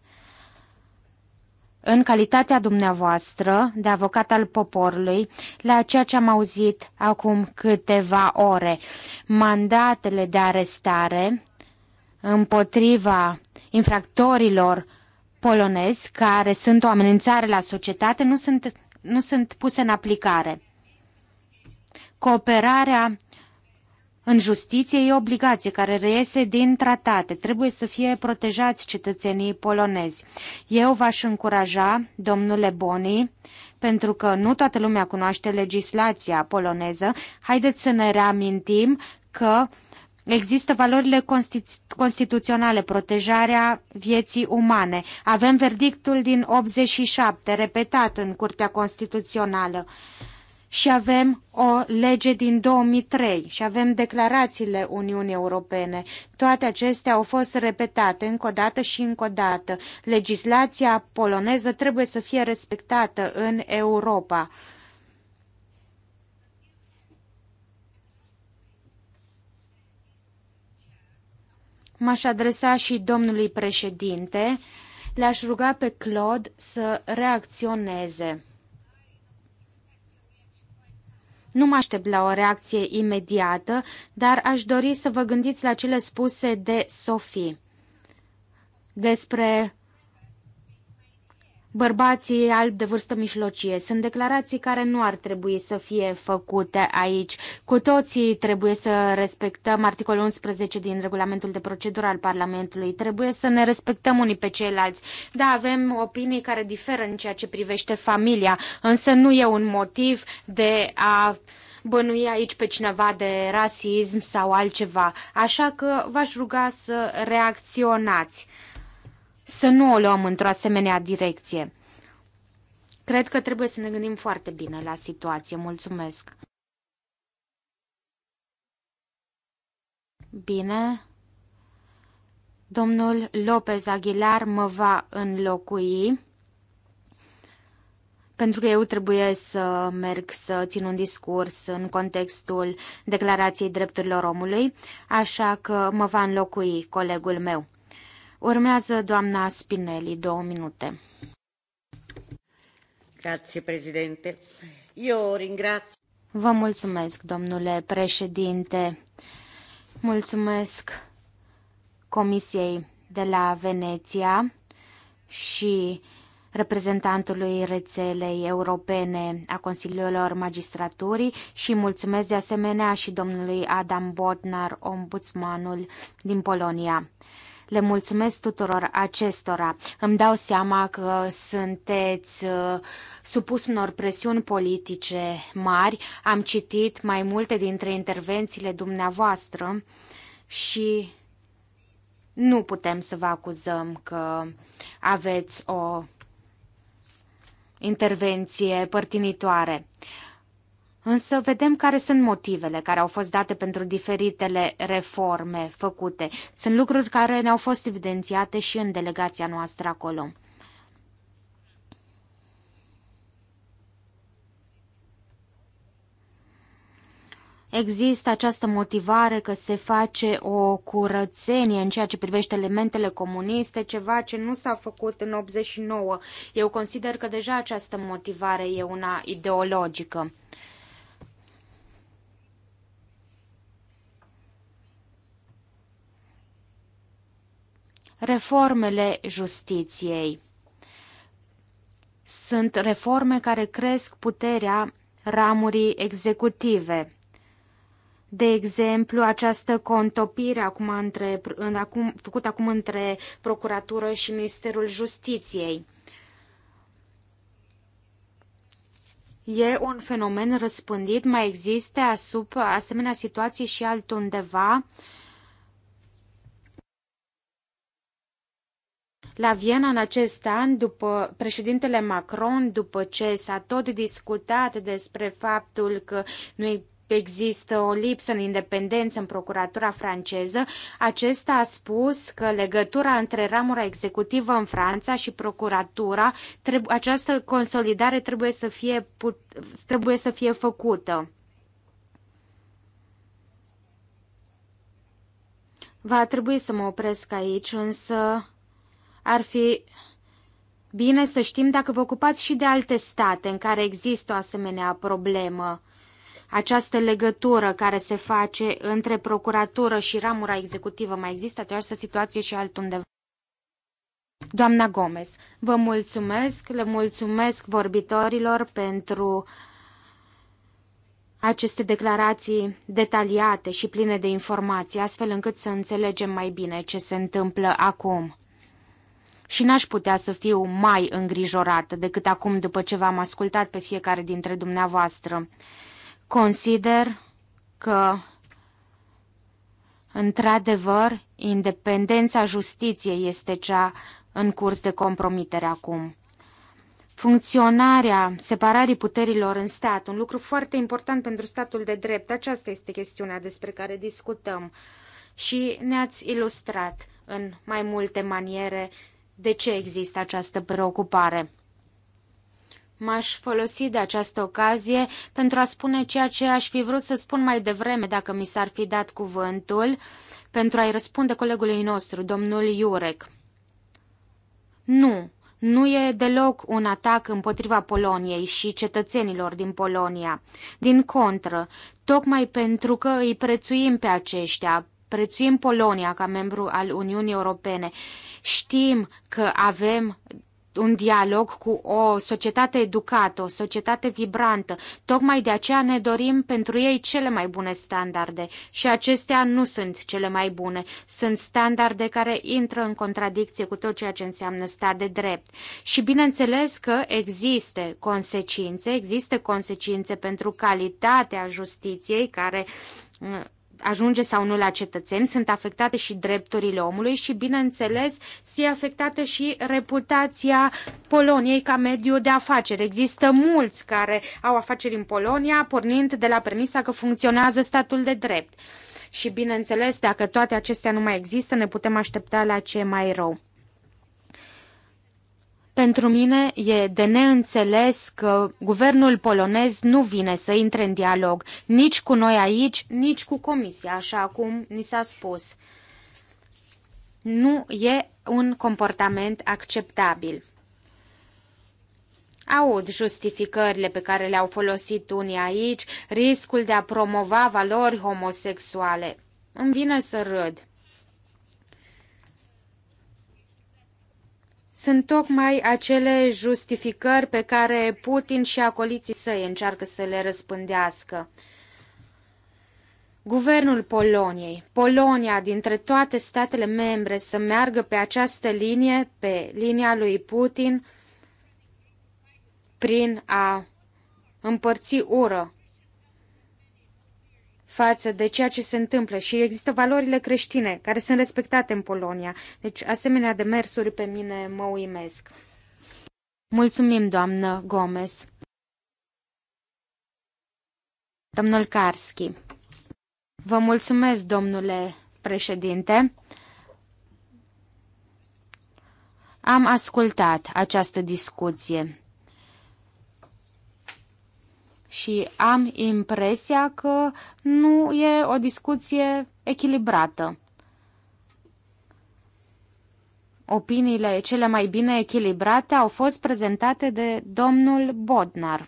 în calitatea dumneavoastră de avocat al poporului la ceea ce am auzit acum câteva ore. Mandatele de arestare împotriva infractorilor polonezi care sunt o amenințare la societate nu sunt, nu sunt puse în aplicare. Cooperarea în justiție e o obligație care reiese din tratate. Trebuie să fie protejați cetățenii polonezi. Eu v-aș încuraja, domnule Boni, pentru că nu toată lumea cunoaște legislația poloneză, haideți să ne reamintim că Există valorile constitu- constituționale, protejarea vieții umane. Avem verdictul din 87, repetat în Curtea Constituțională. Și avem o lege din 2003 și avem declarațiile Uniunii Europene. Toate acestea au fost repetate încă o dată și încă o dată. Legislația poloneză trebuie să fie respectată în Europa. M-aș adresa și domnului președinte, le-aș ruga pe Claude să reacționeze. Nu mă aștept la o reacție imediată, dar aș dori să vă gândiți la cele spuse de Sophie despre bărbații albi de vârstă mijlocie. Sunt declarații care nu ar trebui să fie făcute aici. Cu toții trebuie să respectăm articolul 11 din regulamentul de procedură al Parlamentului. Trebuie să ne respectăm unii pe ceilalți. Da, avem opinii care diferă în ceea ce privește familia, însă nu e un motiv de a bănui aici pe cineva de rasism sau altceva. Așa că v-aș ruga să reacționați să nu o luăm într-o asemenea direcție. Cred că trebuie să ne gândim foarte bine la situație. Mulțumesc! Bine. Domnul Lopez Aguilar mă va înlocui pentru că eu trebuie să merg să țin un discurs în contextul Declarației Drepturilor Omului, așa că mă va înlocui colegul meu. Urmează doamna Spinelli, două minute. Grazie, președinte. Eu ringrazio. Vă mulțumesc, domnule președinte. Mulțumesc Comisiei de la Veneția și reprezentantului rețelei europene a Consiliilor Magistraturii și mulțumesc de asemenea și domnului Adam Bodnar, ombudsmanul din Polonia. Le mulțumesc tuturor acestora. Îmi dau seama că sunteți uh, supus unor presiuni politice mari. Am citit mai multe dintre intervențiile dumneavoastră și nu putem să vă acuzăm că aveți o intervenție părtinitoare. Însă vedem care sunt motivele care au fost date pentru diferitele reforme făcute. Sunt lucruri care ne-au fost evidențiate și în delegația noastră acolo. Există această motivare că se face o curățenie în ceea ce privește elementele comuniste, ceva ce nu s-a făcut în 89. Eu consider că deja această motivare e una ideologică. Reformele justiției sunt reforme care cresc puterea ramurii executive. De exemplu, această contopire acum între, în, acum, făcută acum între Procuratură și Ministerul Justiției. E un fenomen răspândit, mai există asupra asemenea situații și altundeva. Uh, La Viena în acest an, după președintele Macron, după ce s-a tot discutat despre faptul că nu există o lipsă în independență în procuratura franceză, acesta a spus că legătura între ramura executivă în Franța și procuratura, trebu- această consolidare trebuie să fie, trebuie să fie făcută. Va trebui să mă opresc aici, însă ar fi bine să știm dacă vă ocupați și de alte state în care există o asemenea problemă. Această legătură care se face între procuratură și ramura executivă mai există această situație și altundeva. Doamna Gomez, vă mulțumesc, le mulțumesc vorbitorilor pentru aceste declarații detaliate și pline de informații, astfel încât să înțelegem mai bine ce se întâmplă acum și n-aș putea să fiu mai îngrijorată decât acum după ce v-am ascultat pe fiecare dintre dumneavoastră. Consider că, într-adevăr, independența justiției este cea în curs de compromitere acum. Funcționarea separării puterilor în stat, un lucru foarte important pentru statul de drept, aceasta este chestiunea despre care discutăm și ne-ați ilustrat în mai multe maniere de ce există această preocupare. M-aș folosi de această ocazie pentru a spune ceea ce aș fi vrut să spun mai devreme dacă mi s-ar fi dat cuvântul, pentru a-i răspunde colegului nostru, domnul Iurec. Nu, nu e deloc un atac împotriva Poloniei și cetățenilor din Polonia. Din contră, tocmai pentru că îi prețuim pe aceștia, prețuim Polonia ca membru al Uniunii Europene. Știm că avem un dialog cu o societate educată, o societate vibrantă. Tocmai de aceea ne dorim pentru ei cele mai bune standarde și acestea nu sunt cele mai bune. Sunt standarde care intră în contradicție cu tot ceea ce înseamnă stat de drept. Și bineînțeles că există consecințe, există consecințe pentru calitatea justiției care ajunge sau nu la cetățeni, sunt afectate și drepturile omului și, bineînțeles, e afectată și reputația Poloniei ca mediu de afaceri. Există mulți care au afaceri în Polonia, pornind de la premisa că funcționează statul de drept. Și, bineînțeles, dacă toate acestea nu mai există, ne putem aștepta la ce mai rău. Pentru mine e de neînțeles că guvernul polonez nu vine să intre în dialog nici cu noi aici, nici cu Comisia, așa cum ni s-a spus. Nu e un comportament acceptabil. Aud justificările pe care le-au folosit unii aici, riscul de a promova valori homosexuale. Îmi vine să râd. sunt tocmai acele justificări pe care Putin și acoliții săi încearcă să le răspândească. Guvernul Poloniei, Polonia dintre toate statele membre să meargă pe această linie, pe linia lui Putin, prin a împărți ură față de ceea ce se întâmplă și există valorile creștine care sunt respectate în Polonia. Deci asemenea demersuri pe mine mă uimesc. Mulțumim, doamnă Gomez. Domnul Karski. Vă mulțumesc, domnule președinte. Am ascultat această discuție și am impresia că nu e o discuție echilibrată. Opiniile cele mai bine echilibrate au fost prezentate de domnul Bodnar.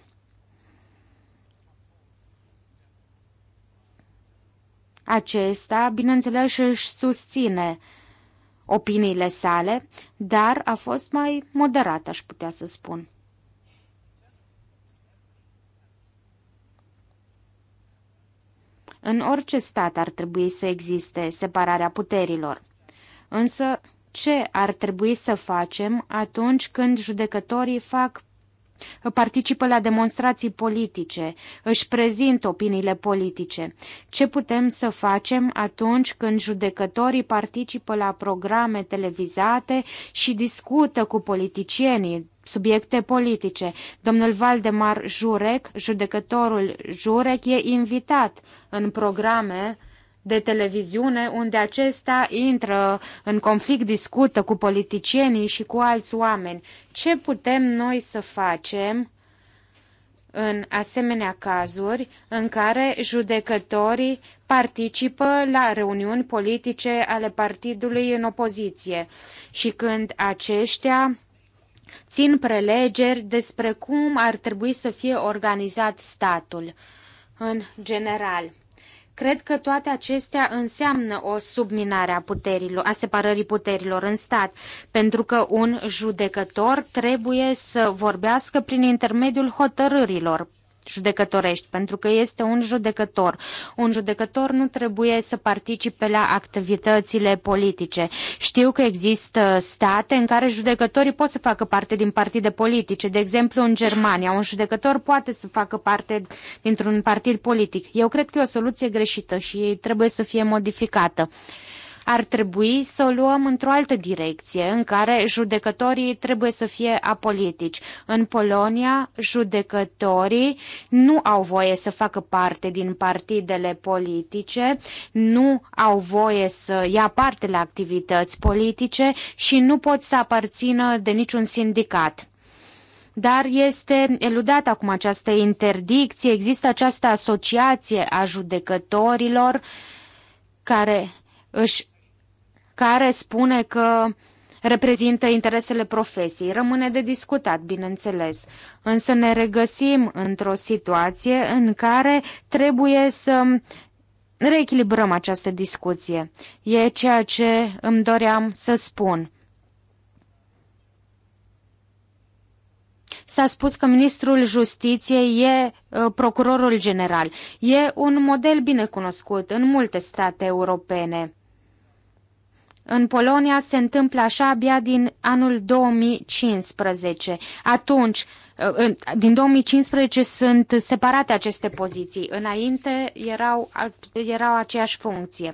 Acesta, bineînțeles, își susține opiniile sale, dar a fost mai moderat, aș putea să spun. În orice stat ar trebui să existe separarea puterilor. Însă, ce ar trebui să facem atunci când judecătorii fac participă la demonstrații politice, își prezint opiniile politice. Ce putem să facem atunci când judecătorii participă la programe televizate și discută cu politicienii subiecte politice. Domnul Valdemar Jurek, judecătorul Jurek, e invitat în programe de televiziune unde acesta intră în conflict, discută cu politicienii și cu alți oameni. Ce putem noi să facem în asemenea cazuri în care judecătorii participă la reuniuni politice ale partidului în opoziție și când aceștia țin prelegeri despre cum ar trebui să fie organizat statul în general. Cred că toate acestea înseamnă o subminare a, puterilor, a separării puterilor în stat, pentru că un judecător trebuie să vorbească prin intermediul hotărârilor judecătorești, pentru că este un judecător. Un judecător nu trebuie să participe la activitățile politice. Știu că există state în care judecătorii pot să facă parte din partide politice. De exemplu, în Germania, un judecător poate să facă parte dintr-un partid politic. Eu cred că e o soluție greșită și trebuie să fie modificată ar trebui să o luăm într-o altă direcție, în care judecătorii trebuie să fie apolitici. În Polonia, judecătorii nu au voie să facă parte din partidele politice, nu au voie să ia parte la activități politice și nu pot să aparțină de niciun sindicat dar este eludată acum această interdicție, există această asociație a judecătorilor care își care spune că reprezintă interesele profesiei. Rămâne de discutat, bineînțeles, însă ne regăsim într-o situație în care trebuie să reechilibrăm această discuție. E ceea ce îmi doream să spun. s-a spus că ministrul justiției e ă, procurorul general. E un model bine cunoscut în multe state europene. În Polonia se întâmplă așa abia din anul 2015. Atunci, uh, din 2015 sunt separate aceste poziții. Înainte erau, erau aceeași funcție.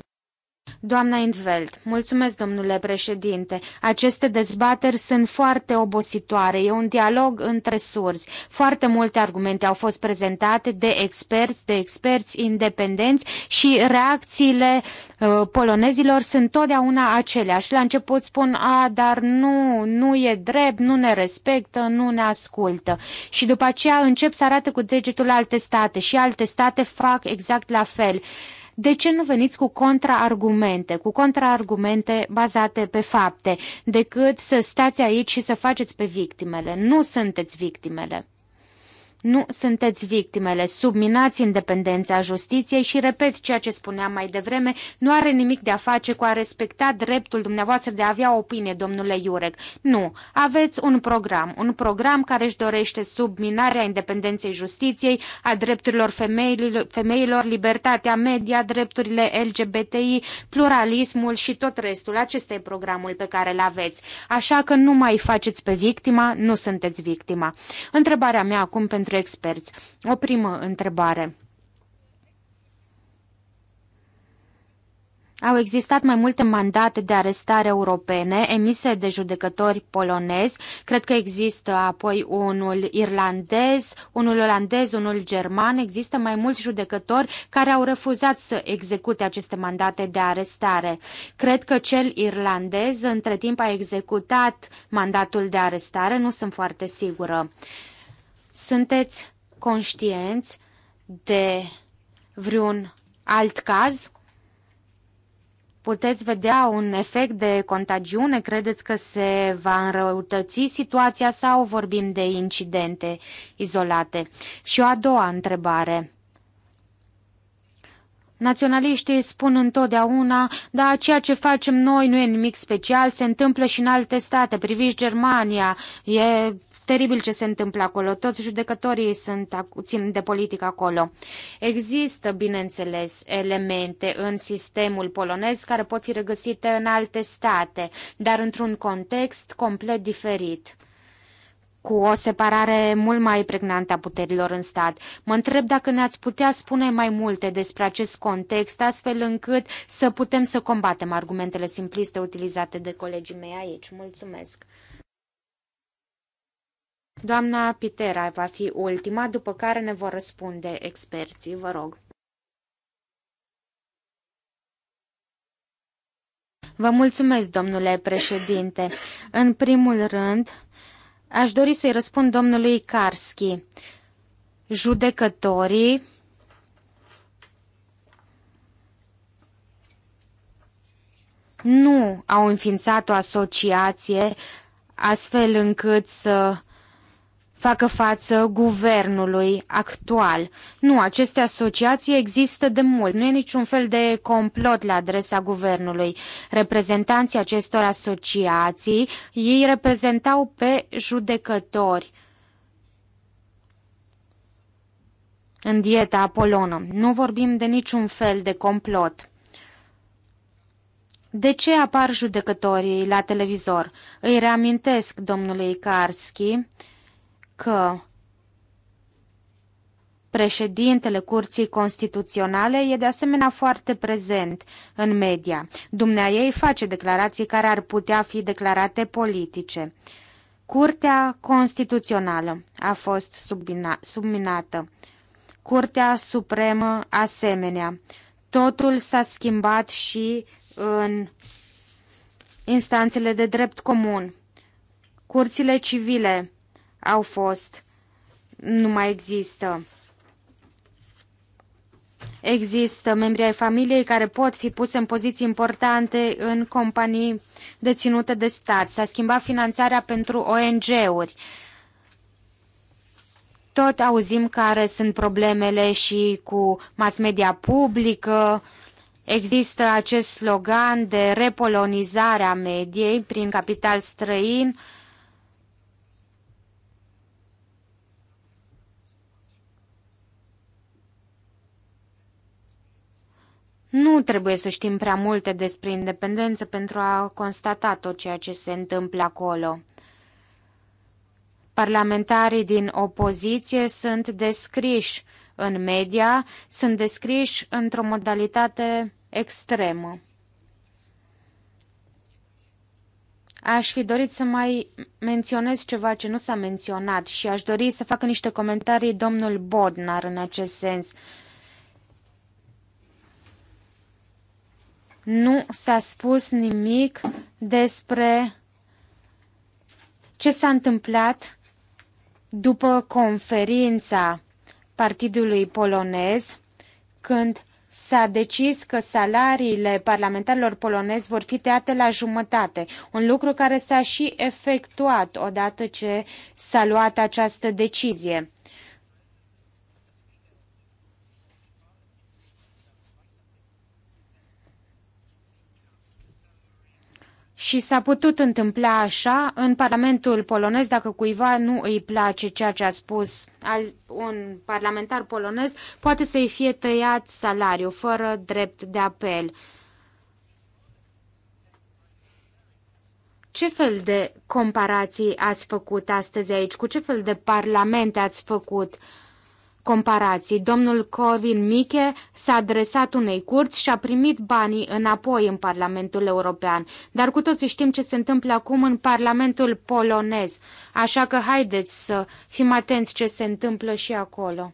Doamna Intveld, mulțumesc, domnule președinte. Aceste dezbateri sunt foarte obositoare. E un dialog între surzi. Foarte multe argumente au fost prezentate de experți, de experți independenți și reacțiile uh, polonezilor sunt totdeauna aceleași. La început spun, a, dar nu, nu e drept, nu ne respectă, nu ne ascultă. Și după aceea încep să arate cu degetul alte state și alte state fac exact la fel. Uh, de ce nu veniți cu contraargumente, cu contraargumente bazate pe fapte, decât să stați aici și să faceți pe victimele? Nu sunteți victimele. Nu sunteți victimele, subminați independența justiției și repet ceea ce spuneam mai devreme, nu are nimic de a face cu a respecta dreptul dumneavoastră de a avea opinie, domnule Iurec. Nu, aveți un program, un program care își dorește subminarea independenței justiției, a drepturilor femeilor, femeilor libertatea media, drepturile LGBTI, pluralismul și tot restul. Acesta e programul pe care îl aveți. Așa că nu mai faceți pe victima, nu sunteți victima. Întrebarea mea acum pentru dintre experți. O primă întrebare. Au existat mai multe mandate de arestare europene emise de judecători polonezi. Cred că există apoi unul irlandez, unul olandez, unul german. Există mai mulți judecători care au refuzat să execute aceste mandate de arestare. Cred că cel irlandez între timp a executat mandatul de arestare, nu sunt foarte sigură. Sunteți conștienți de vreun alt caz? Puteți vedea un efect de contagiune? Credeți că se va înrăutăți situația sau vorbim de incidente izolate? Și o a doua întrebare. Naționaliștii spun întotdeauna, da, ceea ce facem noi nu e nimic special, se întâmplă și în alte state, priviți Germania, e Teribil ce se întâmplă acolo. Toți judecătorii sunt, țin de politică acolo. Există, bineînțeles, elemente în sistemul polonez care pot fi regăsite în alte state, dar într-un context complet diferit cu o separare mult mai pregnantă a puterilor în stat. Mă întreb dacă ne-ați putea spune mai multe despre acest context, astfel încât să putem să combatem argumentele simpliste utilizate de colegii mei aici. Mulțumesc! Doamna Pitera va fi ultima, după care ne vor răspunde experții, vă rog. Vă mulțumesc, domnule președinte. În primul rând, aș dori să-i răspund domnului Karski. Judecătorii nu au înființat o asociație astfel încât să uh, facă față guvernului actual. Nu, aceste asociații există de mult. Nu e niciun fel de complot la adresa guvernului. Reprezentanții acestor asociații, ei reprezentau pe judecători. În dieta apolonă. Nu vorbim de niciun fel de complot. De ce apar judecătorii la televizor? Îi reamintesc domnului Karski că Președintele Curții Constituționale e de asemenea foarte prezent în media. Dumnea ei face declarații care ar putea fi declarate politice. Curtea Constituțională a fost submina subminată. Curtea Supremă asemenea. Totul s-a schimbat și în instanțele de drept comun. Curțile civile au fost, nu mai există. Există membri ai familiei care pot fi puse în poziții importante în companii deținute de stat. S-a schimbat finanțarea pentru ONG-uri. Tot auzim care sunt problemele și cu mass media publică. Există acest slogan de repolonizare a mediei prin capital străin. Uh, Nu trebuie să știm prea multe despre independență pentru a constata tot ceea ce se întâmplă acolo. Parlamentarii din opoziție sunt descriși în media, sunt descriși într-o modalitate extremă. Aș fi dorit să mai menționez ceva ce nu s-a menționat și aș dori să facă niște comentarii domnul Bodnar în acest sens. nu s-a spus nimic despre ce s-a întâmplat după conferința Partidului Polonez, când s-a decis că salariile parlamentarilor polonezi vor fi tăiate la jumătate, un lucru care s-a și efectuat odată ce s-a luat această decizie. Și s-a putut întâmpla așa în Parlamentul polonez, dacă cuiva nu îi place ceea ce a spus un parlamentar polonez, poate să-i fie tăiat salariu fără drept de apel. Ce fel de comparații ați făcut astăzi aici? Cu ce fel de parlamente ați făcut? comparații. Domnul Corvin Miche s-a adresat unei curți și a primit banii înapoi în Parlamentul European. Dar cu toții știm ce se întâmplă acum în Parlamentul polonez, așa că haideți să fim atenți ce se întâmplă și acolo.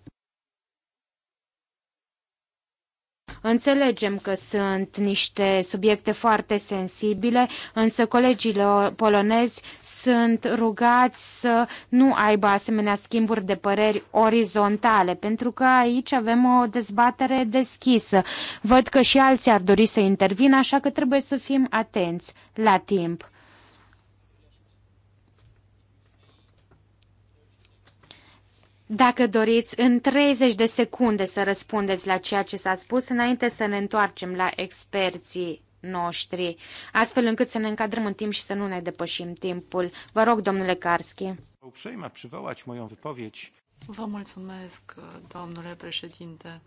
Înțelegem că sunt niște subiecte foarte sensibile, însă colegii polonezi sunt rugați să nu aibă asemenea schimburi de păreri orizontale, pentru că aici avem o dezbatere deschisă. Văd că și alții ar dori să intervină, așa că trebuie să fim atenți la timp. Dacă doriți, în 30 de secunde să răspundeți la ceea ce s-a spus înainte să ne întoarcem la experții noștri, astfel încât să ne încadrăm în timp și să nu ne depășim timpul. Vă rog, domnule Karski. Vă mulțumesc, domnule președinte.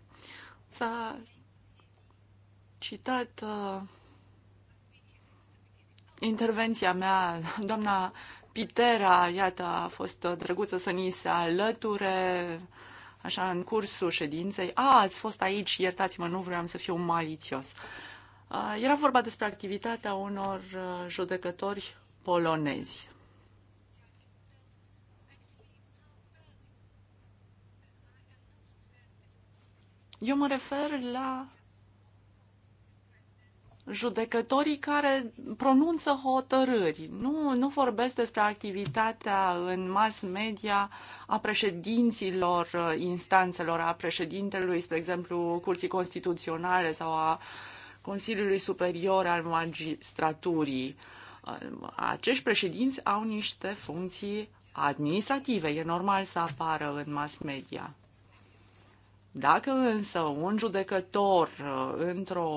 S-a citat uh, intervenția mea, doamna Pitera, iată, a fost drăguță să ni se alăture, așa, în cursul ședinței. A, ați fost aici, iertați-mă, nu vreau să fiu malițios. Era vorba despre activitatea unor uh, judecători polonezi. Eu mă refer la judecătorii care pronunță hotărâri. Nu, nu vorbesc despre activitatea în mass media a președinților uh, instanțelor, a președintelui, spre exemplu, Curții Constituționale sau a Consiliului Superior al Magistraturii. Uh, acești președinți au niște funcții administrative. E normal să apară în mass media. Dacă însă un judecător uh, într-o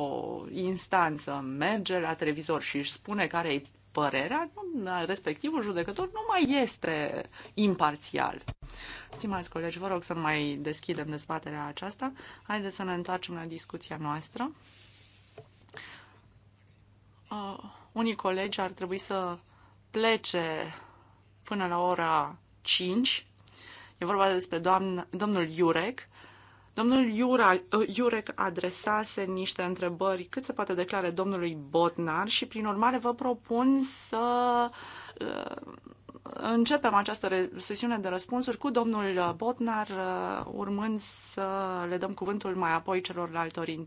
instanță merge la televizor și își spune care e părerea, respectivul judecător nu mai este imparțial. Stimați colegi, vă rog să nu mai deschidem dezbaterea aceasta. Haideți să ne întoarcem la discuția noastră. Uh, unii colegi ar trebui să plece până la ora 5. E vorba despre doamn, domnul Iurec, Domnul Iura, uh, Iurec adresase niște întrebări cât se poate declare domnului Botnar și, prin urmare, vă propun să uh, începem această sesiune de răspunsuri cu domnul Botnar, uh, urmând să le dăm cuvântul mai apoi celorlalți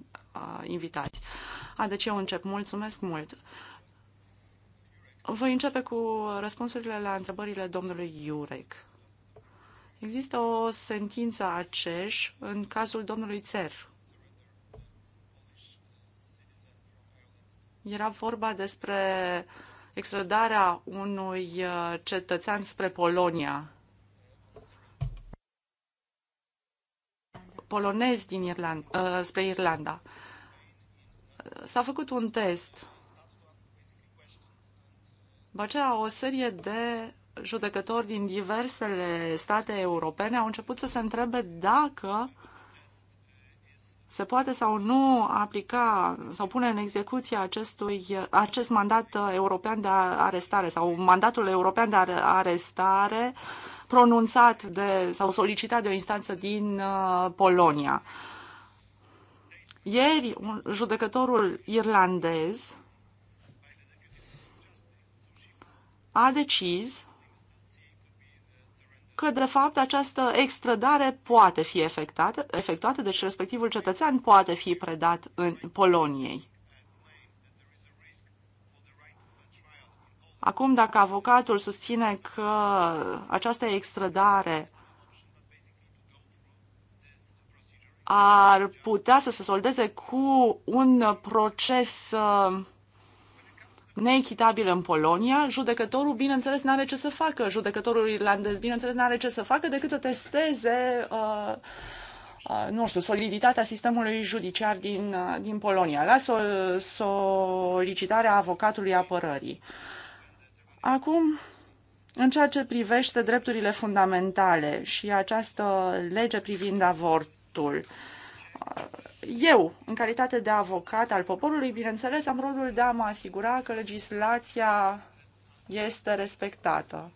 invitați. A, deci eu încep. Mulțumesc mult! Voi începe cu răspunsurile la întrebările domnului Iurec. Există o sentință a CEJ în cazul domnului Țer. Era vorba despre extradarea unui uh, cetățean spre Polonia. Polonez din Irlanda, uh, spre Irlanda. S-a făcut un test. După o serie de judecători din diversele state europene au început să se întrebe dacă se poate sau nu aplica sau pune în execuție acestui, acest mandat european de arestare sau mandatul european de arestare pronunțat de, sau solicitat de o instanță din uh, Polonia. Ieri, un judecătorul irlandez a decis că, de fapt, această extradare poate fi efectată, efectuată, deci respectivul cetățean poate fi predat în Poloniei. Acum, dacă avocatul susține că această extradare ar putea să se soldeze cu un proces uh, neechitabilă în Polonia, judecătorul, bineînțeles, nu are ce să facă. Judecătorul irlandez, bineînțeles, nu are ce să facă decât să testeze, uh, uh, nu știu, soliditatea sistemului judiciar din, uh, din Polonia, la so- solicitarea avocatului apărării. Acum, în ceea ce privește drepturile fundamentale și această lege privind avortul, uh, eu, în calitate de avocat al poporului, bineînțeles, am rolul de a mă asigura că legislația este respectată.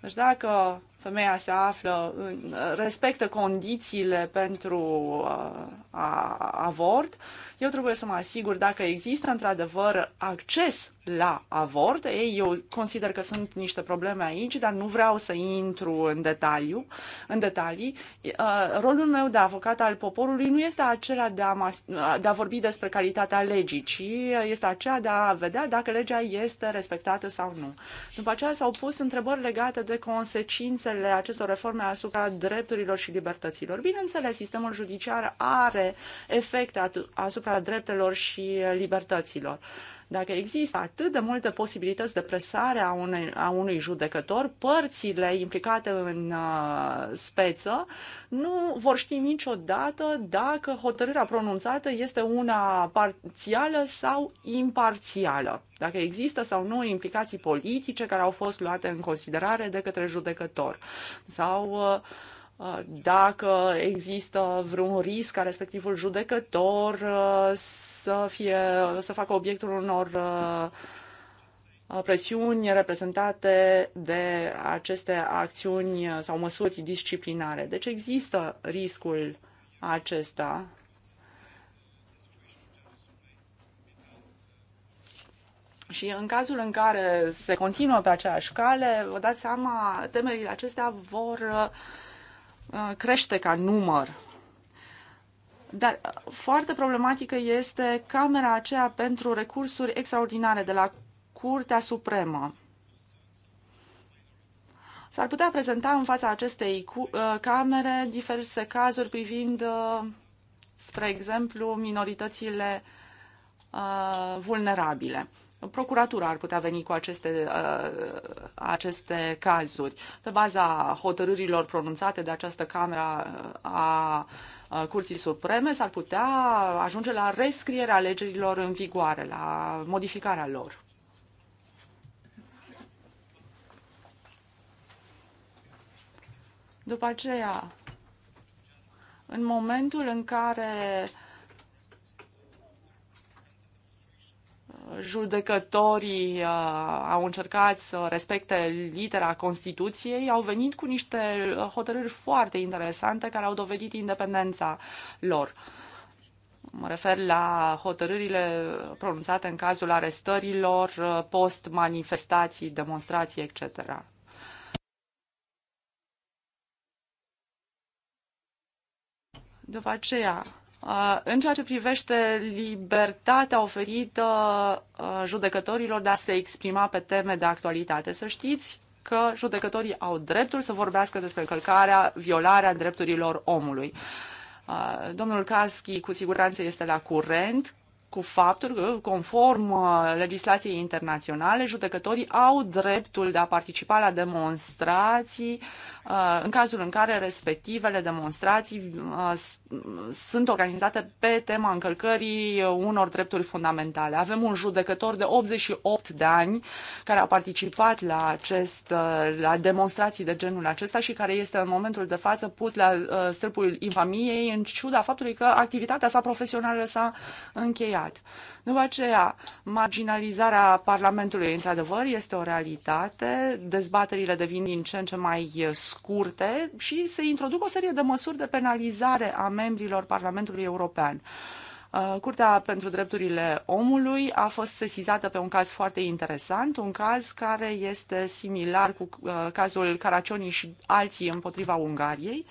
Deci dacă femeia se află, în, respectă condițiile pentru uh, a, avort, eu trebuie să mă asigur dacă există într-adevăr acces la avort. Ei, eu consider că sunt niște probleme aici, dar nu vreau să intru în detaliu, în detalii. Uh, rolul meu de avocat al poporului nu este acela de a, uh, de a vorbi despre calitatea legii, ci este aceea de a vedea dacă legea este respectată sau nu. După aceea s-au pus întrebări legate de consecințele acestor reforme asupra drepturilor și libertăților. Bineînțeles, sistemul judiciar are efecte asupra asupra dreptelor și libertăților. Dacă există atât de multe posibilități de presare a, unei, a unui judecător, părțile implicate în uh, speță nu vor ști niciodată dacă hotărârea pronunțată este una parțială sau imparțială. Dacă există sau nu implicații politice care au fost luate în considerare de către judecător sau uh, Uh, dacă există vreun risc ca respectivul judecător uh, să, fie, să facă obiectul unor uh, presiuni reprezentate de aceste acțiuni sau măsuri disciplinare. Deci există riscul acesta. Și în cazul în care se continuă pe aceeași cale, vă dați seama, temerile acestea vor uh, Uh, crește ca număr. Dar uh, foarte problematică este Camera aceea pentru recursuri extraordinare de la Curtea Supremă. S-ar putea prezenta în fața acestei uh, camere diverse cazuri privind, spre exemplu, minoritățile vulnerabile. Procuratura ar putea veni cu aceste, uh, aceste cazuri pe baza hotărârilor pronunțate de această Camera a Curții Supreme s-ar putea ajunge la rescrierea legilor în vigoare, la modificarea lor. După aceea, în momentul în care uh, judecătorii uh, au încercat să respecte litera Constituției, au venit cu niște hotărâri foarte interesante care au dovedit independența lor. Mă refer la hotărârile pronunțate în cazul arestărilor, uh, post-manifestații, demonstrații, etc. După aceea, Uh, în ceea ce privește libertatea oferită uh, judecătorilor de a se exprima pe teme de actualitate. Să știți că judecătorii au dreptul să vorbească despre călcarea, violarea drepturilor omului. Uh, domnul Karski cu siguranță este la curent cu faptul că, conform uh, legislației internaționale, judecătorii au dreptul de a participa la demonstrații uh, în cazul în care respectivele demonstrații uh, sunt organizate pe tema încălcării unor drepturi fundamentale. Avem un judecător de 88 de ani care a participat la, acest, la demonstrații de genul acesta și care este în momentul de față pus la stâlpul infamiei în ciuda faptului că activitatea sa profesională s-a încheiat apropiat. După aceea, marginalizarea Parlamentului, într-adevăr, este o realitate, dezbaterile devin din ce în ce mai scurte și se introduc o serie de măsuri de penalizare a membrilor Parlamentului European. Uh, Curtea pentru Drepturile Omului a fost sesizată pe un caz foarte interesant, un caz care este similar cu uh, cazul Caracioni și alții împotriva Ungariei.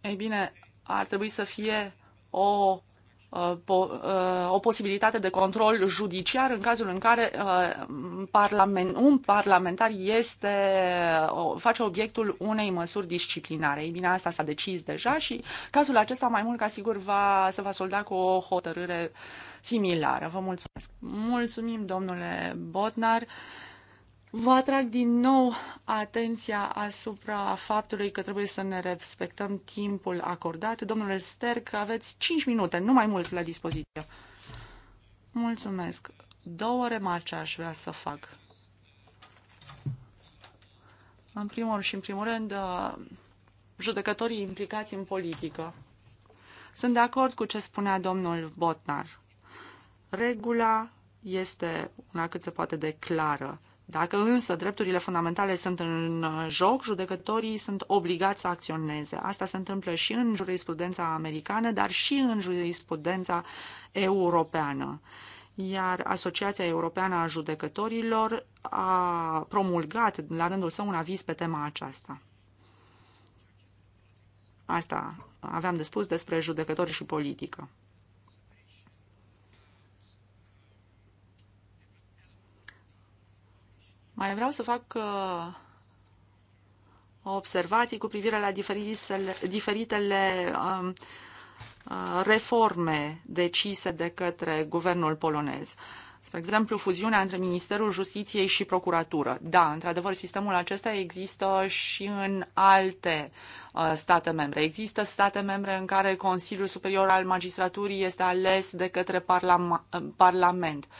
Ei bine, ar trebui să fie o Uh, uh, o posibilitate de control judiciar în cazul în care uh, un parlamentar este, face obiectul unei măsuri disciplinare. Ei bine, asta s-a decis deja și cazul acesta mai mult ca sigur va, se va solda cu o hotărâre similară. Vă mulțumesc. Mulțumim, domnule Botnar. Vă atrag din nou atenția asupra faptului că trebuie să ne respectăm timpul acordat. Domnule Sterc, aveți 5 minute, nu mai mult, la dispoziție. Mulțumesc. Două remarce aș vrea să fac. În primul și în primul rând, judecătorii implicați în politică. Sunt de acord cu ce spunea domnul Botnar. Regula este una cât se poate de clară dacă însă drepturile fundamentale sunt în uh, joc, judecătorii sunt obligați să acționeze. Asta se întâmplă și în jurisprudența americană, dar și în jurisprudența europeană. Iar Asociația Europeană a Judecătorilor a promulgat la rândul său un aviz pe tema aceasta. Asta aveam de spus despre judecători și politică. Mai vreau să fac uh, observații cu privire la diferitele, diferitele um, uh, reforme decise de către guvernul polonez. Spre exemplu, fuziunea între Ministerul Justiției și Procuratură. Da, într-adevăr, sistemul acesta există și în alte uh, state membre. Există state membre în care Consiliul Superior al Magistraturii este ales de către parlam- uh, Parlament. Uh,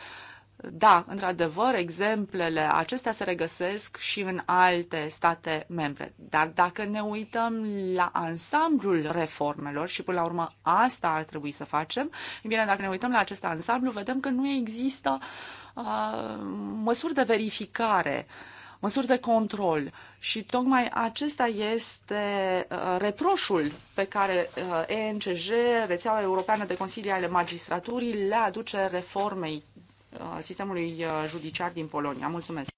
da, într-adevăr, exemplele acestea se regăsesc și în alte state membre. Dar dacă ne uităm la ansamblul reformelor și până la urmă asta ar trebui să facem, bine, dacă ne uităm la acest ansamblu, vedem că nu există uh, măsuri de verificare măsuri de control. Și tocmai acesta este uh, reproșul pe care uh, ENCG, rețeaua europeană de consilii ale magistraturii, le aduce reformei Uh, sistemului uh, judiciar din Polonia. Mulțumesc!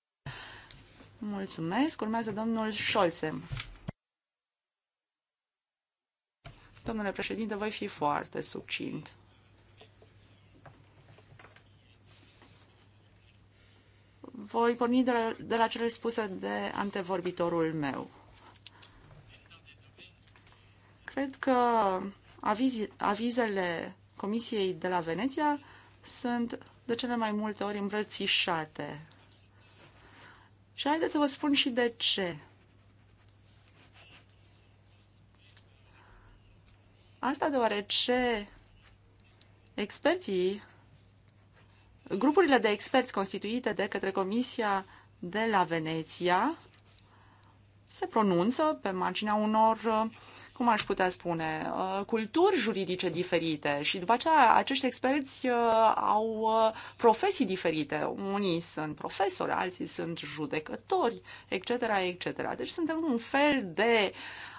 Mulțumesc! Urmează domnul Scholze. Domnule președinte, voi fi foarte succint. Voi porni de la, de la cele spuse de antevorbitorul meu. Cred că aviz, avizele Comisiei de la Veneția sunt de cele mai multe ori îmbrățișate. Și haideți să vă spun și de ce. Asta deoarece experții, grupurile de experți constituite de către Comisia de la Veneția se pronunță pe marginea unor cum aș putea spune, uh, culturi juridice diferite și după aceea acești experți uh, au uh, profesii diferite. Unii sunt profesori, alții sunt judecători, etc., etc. Deci suntem un fel de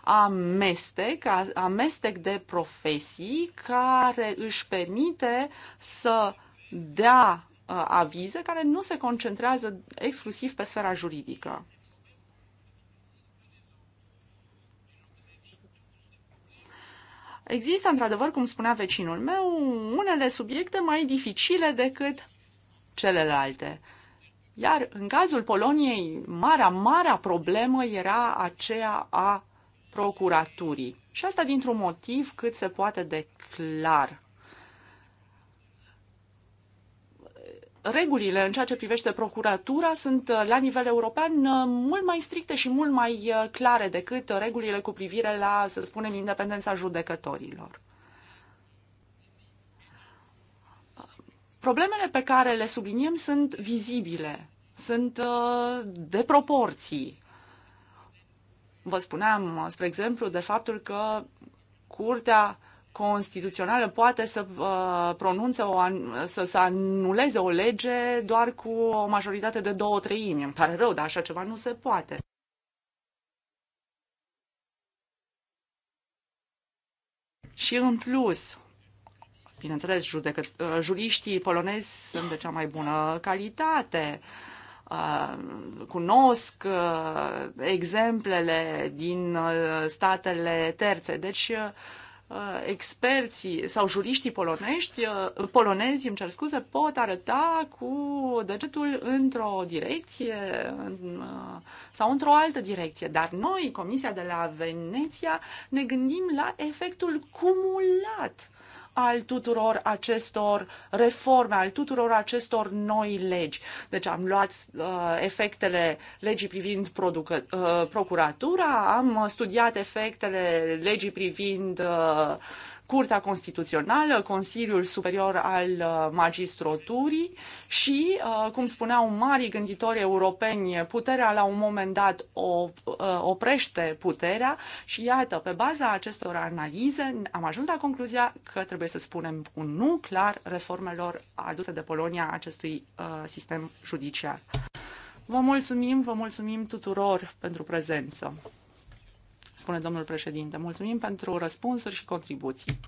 amestec, amestec de profesii care își permite să dea avize care nu se concentrează exclusiv pe sfera juridică. Există, într-adevăr, cum spunea vecinul meu, unele subiecte mai dificile decât celelalte. Iar în cazul Poloniei, marea, marea problemă era aceea a procuraturii. Și asta dintr-un motiv cât se poate de clar. regulile în ceea ce privește procuratura sunt uh, la nivel european uh, mult mai stricte și mult mai uh, clare decât regulile cu privire la, să spunem, independența judecătorilor. Problemele pe care le subliniem sunt vizibile, sunt de proporții. Vă spuneam, spre exemplu, de faptul că Curtea Constituțională poate să uh, pronunțe, o an- să, să anuleze o lege doar cu o majoritate de două treimi. Îmi pare rău, dar așa ceva nu se poate. Și în plus, bineînțeles, judecă- uh, juriștii polonezi sunt de cea mai bună calitate. Uh, cunosc uh, exemplele din uh, statele terțe. Deci Uh, experții sau juriștii polonești, uh, polonezi, îmi cer scuze, pot arăta cu degetul într-o direcție în, uh, sau într-o altă direcție. Dar noi, Comisia de la Veneția, ne gândim la efectul cumulat al tuturor acestor reforme, al tuturor acestor noi legi. Deci am luat uh, efectele legii privind producă, uh, procuratura, am studiat efectele legii privind uh, Curtea Constituțională, Consiliul Superior al uh, Magistraturii și, uh, cum spuneau mari gânditori europeni, puterea la un moment dat uh, oprește puterea și iată, pe baza acestor analize am ajuns la concluzia că trebuie să spunem un nu clar reformelor aduse de Polonia acestui sistem judiciar. Vă mulțumim, vă mulțumim tuturor pentru prezență spune domnul președinte. Mulțumim pentru răspunsuri și contribuții.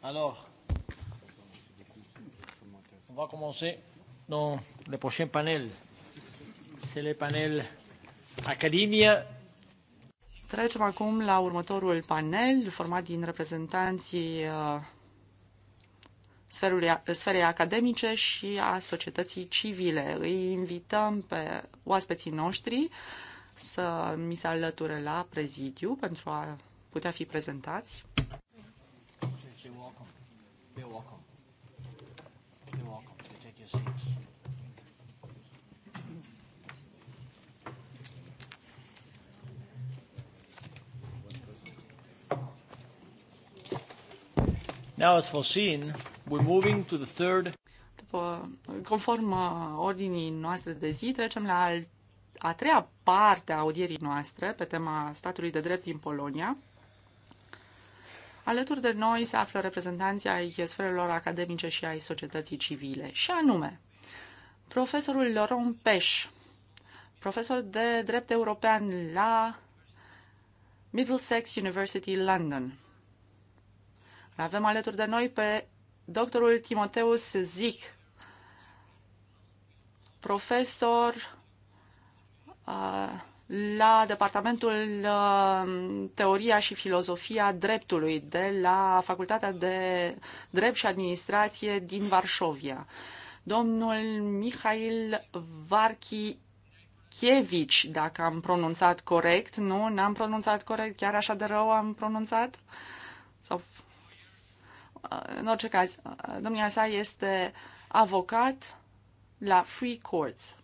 Alors, on va commencer dans le prochain panel. C'est le panel Académie. Trecem acum la următorul panel, format din reprezentanții uh, sferului, sferei academice și a societății civile. Îi invităm pe oaspeții noștri să mi se alăture la prezidiu pentru a putea fi prezentați. Now, as foreseen, după, conform uh, ordinii noastre de zi, trecem la a treia parte a audierii noastre pe tema statului de drept din Polonia. Alături de noi se află reprezentanții ai sferelor academice și ai societății civile, și anume profesorul Laurent Peș, profesor de drept european la Middlesex University London. Îl avem alături de noi pe doctorul Timoteus Zic, profesor uh, la Departamentul uh, Teoria și Filozofia Dreptului de la Facultatea de Drept și Administrație din Varșovia. Domnul Mihail Varchi Chievici, dacă am pronunțat corect, nu, n-am pronunțat corect, chiar așa de rău am pronunțat? Sau în orice caz, domnia sa este avocat la Free Courts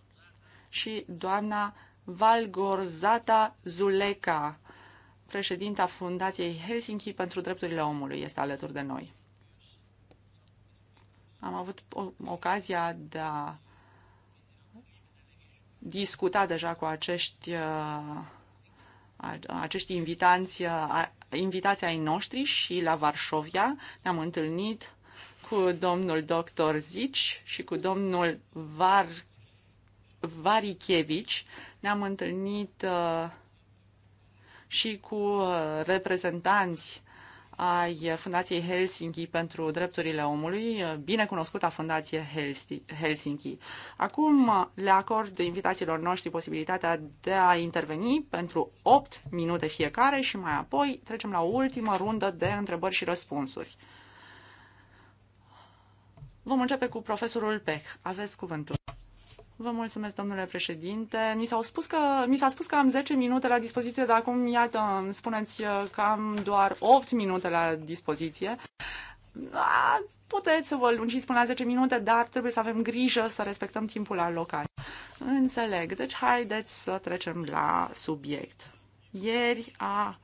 și doamna Valgorzata Zuleca, președinta Fundației Helsinki pentru Drepturile Omului, este alături de noi. Am avut ocazia de a discuta deja cu acești, uh, acești invitanți uh, invitația ai noștri și la Varșovia ne-am întâlnit cu domnul doctor Zici și cu domnul Var Varichevici. Ne-am întâlnit uh, și cu uh, reprezentanți ai Fundației Helsinki pentru Drepturile Omului, binecunoscuta Fundație Helsinki. Acum le acord invitațiilor noștri posibilitatea de a interveni pentru 8 minute fiecare și mai apoi trecem la ultima rundă de întrebări și răspunsuri. Vom începe cu profesorul Peck. Aveți cuvântul. Vă mulțumesc, domnule președinte. Mi, s-au spus că, mi s-a spus că am 10 minute la dispoziție, dar acum, iată, îmi spuneți uh, că am doar 8 minute la dispoziție. A, puteți să vă lungiți până la 10 minute, dar trebuie să avem grijă să respectăm timpul alocat. Înțeleg. Deci, haideți să trecem la subiect. Ieri a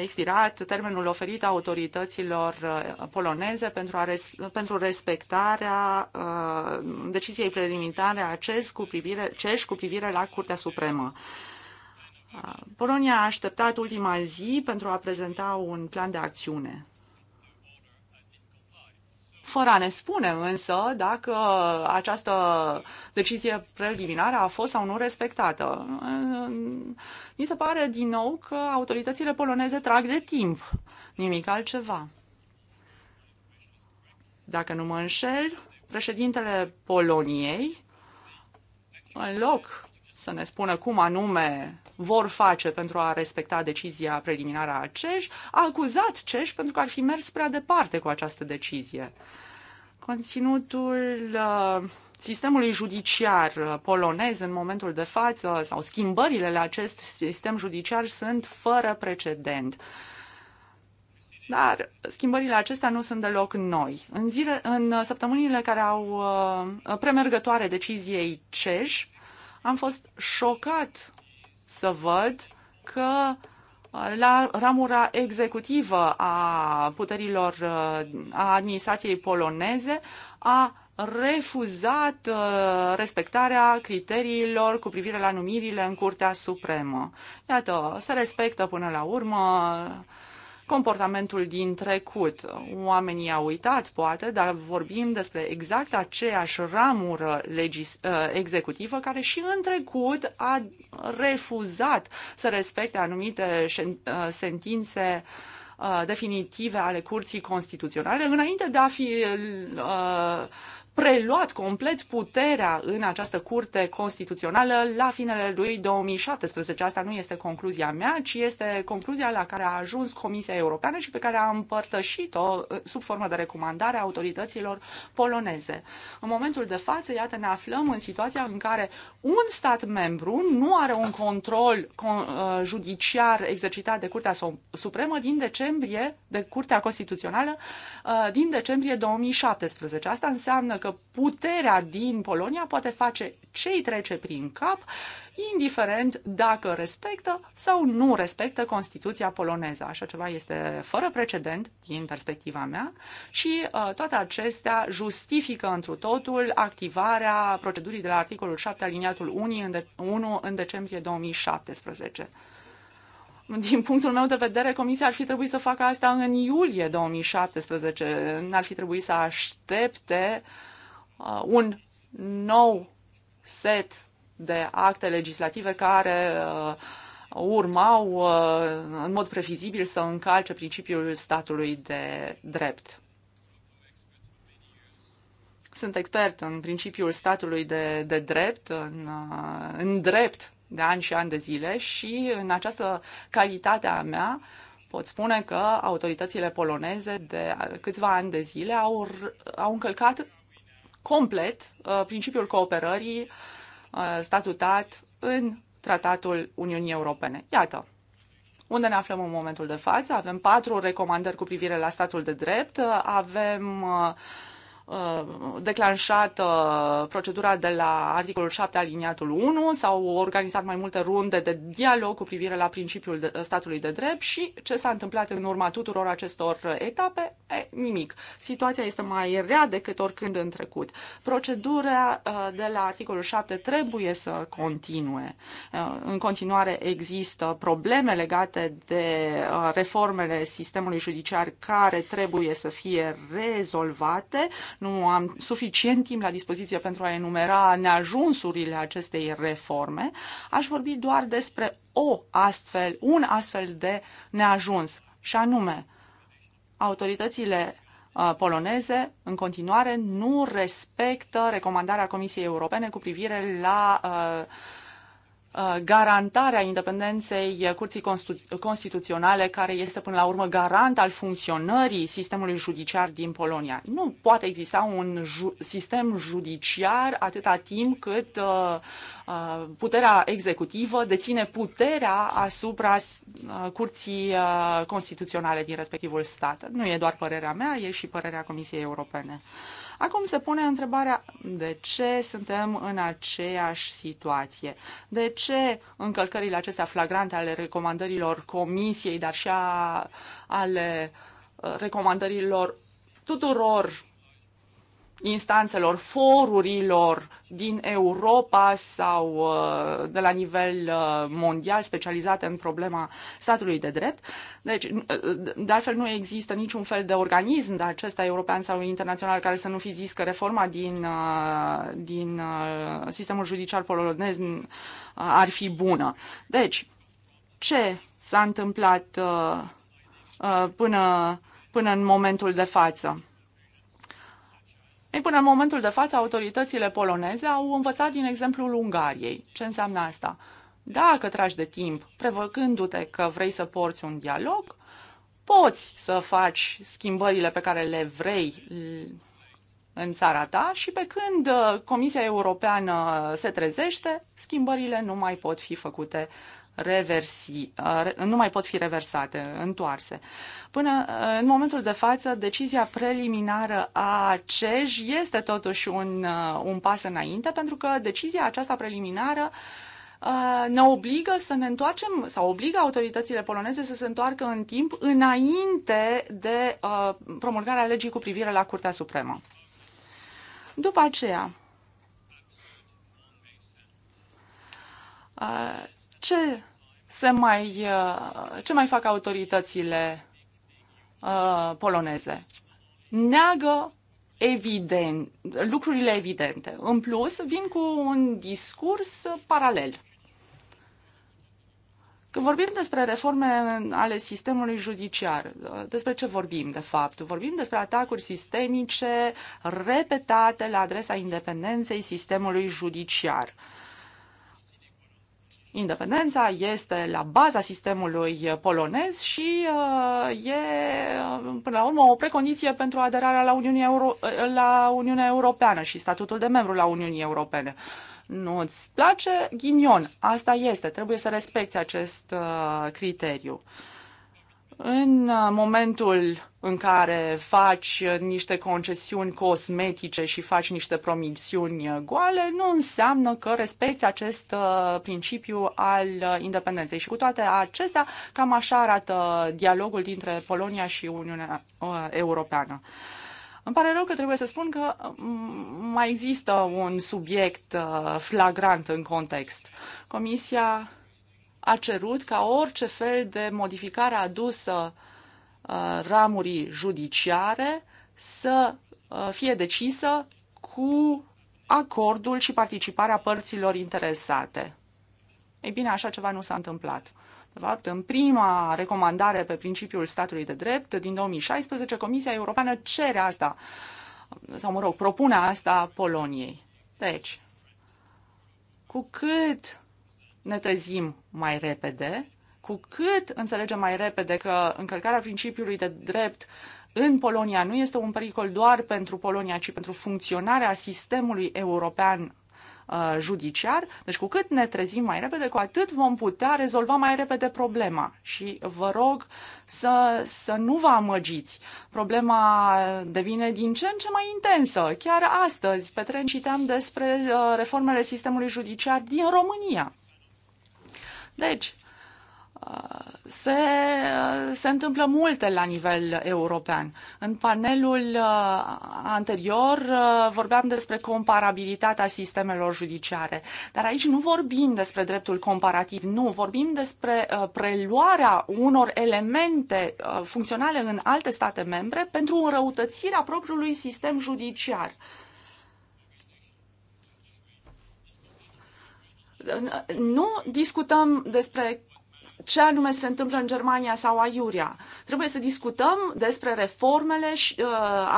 expirat termenul oferit autorităților uh, poloneze pentru, a res, pentru respectarea uh, deciziei preliminare a CES cu privire, CES cu privire la Curtea Supremă. Uh, Polonia a așteptat ultima zi pentru a prezenta un plan de acțiune fără a ne spune însă dacă această decizie preliminară a fost sau nu respectată. Mi se pare din nou că autoritățile poloneze trag de timp, nimic altceva. Dacă nu mă înșel, președintele Poloniei, în loc să ne spună cum anume vor face pentru a respecta decizia preliminară a CEJ, a acuzat CEJ pentru că ar fi mers prea departe cu această decizie. Conținutul uh, sistemului judiciar uh, polonez în momentul de față sau schimbările la acest sistem judiciar sunt fără precedent. Dar schimbările acestea nu sunt deloc noi. În, zile, în săptămânile care au uh, premergătoare deciziei CEJ, am fost șocat să văd că uh, la ramura executivă a puterilor uh, a administrației poloneze a refuzat uh, respectarea criteriilor cu privire la numirile în Curtea Supremă. Iată, se respectă până la urmă comportamentul din trecut. Oamenii au uitat, poate, dar vorbim despre exact aceeași ramură legis- ă, executivă care și în trecut a refuzat să respecte anumite ă, sentințe ă, definitive ale Curții Constituționale, înainte de a fi preluat complet puterea în această curte constituțională la finele lui 2017. Asta nu este concluzia mea, ci este concluzia la care a ajuns Comisia Europeană și pe care a împărtășit-o uh, sub formă de recomandare a autorităților poloneze. În momentul de față, iată, ne aflăm în situația în care un stat membru nu are un control uh, judiciar exercitat de Curtea Supremă din decembrie, de Curtea Constituțională, uh, din decembrie 2017. Asta înseamnă că că puterea din Polonia poate face ce îi trece prin cap, indiferent dacă respectă sau nu respectă Constituția poloneză. Așa ceva este fără precedent din perspectiva mea și uh, toate acestea justifică întru totul activarea procedurii de la articolul 7 aliniatul 1 în, de- 1 în decembrie 2017. Din punctul meu de vedere, Comisia ar fi trebuit să facă asta în iulie 2017. N-ar fi trebuit să aștepte uh, Uh, un nou set de acte legislative care uh, urmau uh, în mod previzibil să încalce principiul statului de drept. Sunt expert în principiul statului de, de drept, în, în drept de ani și ani de zile și în această calitate a mea pot spune că autoritățile poloneze de câțiva ani de zile au, au încălcat complet uh, principiul cooperării uh, statutat în Tratatul Uniunii Europene. Iată, unde ne aflăm în momentul de față. Avem patru recomandări cu privire la statul de drept, uh, avem Uh, declanșat uh, procedura de la articolul 7 aliniatul 1, s-au organizat mai multe runde de dialog cu privire la principiul statului de drept și ce s-a întâmplat în urma tuturor acestor etape? E, nimic. Situația este mai rea decât oricând în trecut. Procedura uh, de la articolul 7 trebuie să continue. În continuare există probleme legate de reformele sistemului judiciar care trebuie să fie rezolvate. Nu am suficient timp la dispoziție pentru a enumera neajunsurile acestei reforme. Aș vorbi doar despre o astfel, un astfel de neajuns, și anume autoritățile uh, poloneze în continuare nu respectă recomandarea Comisiei Europene cu privire la uh, Uh, garantarea independenței Curții Constituționale, care este până la urmă garant al funcționării sistemului judiciar din Polonia. Nu poate exista un ju sistem judiciar atâta timp cât uh, uh puterea executivă deține puterea asupra uh, Curții uh, Constituționale din respectivul stat. Nu e doar părerea mea, e și părerea Comisiei Europene. Acum se pune întrebarea de ce suntem în aceeași situație, de ce încălcările acestea flagrante ale recomandărilor Comisiei, dar și a, ale uh, recomandărilor tuturor instanțelor, forurilor din Europa sau uh, de la nivel uh, mondial specializate în problema statului de drept. Deci, uh, de altfel, nu există niciun fel de organism de acesta european sau internațional care să nu fi zis că reforma din, din sistemul judiciar polonez ar fi bună. Deci, ce s-a întâmplat până, până în momentul de față? Ei, până în momentul de față, autoritățile poloneze au învățat din exemplul Ungariei. Ce înseamnă asta? Dacă tragi de timp, prevăcându-te că vrei să porți un dialog, poți să faci schimbările pe care le vrei în țara ta și pe când uh, Comisia Europeană se trezește, schimbările nu mai pot fi făcute reversi, uh, nu mai pot fi reversate, întoarse. Până uh, în momentul de față, decizia preliminară a CEJ este totuși un, uh, un pas înainte, pentru că decizia aceasta preliminară ne obligă să ne întoarcem sau obligă autoritățile poloneze să se întoarcă în timp înainte de promulgarea legii cu privire la Curtea Supremă. După aceea, ce, se mai, uh, ce mai fac autoritățile uh, poloneze? Neagă evident, lucrurile evidente. În plus, vin cu un discurs paralel. Când vorbim despre reforme ale sistemului judiciar, uh, despre ce vorbim de fapt? Vorbim despre atacuri sistemice repetate la adresa independenței sistemului judiciar. Uh, Independența este la baza sistemului polonez și uh, e, până la urmă, o precondiție pentru aderarea la Uniunea, Euro- la Uniunea Europeană și statutul de membru la Uniunii Europene. Nu îți place? Ghinion. Asta este. Trebuie să respecti acest uh, criteriu. În uh, momentul în care faci niște concesiuni cosmetice și faci niște promisiuni goale, nu înseamnă că respecti acest uh, principiu al uh, independenței. Și cu toate acestea, cam așa arată dialogul dintre Polonia și Uniunea uh, Europeană. Îmi pare rău că trebuie să spun că mm, mai există un subiect flagrant în context. Comisia a cerut ca orice fel de modificare adusă uh, Uh, ramurii judiciare să uh, fie decisă cu acordul și participarea părților interesate. Ei bine, așa ceva nu s-a întâmplat. De fapt, în prima recomandare pe principiul statului de drept din 2016, Comisia Europeană cere asta, sau mă rog, propune asta Poloniei. Deci, cu cât ne trezim mai repede, cu cât înțelegem mai repede că încălcarea principiului de drept în Polonia nu este un pericol doar pentru Polonia, ci pentru funcționarea sistemului european uh, judiciar, deci cu cât ne trezim mai repede, cu atât vom putea rezolva mai repede problema. Și vă rog să, să nu vă amăgiți. Problema devine din ce în ce mai intensă. Chiar astăzi, pe tren, citeam despre uh, reformele sistemului judiciar din România. Deci, se, se întâmplă multe la nivel european. În panelul uh, anterior uh, vorbeam despre comparabilitatea sistemelor judiciare, dar aici nu vorbim despre dreptul comparativ, nu, vorbim despre uh, preluarea unor elemente funcționale în alte state membre pentru înrăutățirea propriului sistem judiciar. Nu discutăm despre ce anume se întâmplă în Germania sau Aiuria. Trebuie să discutăm despre reformele uh,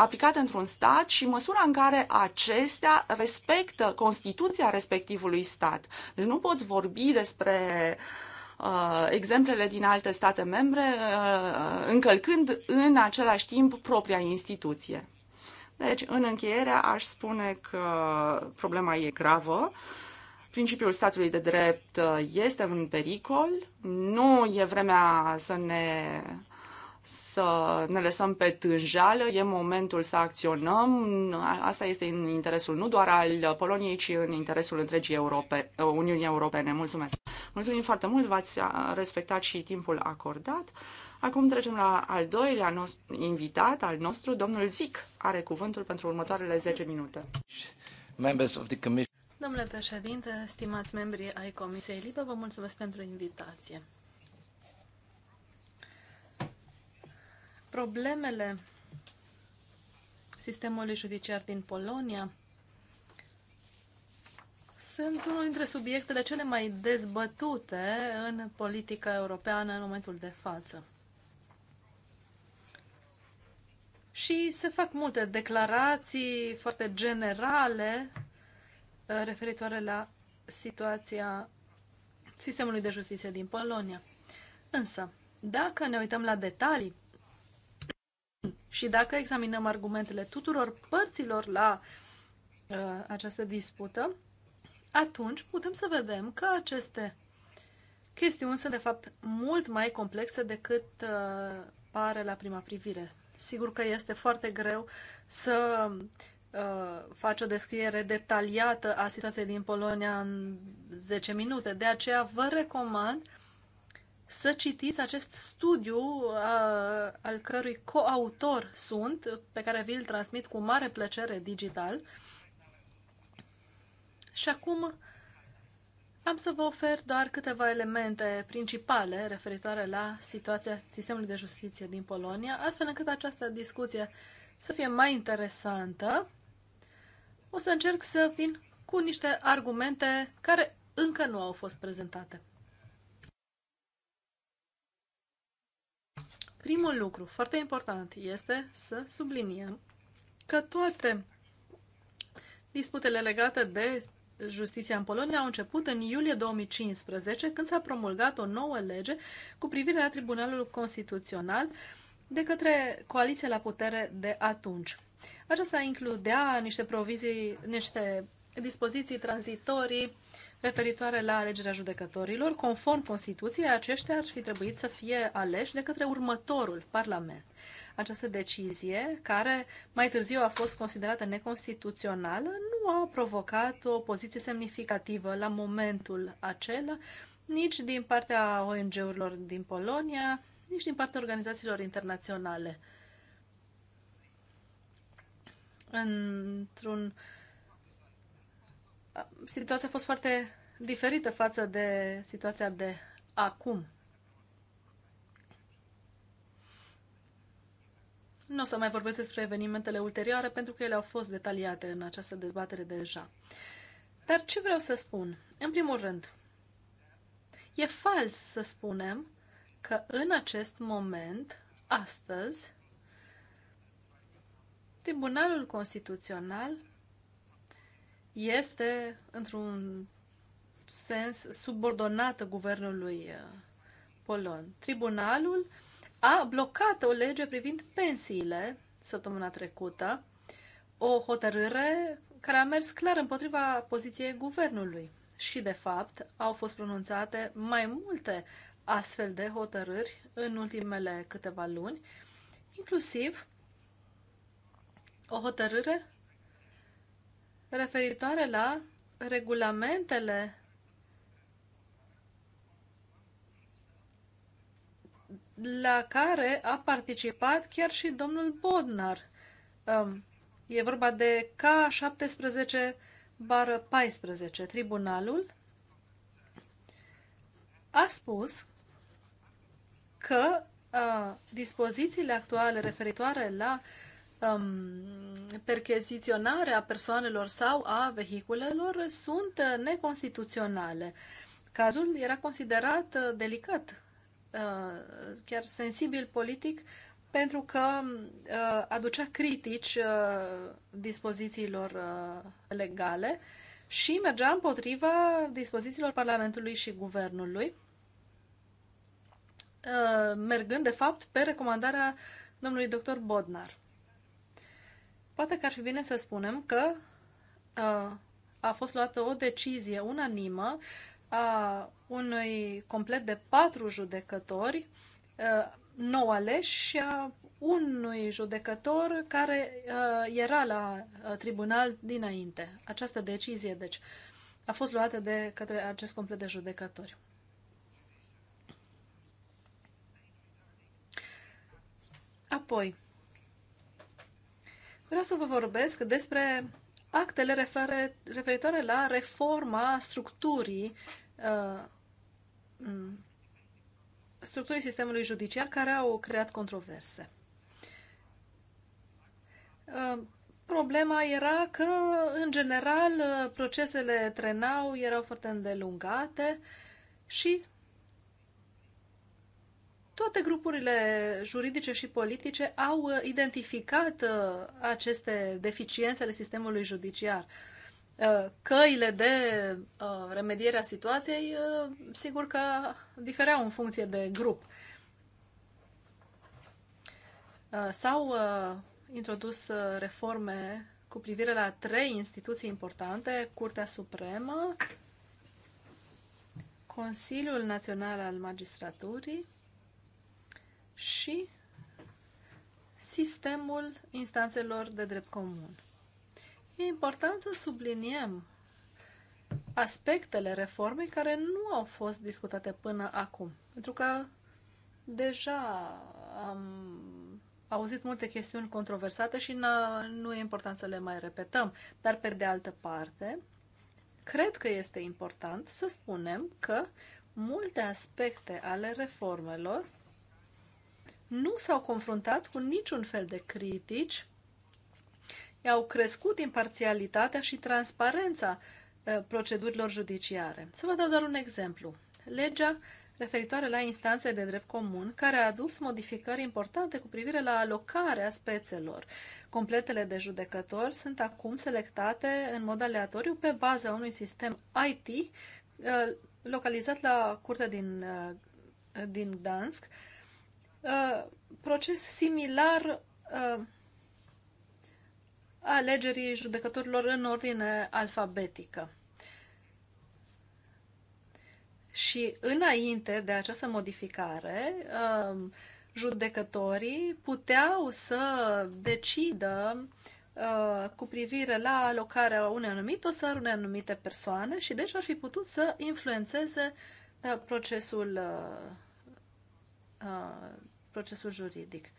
aplicate într-un stat și măsura în care acestea respectă Constituția respectivului stat. Deci nu poți vorbi despre uh, exemplele din alte state membre uh, încălcând în același timp propria instituție. Deci, în încheiere, aș spune că problema e gravă. Uh, principiul statului de drept uh, este în pericol, nu e vremea să ne să ne lăsăm pe tânjală, e momentul să acționăm. Asta este în interesul nu doar al Poloniei, ci în interesul întregii Europe, uh, Uniunii Europene. Mulțumesc! Mulțumim foarte mult, v-ați uh, respectat și timpul acordat. Acum trecem la al doilea nostru, invitat, al nostru, domnul Zic, are cuvântul pentru următoarele 10 minute. Domnule președinte, stimați membri ai Comisiei Libă, vă mulțumesc pentru invitație. Problemele sistemului judiciar din Polonia sunt unul dintre subiectele cele mai dezbătute în politica europeană în momentul de față. Și se fac multe declarații foarte generale Uh, referitoare la situația sistemului de justiție din Polonia. Însă, dacă ne uităm la detalii și dacă examinăm argumentele tuturor părților la uh, această dispută, atunci putem să vedem că aceste chestiuni sunt, de fapt, mult mai complexe decât uh, pare la prima privire. Sigur că este foarte greu să Uh, face o descriere detaliată a situației din Polonia în 10 minute. De aceea vă recomand să citiți acest studiu a, uh, al cărui coautor sunt, pe care vi-l transmit cu mare plăcere digital. Și acum am să vă ofer doar câteva elemente principale referitoare la situația sistemului de justiție din Polonia, astfel încât această discuție să fie mai interesantă o să încerc să vin cu niște argumente care încă nu au fost prezentate. Primul lucru foarte important este să subliniem că toate disputele legate de justiția în Polonia au început în iulie 2015, când s-a promulgat o nouă lege cu privire la Tribunalul Constituțional de către coaliția la putere de atunci. Aceasta includea niște provizii, niște dispoziții tranzitorii referitoare la alegerea judecătorilor. Conform Constituției, aceștia ar fi trebuit să fie aleși de către următorul Parlament. Această decizie, care mai târziu a fost considerată neconstituțională, nu a provocat o poziție semnificativă la momentul acela, nici din partea ONG-urilor din Polonia, nici din partea organizațiilor internaționale într-un situația a fost foarte diferită față de situația de acum. Nu o să mai vorbesc despre evenimentele ulterioare pentru că ele au fost detaliate în această dezbatere deja. Dar ce vreau să spun? În primul rând, e fals să spunem că în acest moment, astăzi, Tribunalul Constituțional este, într-un sens, subordonată guvernului uh, polon. Tribunalul a blocat o lege privind pensiile săptămâna trecută, o hotărâre care a mers clar împotriva poziției guvernului. Și, de fapt, au fost pronunțate mai multe astfel de hotărâri în ultimele câteva luni, inclusiv o hotărâre referitoare la regulamentele la care a participat chiar și domnul Bodnar. Um, e vorba de K17 bară 14. Tribunalul a spus că a, uh, dispozițiile actuale referitoare la uh, um, percheziționare a persoanelor sau a vehiculelor sunt uh, neconstituționale. Cazul era considerat uh, delicat, uh, chiar sensibil politic, pentru că aducea critici dispozițiilor legale și mergea împotriva dispozițiilor Parlamentului și Guvernului, mergând, de fapt, pe recomandarea domnului dr. Bodnar. Poate că ar fi bine să spunem că uh, a fost luată o decizie unanimă a unui complet de patru judecători uh, nou aleși și a unui judecător care uh, era la tribunal dinainte. Această decizie, deci, a fost luată de către acest complet de judecători. Apoi, Vreau să vă vorbesc despre actele referitoare la reforma structurii uh, structurii sistemului judiciar care au creat controverse. Uh, problema era că, în general, uh, procesele trenau, erau foarte îndelungate și toate grupurile juridice și politice au uh, identificat uh, aceste deficiențe ale sistemului judiciar. Uh, căile de remediere a situației, sigur că difereau în funcție de grup. S-au introdus reforme cu privire la trei instituții importante, Curtea Supremă, Consiliul Național al Magistraturii și sistemul instanțelor de drept comun. E important să subliniem aspectele reformei care nu au fost discutate până acum, pentru că deja am auzit multe chestiuni controversate și nu e important să le mai repetăm. Dar, pe de altă parte, cred că este important să spunem că multe aspecte ale reformelor nu s-au confruntat cu niciun fel de critici, au crescut imparțialitatea și transparența uh, procedurilor judiciare. Să vă dau doar un exemplu. Legea referitoare la instanțe de drept comun, care a adus modificări importante cu privire la alocarea spețelor. Completele de judecători sunt acum selectate în mod aleatoriu pe baza unui sistem IT uh, localizat la curtea din, uh, din Dansk, Uh, proces similar uh, alegerii judecătorilor în ordine alfabetică. Și înainte de această modificare, uh, judecătorii puteau să decidă uh, cu privire la alocarea unei anumite țări, unei anumite persoane și deci ar fi putut să influențeze uh, procesul Uh, procesul juridic.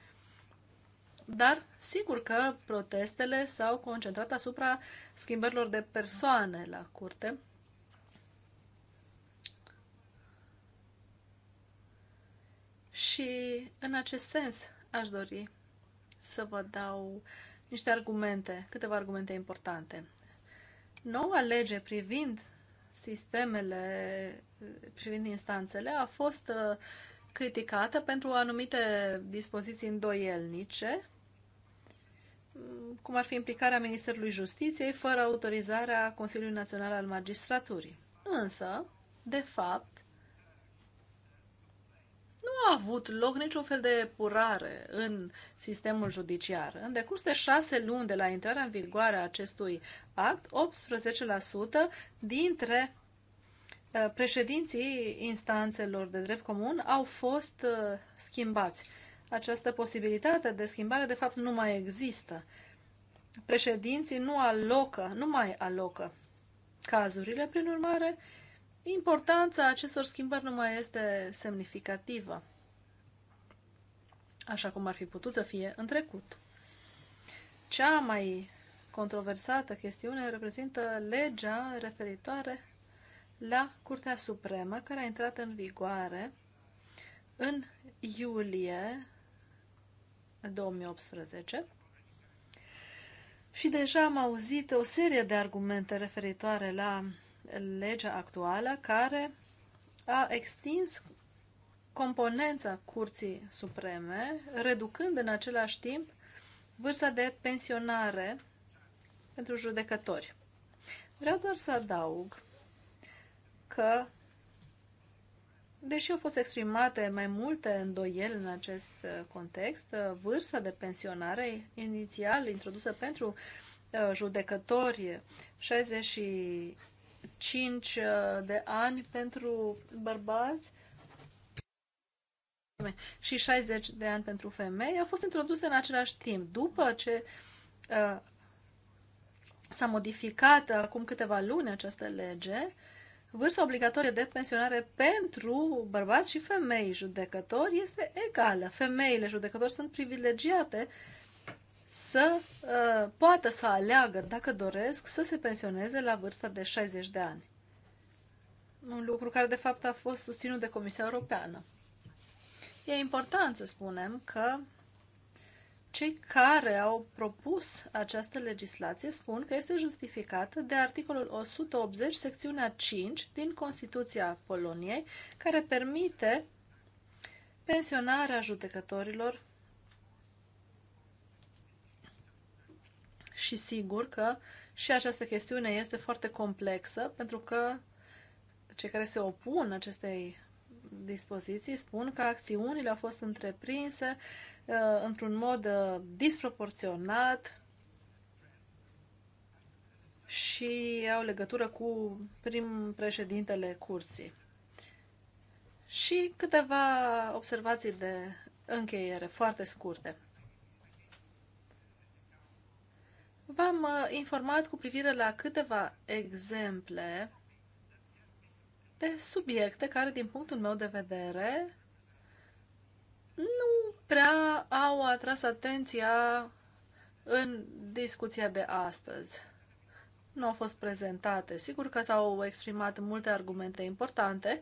Dar, sigur că protestele s-au concentrat asupra schimbărilor de persoane la curte. Și, în acest sens, aș dori să vă dau niște argumente, câteva argumente importante. Noua lege privind sistemele, privind instanțele, a fost uh, criticată pentru anumite dispoziții îndoielnice, cum ar fi implicarea Ministerului Justiției fără autorizarea Consiliului Național al Magistraturii. Însă, de fapt, nu a avut loc niciun fel de epurare în sistemul judiciar. În decurs de șase luni de la intrarea în vigoare a acestui act, 18% dintre Uh, președinții instanțelor de drept comun au fost uh, schimbați. Această posibilitate de schimbare, de fapt, nu mai există. Președinții nu alocă, nu mai alocă cazurile, prin urmare, importanța acestor schimbări nu mai este semnificativă, așa cum ar fi putut să fie în trecut. Cea mai controversată chestiune reprezintă legea referitoare la Curtea Supremă, care a intrat în vigoare în iulie 2018. Și deja am auzit o serie de argumente referitoare la legea actuală care a extins componența Curții Supreme, reducând în același timp vârsta de pensionare pentru judecători. Vreau doar să adaug că, deși au fost exprimate mai multe îndoieli în acest uh, context, uh, vârsta de pensionare inițial introdusă pentru uh, judecători 65 de ani pentru bărbați și 60 de ani pentru femei a fost introduse în același timp. După ce uh, s-a modificat acum câteva luni această lege, vârsta obligatorie de pensionare pentru bărbați și femei judecători este egală. Femeile judecători sunt privilegiate să uh, poată să aleagă, dacă doresc, să se pensioneze la vârsta de 60 de ani. Un lucru care, de fapt, a fost susținut de Comisia Europeană. E important să spunem că cei care au propus această legislație spun că este justificată de articolul 180, secțiunea 5 din Constituția Poloniei, care permite pensionarea judecătorilor și sigur că și această chestiune este foarte complexă pentru că cei care se opun acestei dispoziții spun că acțiunile au fost întreprinse uh, într-un mod uh, disproporționat și au legătură cu prim președintele curții. Și câteva observații de încheiere, foarte scurte. V-am uh, informat cu privire la câteva exemple de subiecte care, din punctul meu de vedere, nu prea au atras atenția în discuția de astăzi. Nu au fost prezentate. Sigur că s-au exprimat multe argumente importante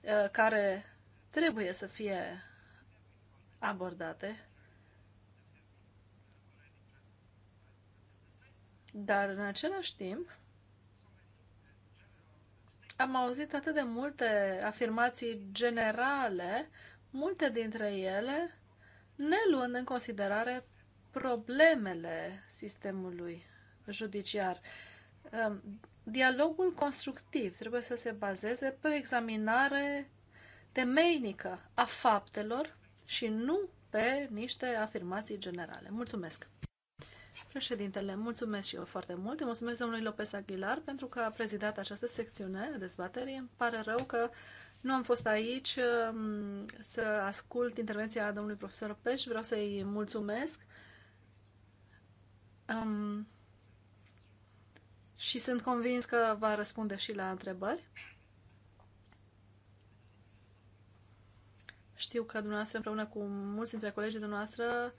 uh, care trebuie să fie abordate. Dar, în același timp, am auzit atât de multe afirmații generale, multe dintre ele ne luând în considerare problemele sistemului judiciar. Ehm, dialogul constructiv trebuie să se bazeze pe o examinare temeinică a faptelor și nu pe niște afirmații generale. Mulțumesc! Președintele, mulțumesc și eu foarte mult. Îi mulțumesc domnului Lopez Aguilar pentru că a prezidat această secțiune a dezbaterii. Îmi pare rău că nu am fost aici um, să ascult intervenția domnului profesor Peș. Vreau să-i mulțumesc. Um, și sunt convins că va răspunde și la întrebări. Știu că dumneavoastră, împreună cu mulți dintre colegii dumneavoastră,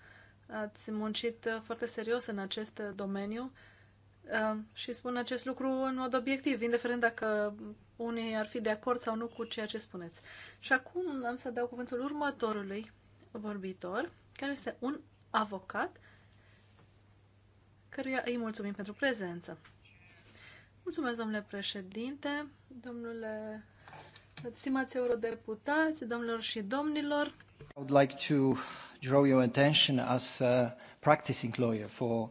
Ați muncit uh, foarte serios în acest uh, domeniu uh, și spun acest lucru în mod obiectiv, indiferent dacă unii ar fi de acord sau nu cu ceea ce spuneți. Și acum am să dau cuvântul următorului vorbitor, care este un avocat, căruia îi mulțumim pentru prezență. Mulțumesc, domnule președinte, domnule stimați eurodeputați, domnilor și domnilor. I would like to draw your attention as a practicing lawyer for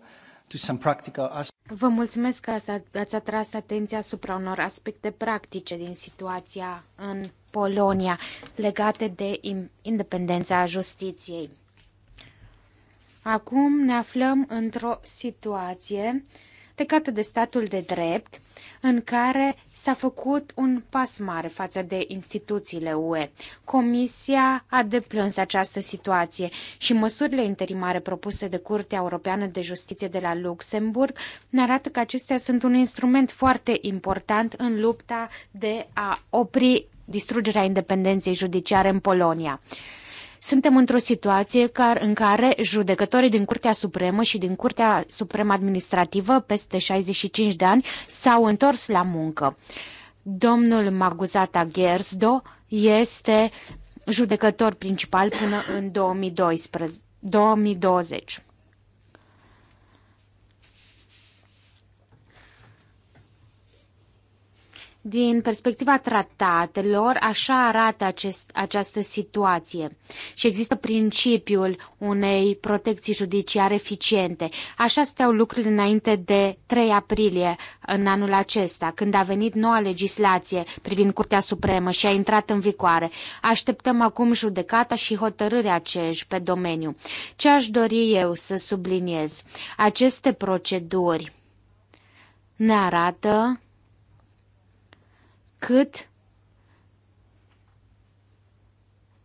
to some practical aspects. Vă mulțumesc că ați atras atenția asupra unor aspecte practice din situația în Polonia legate de independența justiției. Acum ne aflăm într-o situație legată de statul de drept, în care s-a făcut un pas mare față de instituțiile UE. Comisia a deplâns această situație și măsurile interimare propuse de Curtea Europeană de Justiție de la Luxemburg ne arată că acestea sunt un instrument foarte important în lupta de a opri distrugerea independenței judiciare în Polonia. Suntem într-o situație car, în care judecătorii din Curtea Supremă și din Curtea Supremă Administrativă, peste 65 de ani, s-au întors la muncă. Domnul Maguzata Gersdo este judecător principal până în 2012, 2020. Din perspectiva tratatelor, așa arată acest, această situație și există principiul unei protecții judiciare eficiente. Așa stau lucrurile înainte de 3 aprilie în anul acesta, când a venit noua legislație privind Curtea Supremă și a intrat în vigoare. Așteptăm acum judecata și hotărârea aceeași pe domeniu. Ce aș dori eu să subliniez? Aceste proceduri ne arată cât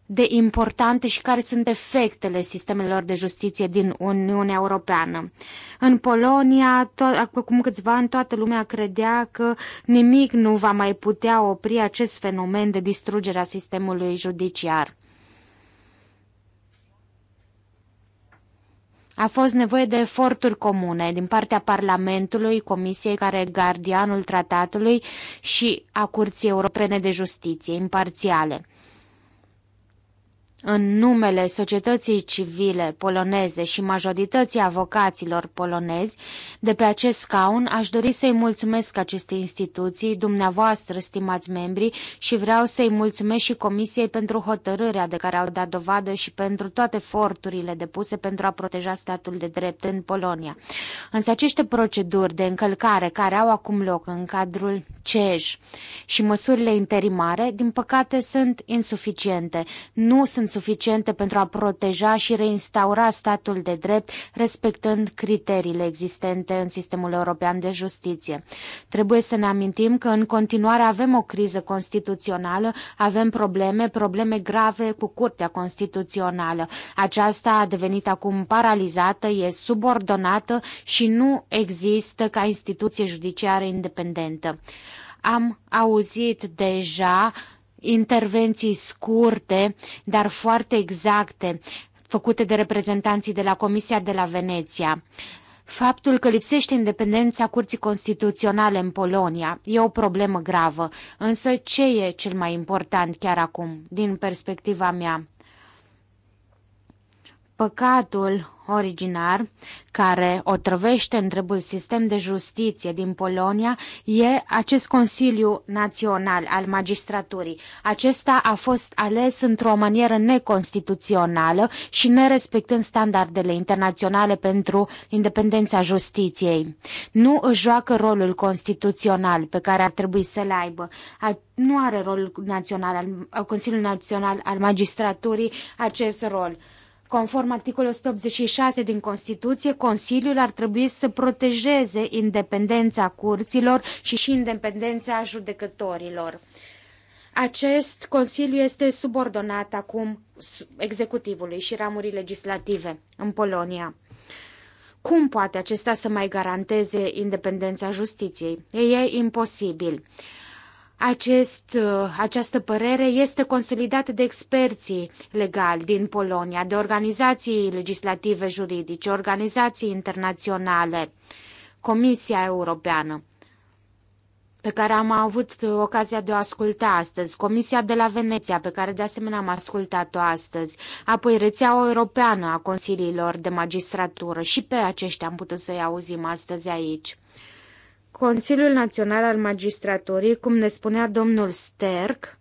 de importante și care sunt efectele sistemelor de justiție din Uniunea Europeană. În Polonia, acum câțiva ani, toată lumea credea că nimic nu va mai putea opri acest fenomen de distrugere a sistemului judiciar. A fost nevoie de eforturi comune din partea Parlamentului, Comisiei care e gardianul tratatului și a Curții Europene de Justiție, imparțiale în numele societății civile poloneze și majorității avocaților polonezi, de pe acest scaun aș dori să-i mulțumesc acestei instituții, dumneavoastră, stimați membri, și vreau să-i mulțumesc și Comisiei pentru hotărârea de care au dat dovadă și pentru toate eforturile depuse pentru a proteja statul de drept în Polonia. Însă aceste proceduri de încălcare care au acum loc în cadrul CEJ și măsurile interimare, din păcate, sunt insuficiente. Nu sunt suficiente pentru a proteja și reinstaura statul de drept, respectând criteriile existente în sistemul european de justiție. Trebuie să ne amintim că în continuare avem o criză constituțională, avem probleme, probleme grave cu Curtea Constituțională. Aceasta a devenit acum paralizată, e subordonată și nu există ca instituție judiciară independentă. Am auzit deja intervenții scurte, dar foarte exacte, făcute de reprezentanții de la Comisia de la Veneția. Faptul că lipsește independența Curții Constituționale în Polonia e o problemă gravă, însă ce e cel mai important chiar acum, din perspectiva mea? Păcatul originar care o trăvește întregul sistem de justiție din Polonia e acest Consiliu Național al Magistraturii. Acesta a fost ales într-o manieră neconstituțională și nerespectând standardele internaționale pentru independența justiției. Nu își joacă rolul constituțional pe care ar trebui să-l aibă. Nu are rolul național al, Consiliul Național al Magistraturii acest rol. Conform articolului 186 din Constituție, Consiliul ar trebui să protejeze independența curților și și independența judecătorilor. Acest Consiliu este subordonat acum executivului și ramurii legislative în Polonia. Cum poate acesta să mai garanteze independența justiției? E, e imposibil. Uh, acest, uh, această părere este consolidată de experții legali din Polonia, de organizații legislative juridice, organizații internaționale, Comisia Europeană, pe care am avut uh, ocazia de o asculta astăzi, Comisia de la Veneția, pe care de asemenea am ascultat-o astăzi, apoi rețeaua europeană a Consiliilor de Magistratură și pe aceștia am putut să-i auzim astăzi aici. Consiliul Național al Magistraturii, cum ne spunea domnul Sterk,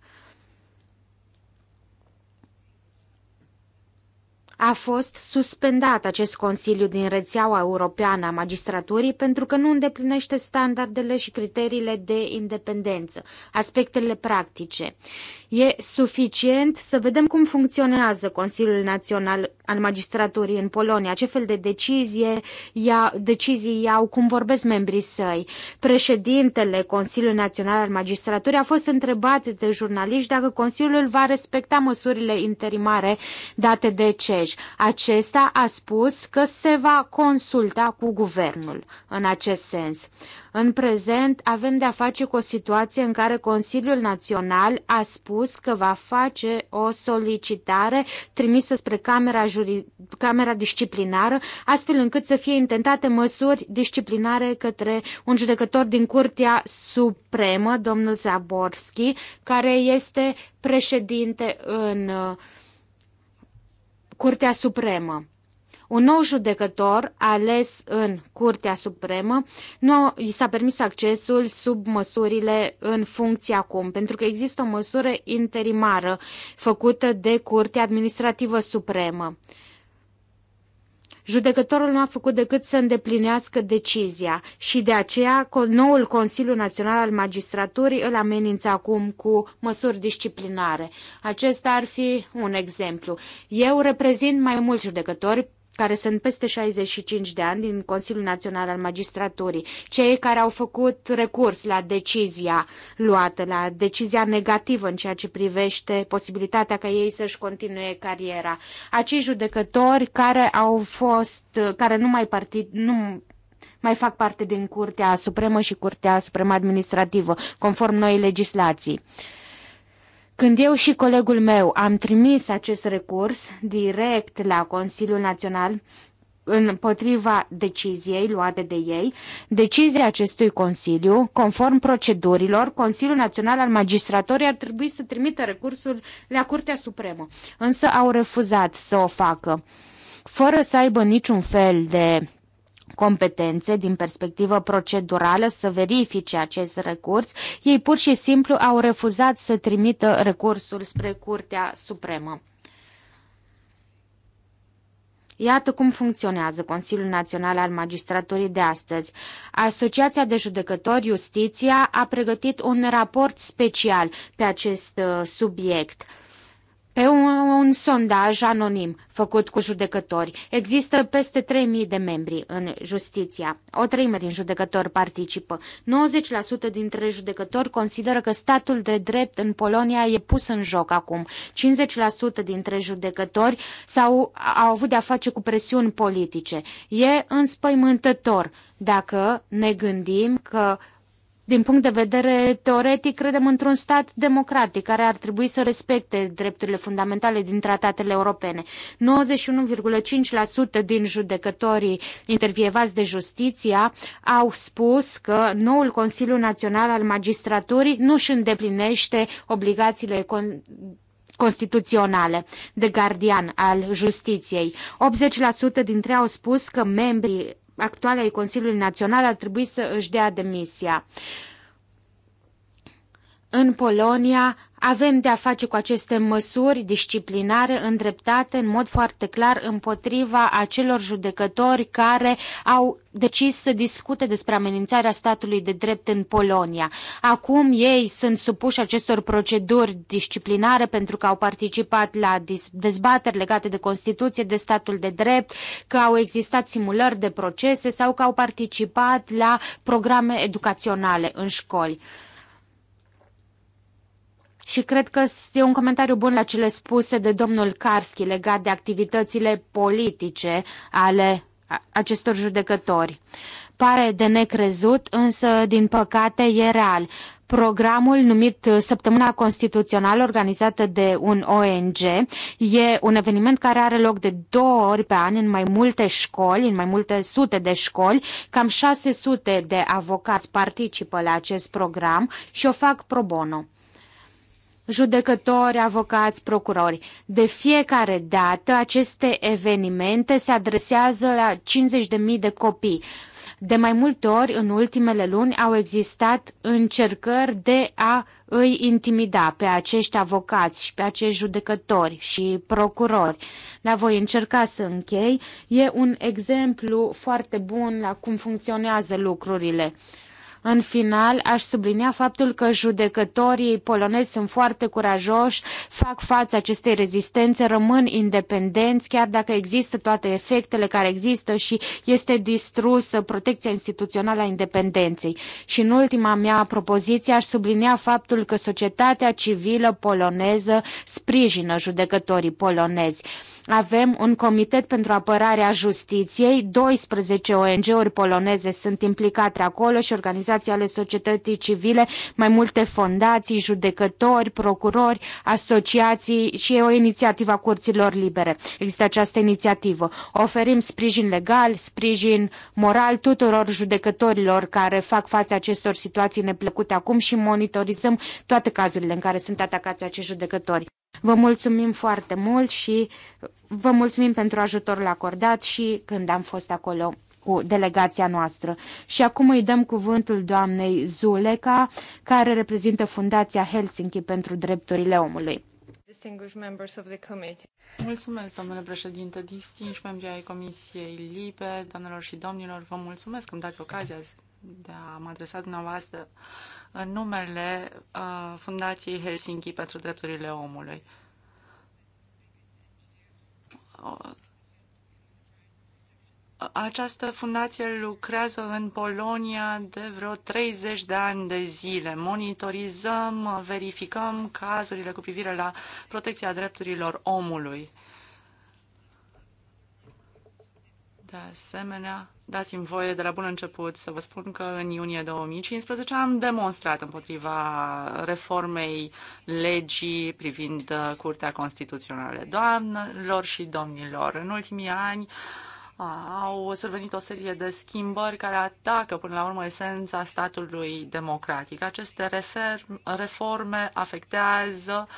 A fost suspendat acest Consiliu din rețeaua europeană a magistraturii pentru că nu îndeplinește standardele și criteriile de independență, aspectele practice. E suficient să vedem cum funcționează Consiliul Național al Magistraturii în Polonia, ce fel de decizie ia, decizii iau, cum vorbesc membrii săi. Președintele Consiliului Național al Magistraturii a fost întrebat de jurnaliști dacă Consiliul va respecta măsurile interimare date de CEJ. Marrakesh. Deci, acesta a spus că se va consulta cu guvernul în acest sens. În prezent avem de-a face cu o situație în care Consiliul Național a spus că va face o solicitare trimisă spre Camera, juri... camera Disciplinară, astfel încât să fie intentate măsuri disciplinare către un judecător din Curtea Supremă, domnul Zaborski, care este președinte în uh, Curtea Supremă. Un nou judecător ales în Curtea Supremă nu i s-a permis accesul sub măsurile în funcție acum, pentru că există o măsură interimară făcută de Curtea Administrativă Supremă. Judecătorul nu a făcut decât să îndeplinească decizia și de aceea noul Consiliu Național al Magistraturii îl amenință acum cu măsuri disciplinare. Acesta ar fi un exemplu. Eu reprezint mai mulți judecători care sunt peste 65 de ani din Consiliul Național al Magistraturii, cei care au făcut recurs la decizia luată, la decizia negativă în ceea ce privește posibilitatea ca ei să-și continue cariera. Acei judecători care au fost, care nu mai partid, nu mai fac parte din Curtea Supremă și Curtea Supremă Administrativă, conform noi legislații. Uh, când eu și colegul meu am trimis acest recurs direct la Consiliul Național împotriva deciziei luate de ei, decizia acestui Consiliu, conform procedurilor, Consiliul Național al Magistratorii ar trebui să trimită recursul la Curtea Supremă, însă au refuzat să o facă, fără să aibă niciun fel de competențe din perspectivă procedurală să verifice acest recurs, ei pur și simplu au refuzat să trimită recursul spre Curtea Supremă. Iată cum funcționează Consiliul Național al Magistraturii de astăzi. Asociația de Judecători Justiția a pregătit un raport special pe acest uh, subiect. Pe un, un sondaj anonim făcut cu judecători, există peste 3.000 de membri în justiția. O treime din judecători participă. 90% dintre judecători consideră că statul de drept în Polonia e pus în joc acum. 50% dintre judecători s-au, au avut de-a face cu presiuni politice. E înspăimântător dacă ne gândim că din punct de vedere teoretic, credem într-un stat democratic care ar trebui să respecte drepturile fundamentale din tratatele europene. 91,5% din judecătorii intervievați de justiția au spus că noul Consiliu Național al Magistraturii nu își îndeplinește obligațiile con- constituționale de gardian al justiției. 80% dintre au spus că membrii actuale ai Consiliului Național ar trebui să își dea demisia. În Polonia avem de-a face cu aceste măsuri disciplinare îndreptate în mod foarte clar împotriva acelor judecători care au decis să discute despre amenințarea statului de drept în Polonia. Acum ei sunt supuși acestor proceduri disciplinare pentru că au participat la dezbateri legate de Constituție, de statul de drept, că au existat simulări de procese sau că au participat la programe educaționale în școli. Și cred că e un comentariu bun la cele spuse de domnul Karski legat de activitățile politice ale acestor judecători. Pare de necrezut, însă, din păcate, e real. Programul numit Săptămâna Constituțională organizată de un ONG e un eveniment care are loc de două ori pe an în mai multe școli, în mai multe sute de școli. Cam 600 de avocați participă la acest program și o fac pro bono judecători, avocați, procurori. De fiecare dată aceste evenimente se adresează la 50.000 de copii. De mai multe ori, în ultimele luni, au existat încercări de a îi intimida pe acești avocați și pe acești judecători și procurori. Dar voi încerca să închei. E un exemplu foarte bun la cum funcționează lucrurile. În final, aș sublinia faptul că judecătorii polonezi sunt foarte curajoși, fac față acestei rezistențe, rămân independenți, chiar dacă există toate efectele care există și este distrusă protecția instituțională a independenței. Și în ultima mea propoziție aș sublinia faptul că societatea civilă poloneză sprijină judecătorii polonezi. Avem un comitet pentru apărarea justiției, 12 ONG-uri poloneze sunt implicate acolo și organizații ale societății civile, mai multe fondații, judecători, procurori, asociații și e o inițiativă a curților libere. Există această inițiativă. Oferim sprijin legal, sprijin moral tuturor judecătorilor care fac față acestor situații neplăcute acum și monitorizăm toate cazurile în care sunt atacați acești judecători. Vă mulțumim foarte mult și vă mulțumim pentru ajutorul acordat și când am fost acolo cu delegația noastră. Și acum îi dăm cuvântul doamnei Zuleca, care reprezintă Fundația Helsinki pentru Drepturile Omului. Mulțumesc, domnule președinte, distinși membri ai Comisiei Libe, doamnelor și domnilor, vă mulțumesc că îmi dați ocazia de a mă adresa dumneavoastră în numele uh, Fundației Helsinki pentru Drepturile Omului. Uh, această fundație lucrează în Polonia de vreo 30 de ani de zile. Monitorizăm, verificăm cazurile cu privire la protecția drepturilor omului. De asemenea, dați-mi voie de la bun început să vă spun că în iunie 2015 am demonstrat împotriva reformei legii privind uh, Curtea Constituțională. Doamnelor și domnilor, în ultimii ani uh, au survenit o serie de schimbări care atacă până la urmă esența statului democratic. Aceste reforme afectează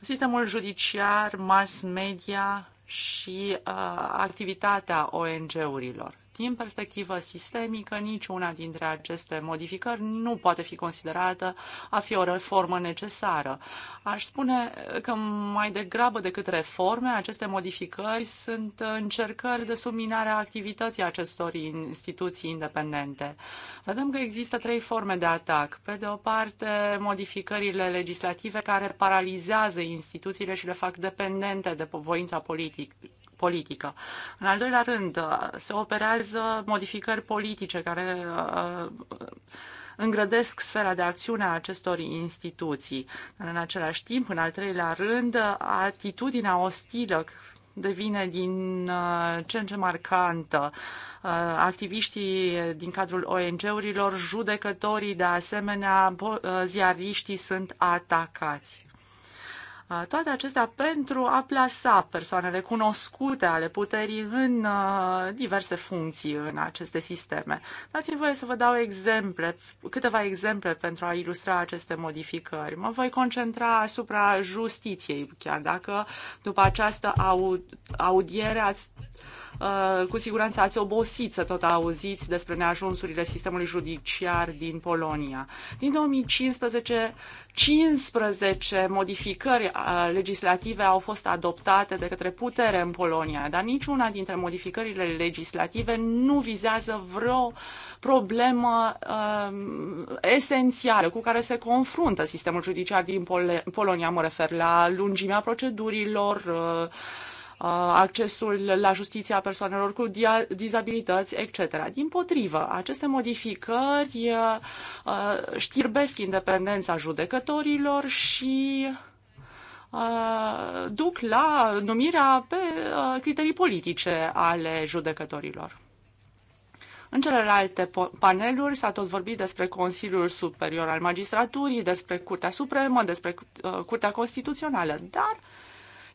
sistemul judiciar, mass media, și uh, activitatea ONG-urilor. Din perspectivă sistemică, niciuna dintre aceste modificări nu poate fi considerată a fi o reformă necesară. Aș spune că mai degrabă decât reforme, aceste modificări sunt încercări de subminare a activității acestor instituții independente. Vedem că există trei forme de atac. Pe de o parte, modificările legislative care paralizează instituțiile și le fac dependente de voința politică politică. În al doilea rând, se operează modificări politice care uh, îngrădesc sfera de acțiune a acestor instituții. Dar în același timp, în al treilea rând, atitudinea ostilă devine din uh, ce în ce marcantă. Uh, activiștii din cadrul ONG-urilor, judecătorii, de asemenea, ziariștii sunt atacați. Toate acestea pentru a plasa persoanele cunoscute ale puterii în diverse funcții în aceste sisteme. Dați-mi voie să vă dau exemple, câteva exemple pentru a ilustra aceste modificări. Mă voi concentra asupra justiției, chiar dacă după această audiere ați Uh, cu siguranță ați obosit să tot auziți despre neajunsurile sistemului judiciar din Polonia. Din 2015, 15 modificări uh, legislative au fost adoptate de către putere în Polonia, dar niciuna dintre modificările legislative nu vizează vreo problemă uh, esențială cu care se confruntă sistemul judiciar din Pol Polonia. Mă refer la lungimea procedurilor, uh, Uh, accesul la justiție a persoanelor cu dizabilități, etc. Din potrivă, aceste modificări uh, uh, știrbesc independența judecătorilor și duc la numirea pe criterii politice ale judecătorilor. În celelalte paneluri s-a tot vorbit despre Consiliul Superior al Magistraturii, despre Curtea Supremă, despre Curtea Constituțională, dar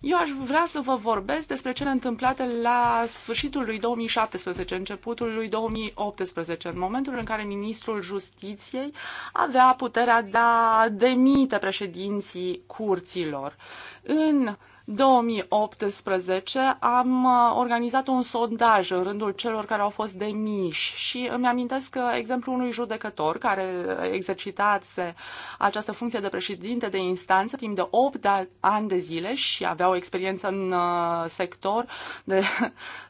eu aș vrea să vă vorbesc despre cele întâmplate la sfârșitul lui 2017, începutul lui 2018, în momentul în care ministrul justiției avea puterea de a demite președinții curților. În 2018 am uh, organizat un sondaj în rândul celor care au fost demiși și îmi amintesc uh, exemplul unui judecător care exercitase această funcție de președinte de instanță timp de 8 da, ani de zile și avea o experiență în uh, sector de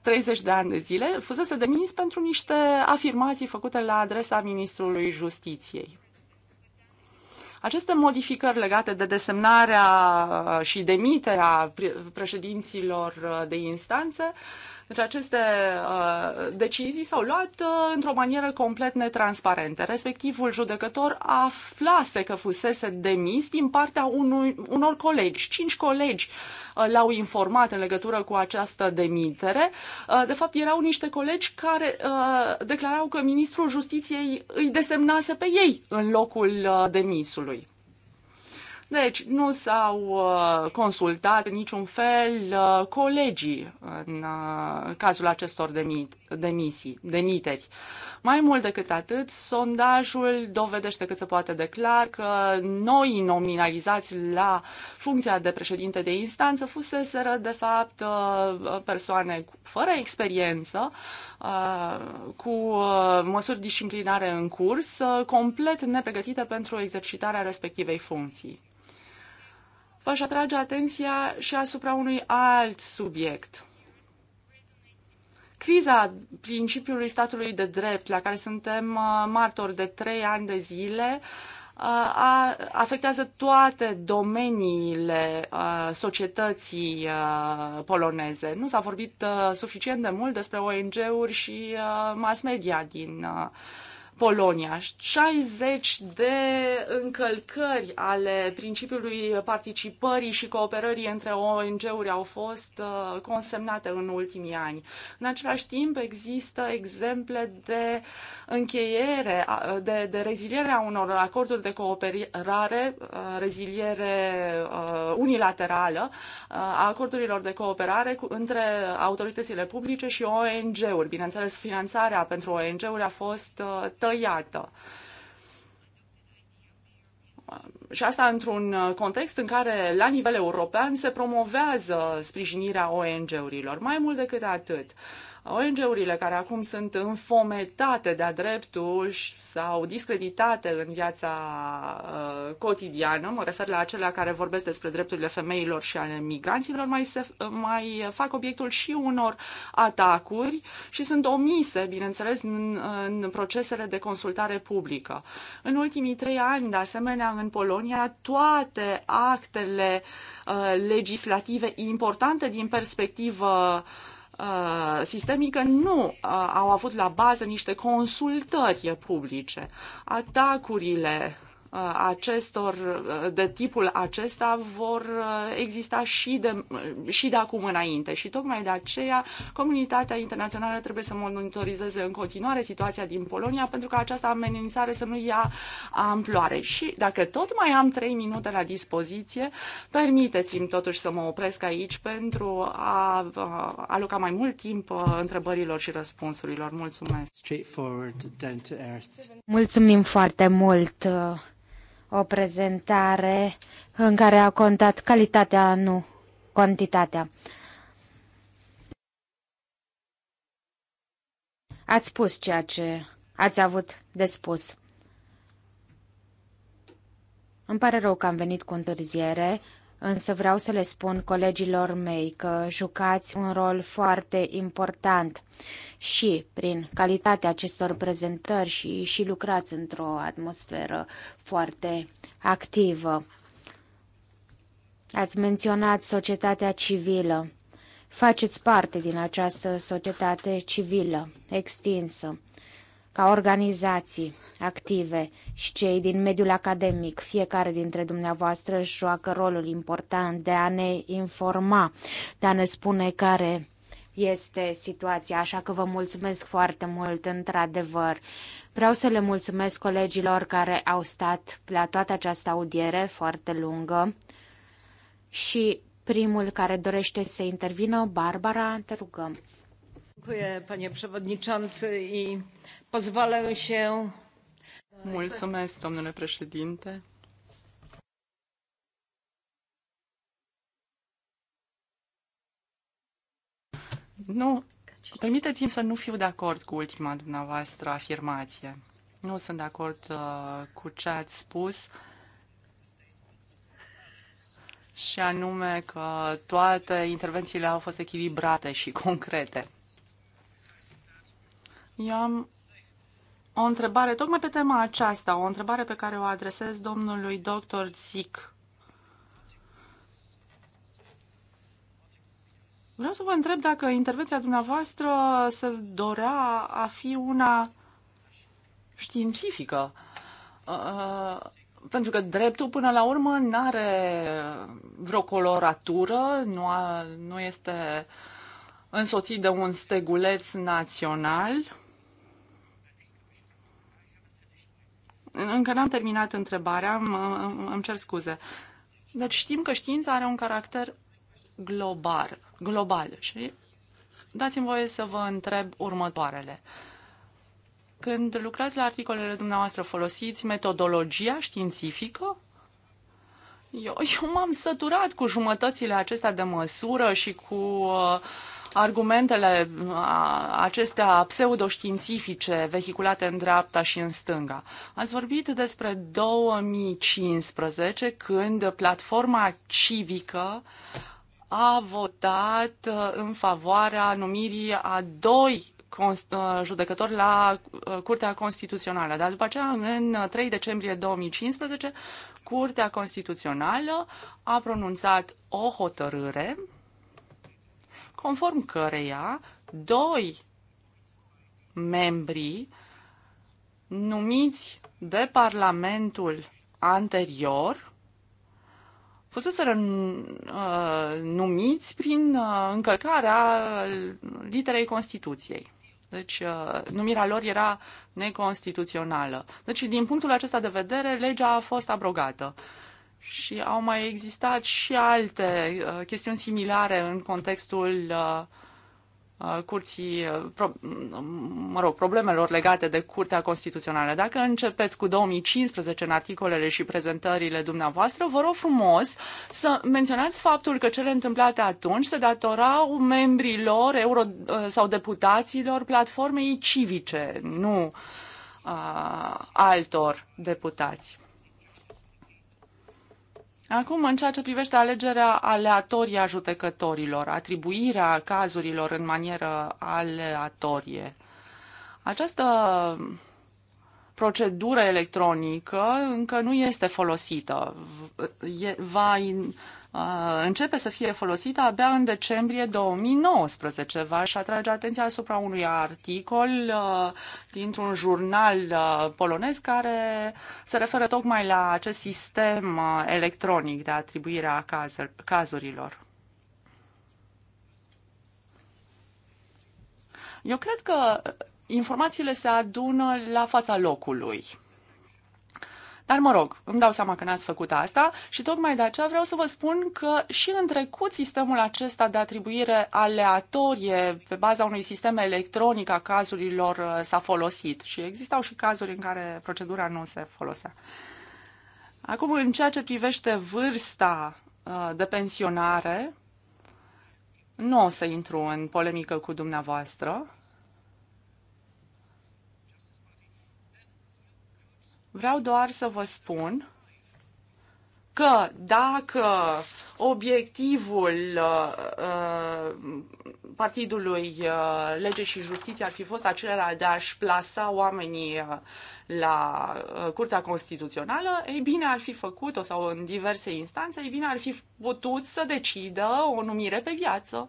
30 *laughs* de ani de zile, fusese demis pentru niște afirmații făcute la adresa ministrului justiției. Aceste modificări legate de desemnarea și demiterea președinților uh, de instanță deci aceste uh, decizii s-au luat uh, într-o manieră complet netransparentă. Respectivul judecător aflase că fusese demis din partea unui, unor colegi. Cinci colegi uh, l-au informat în legătură cu această demitere. Uh, de fapt, erau niște colegi care uh, declarau că ministrul justiției îi desemnase pe ei în locul uh, demisului. Deci, nu s-au uh, consultat în niciun fel uh, colegii în uh, cazul acestor demit- demisii, demiteri. Mai mult decât atât, sondajul dovedește cât se poate declar că noi nominalizați la funcția de președinte de instanță fuseseră, de fapt, persoane fără experiență, cu măsuri disciplinare în curs, complet nepregătite pentru exercitarea respectivei funcții v-aș atrage atenția și asupra unui alt subiect. Criza principiului statului de drept, la care suntem uh, martori de trei ani de zile, uh, a, afectează toate domeniile uh, societății poloneze. Nu s-a vorbit suficient de mult despre ONG-uri și mass media din Polonia. 60 de încălcări ale principiului participării și cooperării între ONG-uri au fost uh, consemnate în ultimii ani. În același timp există exemple de încheiere, de, de reziliere a unor acorduri de cooperare, uh, reziliere uh, unilaterală a acordurilor de cooperare cu, între autoritățile publice și ONG-uri. Bineînțeles, finanțarea pentru ONG-uri a fost tăiată tăiată. Și asta într-un context în care, la nivel european, se promovează sprijinirea ONG-urilor. Mai mult decât atât, uh, ONG-urile care acum sunt înfometate de-a dreptul sau discreditate în viața uh, cotidiană, mă refer la acelea care vorbesc despre drepturile femeilor și ale migranților, mai, se, mai fac obiectul și unor atacuri și sunt omise, bineînțeles, în, în procesele de consultare publică. În ultimii trei ani, de asemenea, în Polonia, toate actele uh, legislative importante din perspectivă uh, Uh, sistemică nu uh, au avut la bază niște consultări publice. Atacurile Uh, acestor, uh, de tipul acesta vor uh, exista și de, și de acum înainte. Și tocmai de aceea comunitatea internațională trebuie să monitorizeze în continuare situația din Polonia pentru ca această amenințare să nu ia amploare. Și dacă tot mai am trei minute la dispoziție, permiteți-mi totuși să mă opresc aici pentru a aloca mai mult timp întrebărilor și răspunsurilor. Mulțumesc! Mulțumim foarte mult! o prezentare în care a contat calitatea, nu cantitatea. Ați spus ceea ce ați avut de spus. Îmi pare rău că am venit cu întârziere însă vreau să le spun colegilor mei că jucați un rol foarte important și prin calitatea acestor prezentări și, și lucrați într-o atmosferă foarte activă. Ați menționat societatea civilă. Faceți parte din această societate civilă extinsă ca organizații active și cei din mediul academic, fiecare dintre dumneavoastră își joacă rolul important de a ne informa, de a ne spune care este situația, așa că vă mulțumesc foarte mult, într-adevăr. Vreau să le mulțumesc colegilor care au stat la toată această audiere foarte lungă și primul care dorește să intervină, Barbara, te rugăm. Dziękuję, panie przewodniczący i Mulțumesc, domnule președinte. Nu, permiteți-mi să nu fiu de acord cu ultima dumneavoastră afirmație. Nu sunt de acord uh, cu ce ați spus și anume că toate intervențiile au fost echilibrate și concrete. Eu am o întrebare tocmai pe tema aceasta, o întrebare pe care o adresez domnului doctor Zic. Vreau să vă întreb dacă intervenția dumneavoastră se dorea a fi una științifică. Uh, uh pentru că dreptul, până la urmă, nu are vreo coloratură, nu, a, nu este însoțit de un steguleț național. Încă n-am terminat întrebarea, îmi cer scuze. Deci știm că știința are un caracter global, global și dați-mi voie să vă întreb următoarele. Când lucrați la articolele dumneavoastră, folosiți metodologia științifică? Eu, eu m-am săturat cu jumătățile acestea de măsură și cu uh, argumentele acestea pseudoștiințifice vehiculate în dreapta și în stânga. Ați vorbit despre 2015 când platforma civică a votat uh, în favoarea numirii a doi uh, judecători la uh, Curtea Constituțională. Dar după aceea, în 3 decembrie 2015, Curtea Constituțională a pronunțat o hotărâre conform căreia doi membri numiți de Parlamentul anterior fuseseră uh, numiți prin uh, încălcarea literei Constituției. Deci, uh, numirea lor era neconstituțională. Deci, din punctul acesta de vedere, legea a fost abrogată. Uh, și au mai existat și alte uh, chestiuni similare în contextul uh, uh curții, uh, pro, mm, mă rog, problemelor legate de Curtea Constituțională. Dacă începeți cu 2015 în articolele și prezentările dumneavoastră, vă rog frumos să menționați faptul că cele întâmplate atunci se datorau membrilor euro, uh, sau deputaților platformei civice, nu uh, altor deputați. Acum, în ceea ce privește alegerea aleatorie a judecătorilor, atribuirea cazurilor în manieră aleatorie, această procedură electronică încă nu este folosită. va începe să fie folosită abia în decembrie 2019. V-aș atrage atenția asupra unui articol dintr-un jurnal polonez care se referă tocmai la acest sistem electronic de atribuire a cazurilor. Eu cred că informațiile se adună la fața locului. Dar mă rog, îmi dau seama că n-ați făcut asta și tocmai de aceea vreau să vă spun că și în trecut sistemul acesta de atribuire aleatorie pe baza unui sistem electronic a cazurilor uh, s-a folosit și existau și cazuri în care procedura nu se folosea. Acum, în ceea ce privește vârsta uh, de pensionare, nu o să intru în polemică cu dumneavoastră, Vreau doar să vă spun că dacă obiectivul uh, uh, Partidului uh, Lege și Justiție ar fi fost acela de a-și plasa oamenii uh, la uh, Curtea Constituțională, ei bine ar fi făcut-o sau în diverse instanțe, ei bine ar fi putut să decidă o numire pe viață.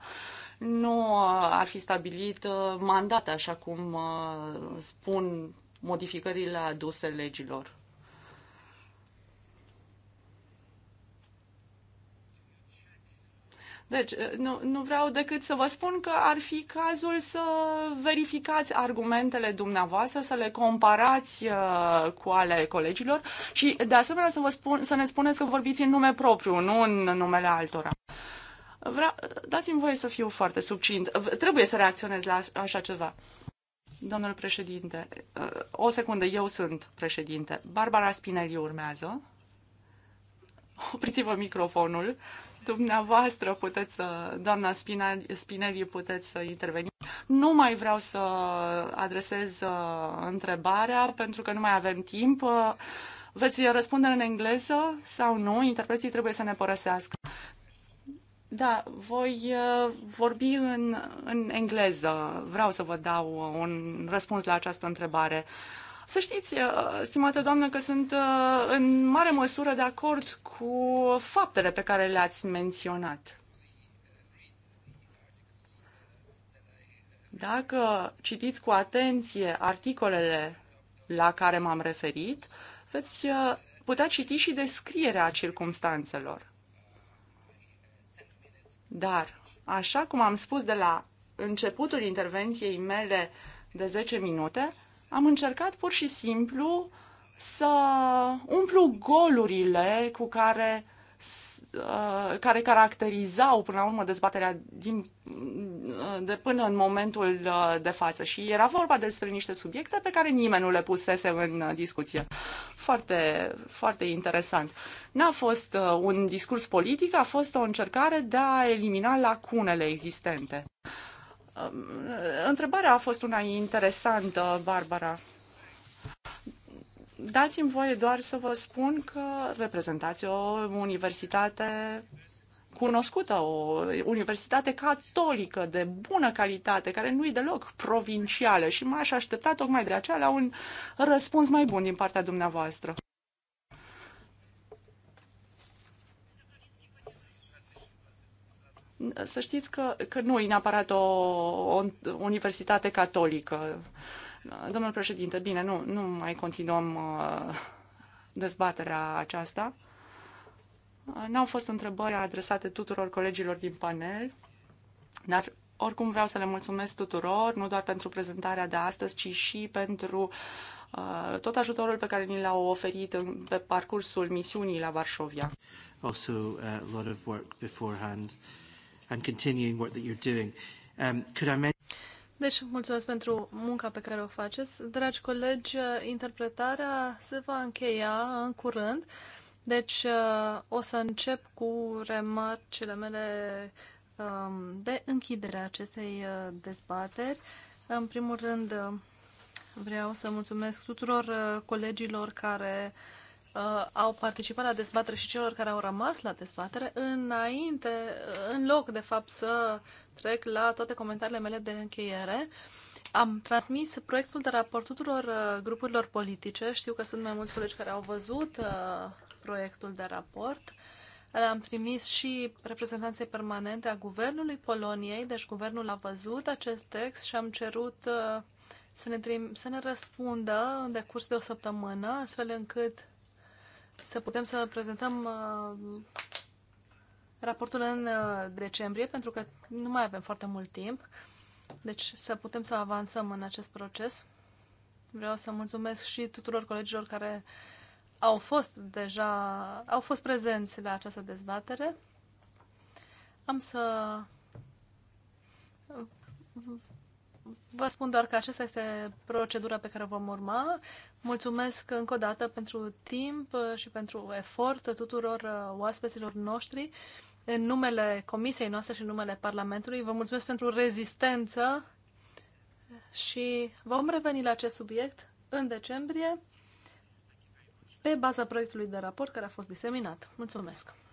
Nu uh, ar fi stabilit uh, mandate, așa cum uh, spun modificările aduse legilor. Deci, nu, nu vreau decât să vă spun că ar fi cazul să verificați argumentele dumneavoastră, să le comparați uh, cu ale colegilor și, de asemenea, să, vă spun, să ne spuneți că vorbiți în nume propriu, nu în numele altora. Vreau, dați-mi voie să fiu foarte subțin. Trebuie să reacționez la așa ceva. Uh, Domnul președinte, uh, o secundă, eu sunt președinte. Barbara Spinelli urmează. Opriți-vă microfonul. Dumneavoastră puteți să, doamna Spinelli, puteți să interveni. Nu mai vreau să adresez uh, întrebarea pentru că nu mai avem timp. Uh, veți răspunde în engleză sau nu? Interpreții trebuie să ne părăsească. Da, voi uh, vorbi în, în engleză. Vreau să vă dau un răspuns la această întrebare. Să știți, uh, stimată doamnă, că sunt uh, în mare măsură de acord cu faptele pe care le-ați menționat. Dacă citiți cu atenție articolele la care m-am referit, veți putea citi și descrierea circumstanțelor. Dar, așa cum am spus de la începutul intervenției mele de 10 minute, am încercat pur și simplu să umplu golurile cu care Uh, care caracterizau până la urmă dezbaterea din, uh, de până în momentul uh, de față și era vorba despre niște subiecte pe care nimeni nu le pusese în discuție. Foarte, foarte interesant. N-a fost un discurs politic, a fost o încercare de a elimina lacunele existente. Um, întrebarea a fost una interesantă, Barbara. Dați-mi voie doar să vă spun că reprezentați o universitate cunoscută, o universitate catolică de bună calitate, care nu-i deloc provincială și m-aș aștepta tocmai de aceea la un răspuns mai bun din partea dumneavoastră. Să știți că, că nu e neapărat o, o universitate catolică. Uh, Domnul președinte, bine, nu, nu mai continuăm uh, dezbaterea aceasta. Uh, n-au fost întrebări adresate tuturor colegilor din panel, dar oricum vreau să le mulțumesc tuturor, nu doar pentru prezentarea de astăzi, ci și pentru uh, tot ajutorul pe care ni l-au oferit pe parcursul misiunii la Varșovia. Also a lot of work beforehand and continuing work that you're doing. Um, could I mention deci, mulțumesc pentru munca pe care o faceți. Dragi colegi, interpretarea se va încheia în curând. Deci, uh, o să încep cu remarcile mele um, de închidere a acestei uh, dezbateri. În primul rând, uh, vreau să mulțumesc tuturor colegilor care uh, au participat la dezbatere și celor care au rămas la dezbatere înainte, uh, în loc de fapt să trec la toate comentariile mele de încheiere. Am transmis proiectul de raport tuturor uh, grupurilor politice. Știu că sunt mai mulți colegi care au văzut uh, proiectul de raport. L-am trimis și reprezentanței permanente a Guvernului Poloniei, deci Guvernul a văzut acest text și am cerut uh, să ne, trim- să ne răspundă în decurs de o săptămână, astfel încât să putem să prezentăm uh, raportul în uh, decembrie, pentru că nu mai avem foarte mult timp. Deci să putem să avansăm în acest proces. Vreau să mulțumesc și tuturor colegilor care au fost deja, au fost prezenți la această dezbatere. Am să Vă spun doar că aceasta este procedura pe care o vom urma. Mulțumesc încă o dată pentru timp și pentru efort tuturor uh, oaspeților noștri în numele comisiei noastre și în numele Parlamentului. Vă mulțumesc pentru rezistență și vom reveni la acest subiect în decembrie pe baza proiectului de raport care a fost diseminat. Mulțumesc!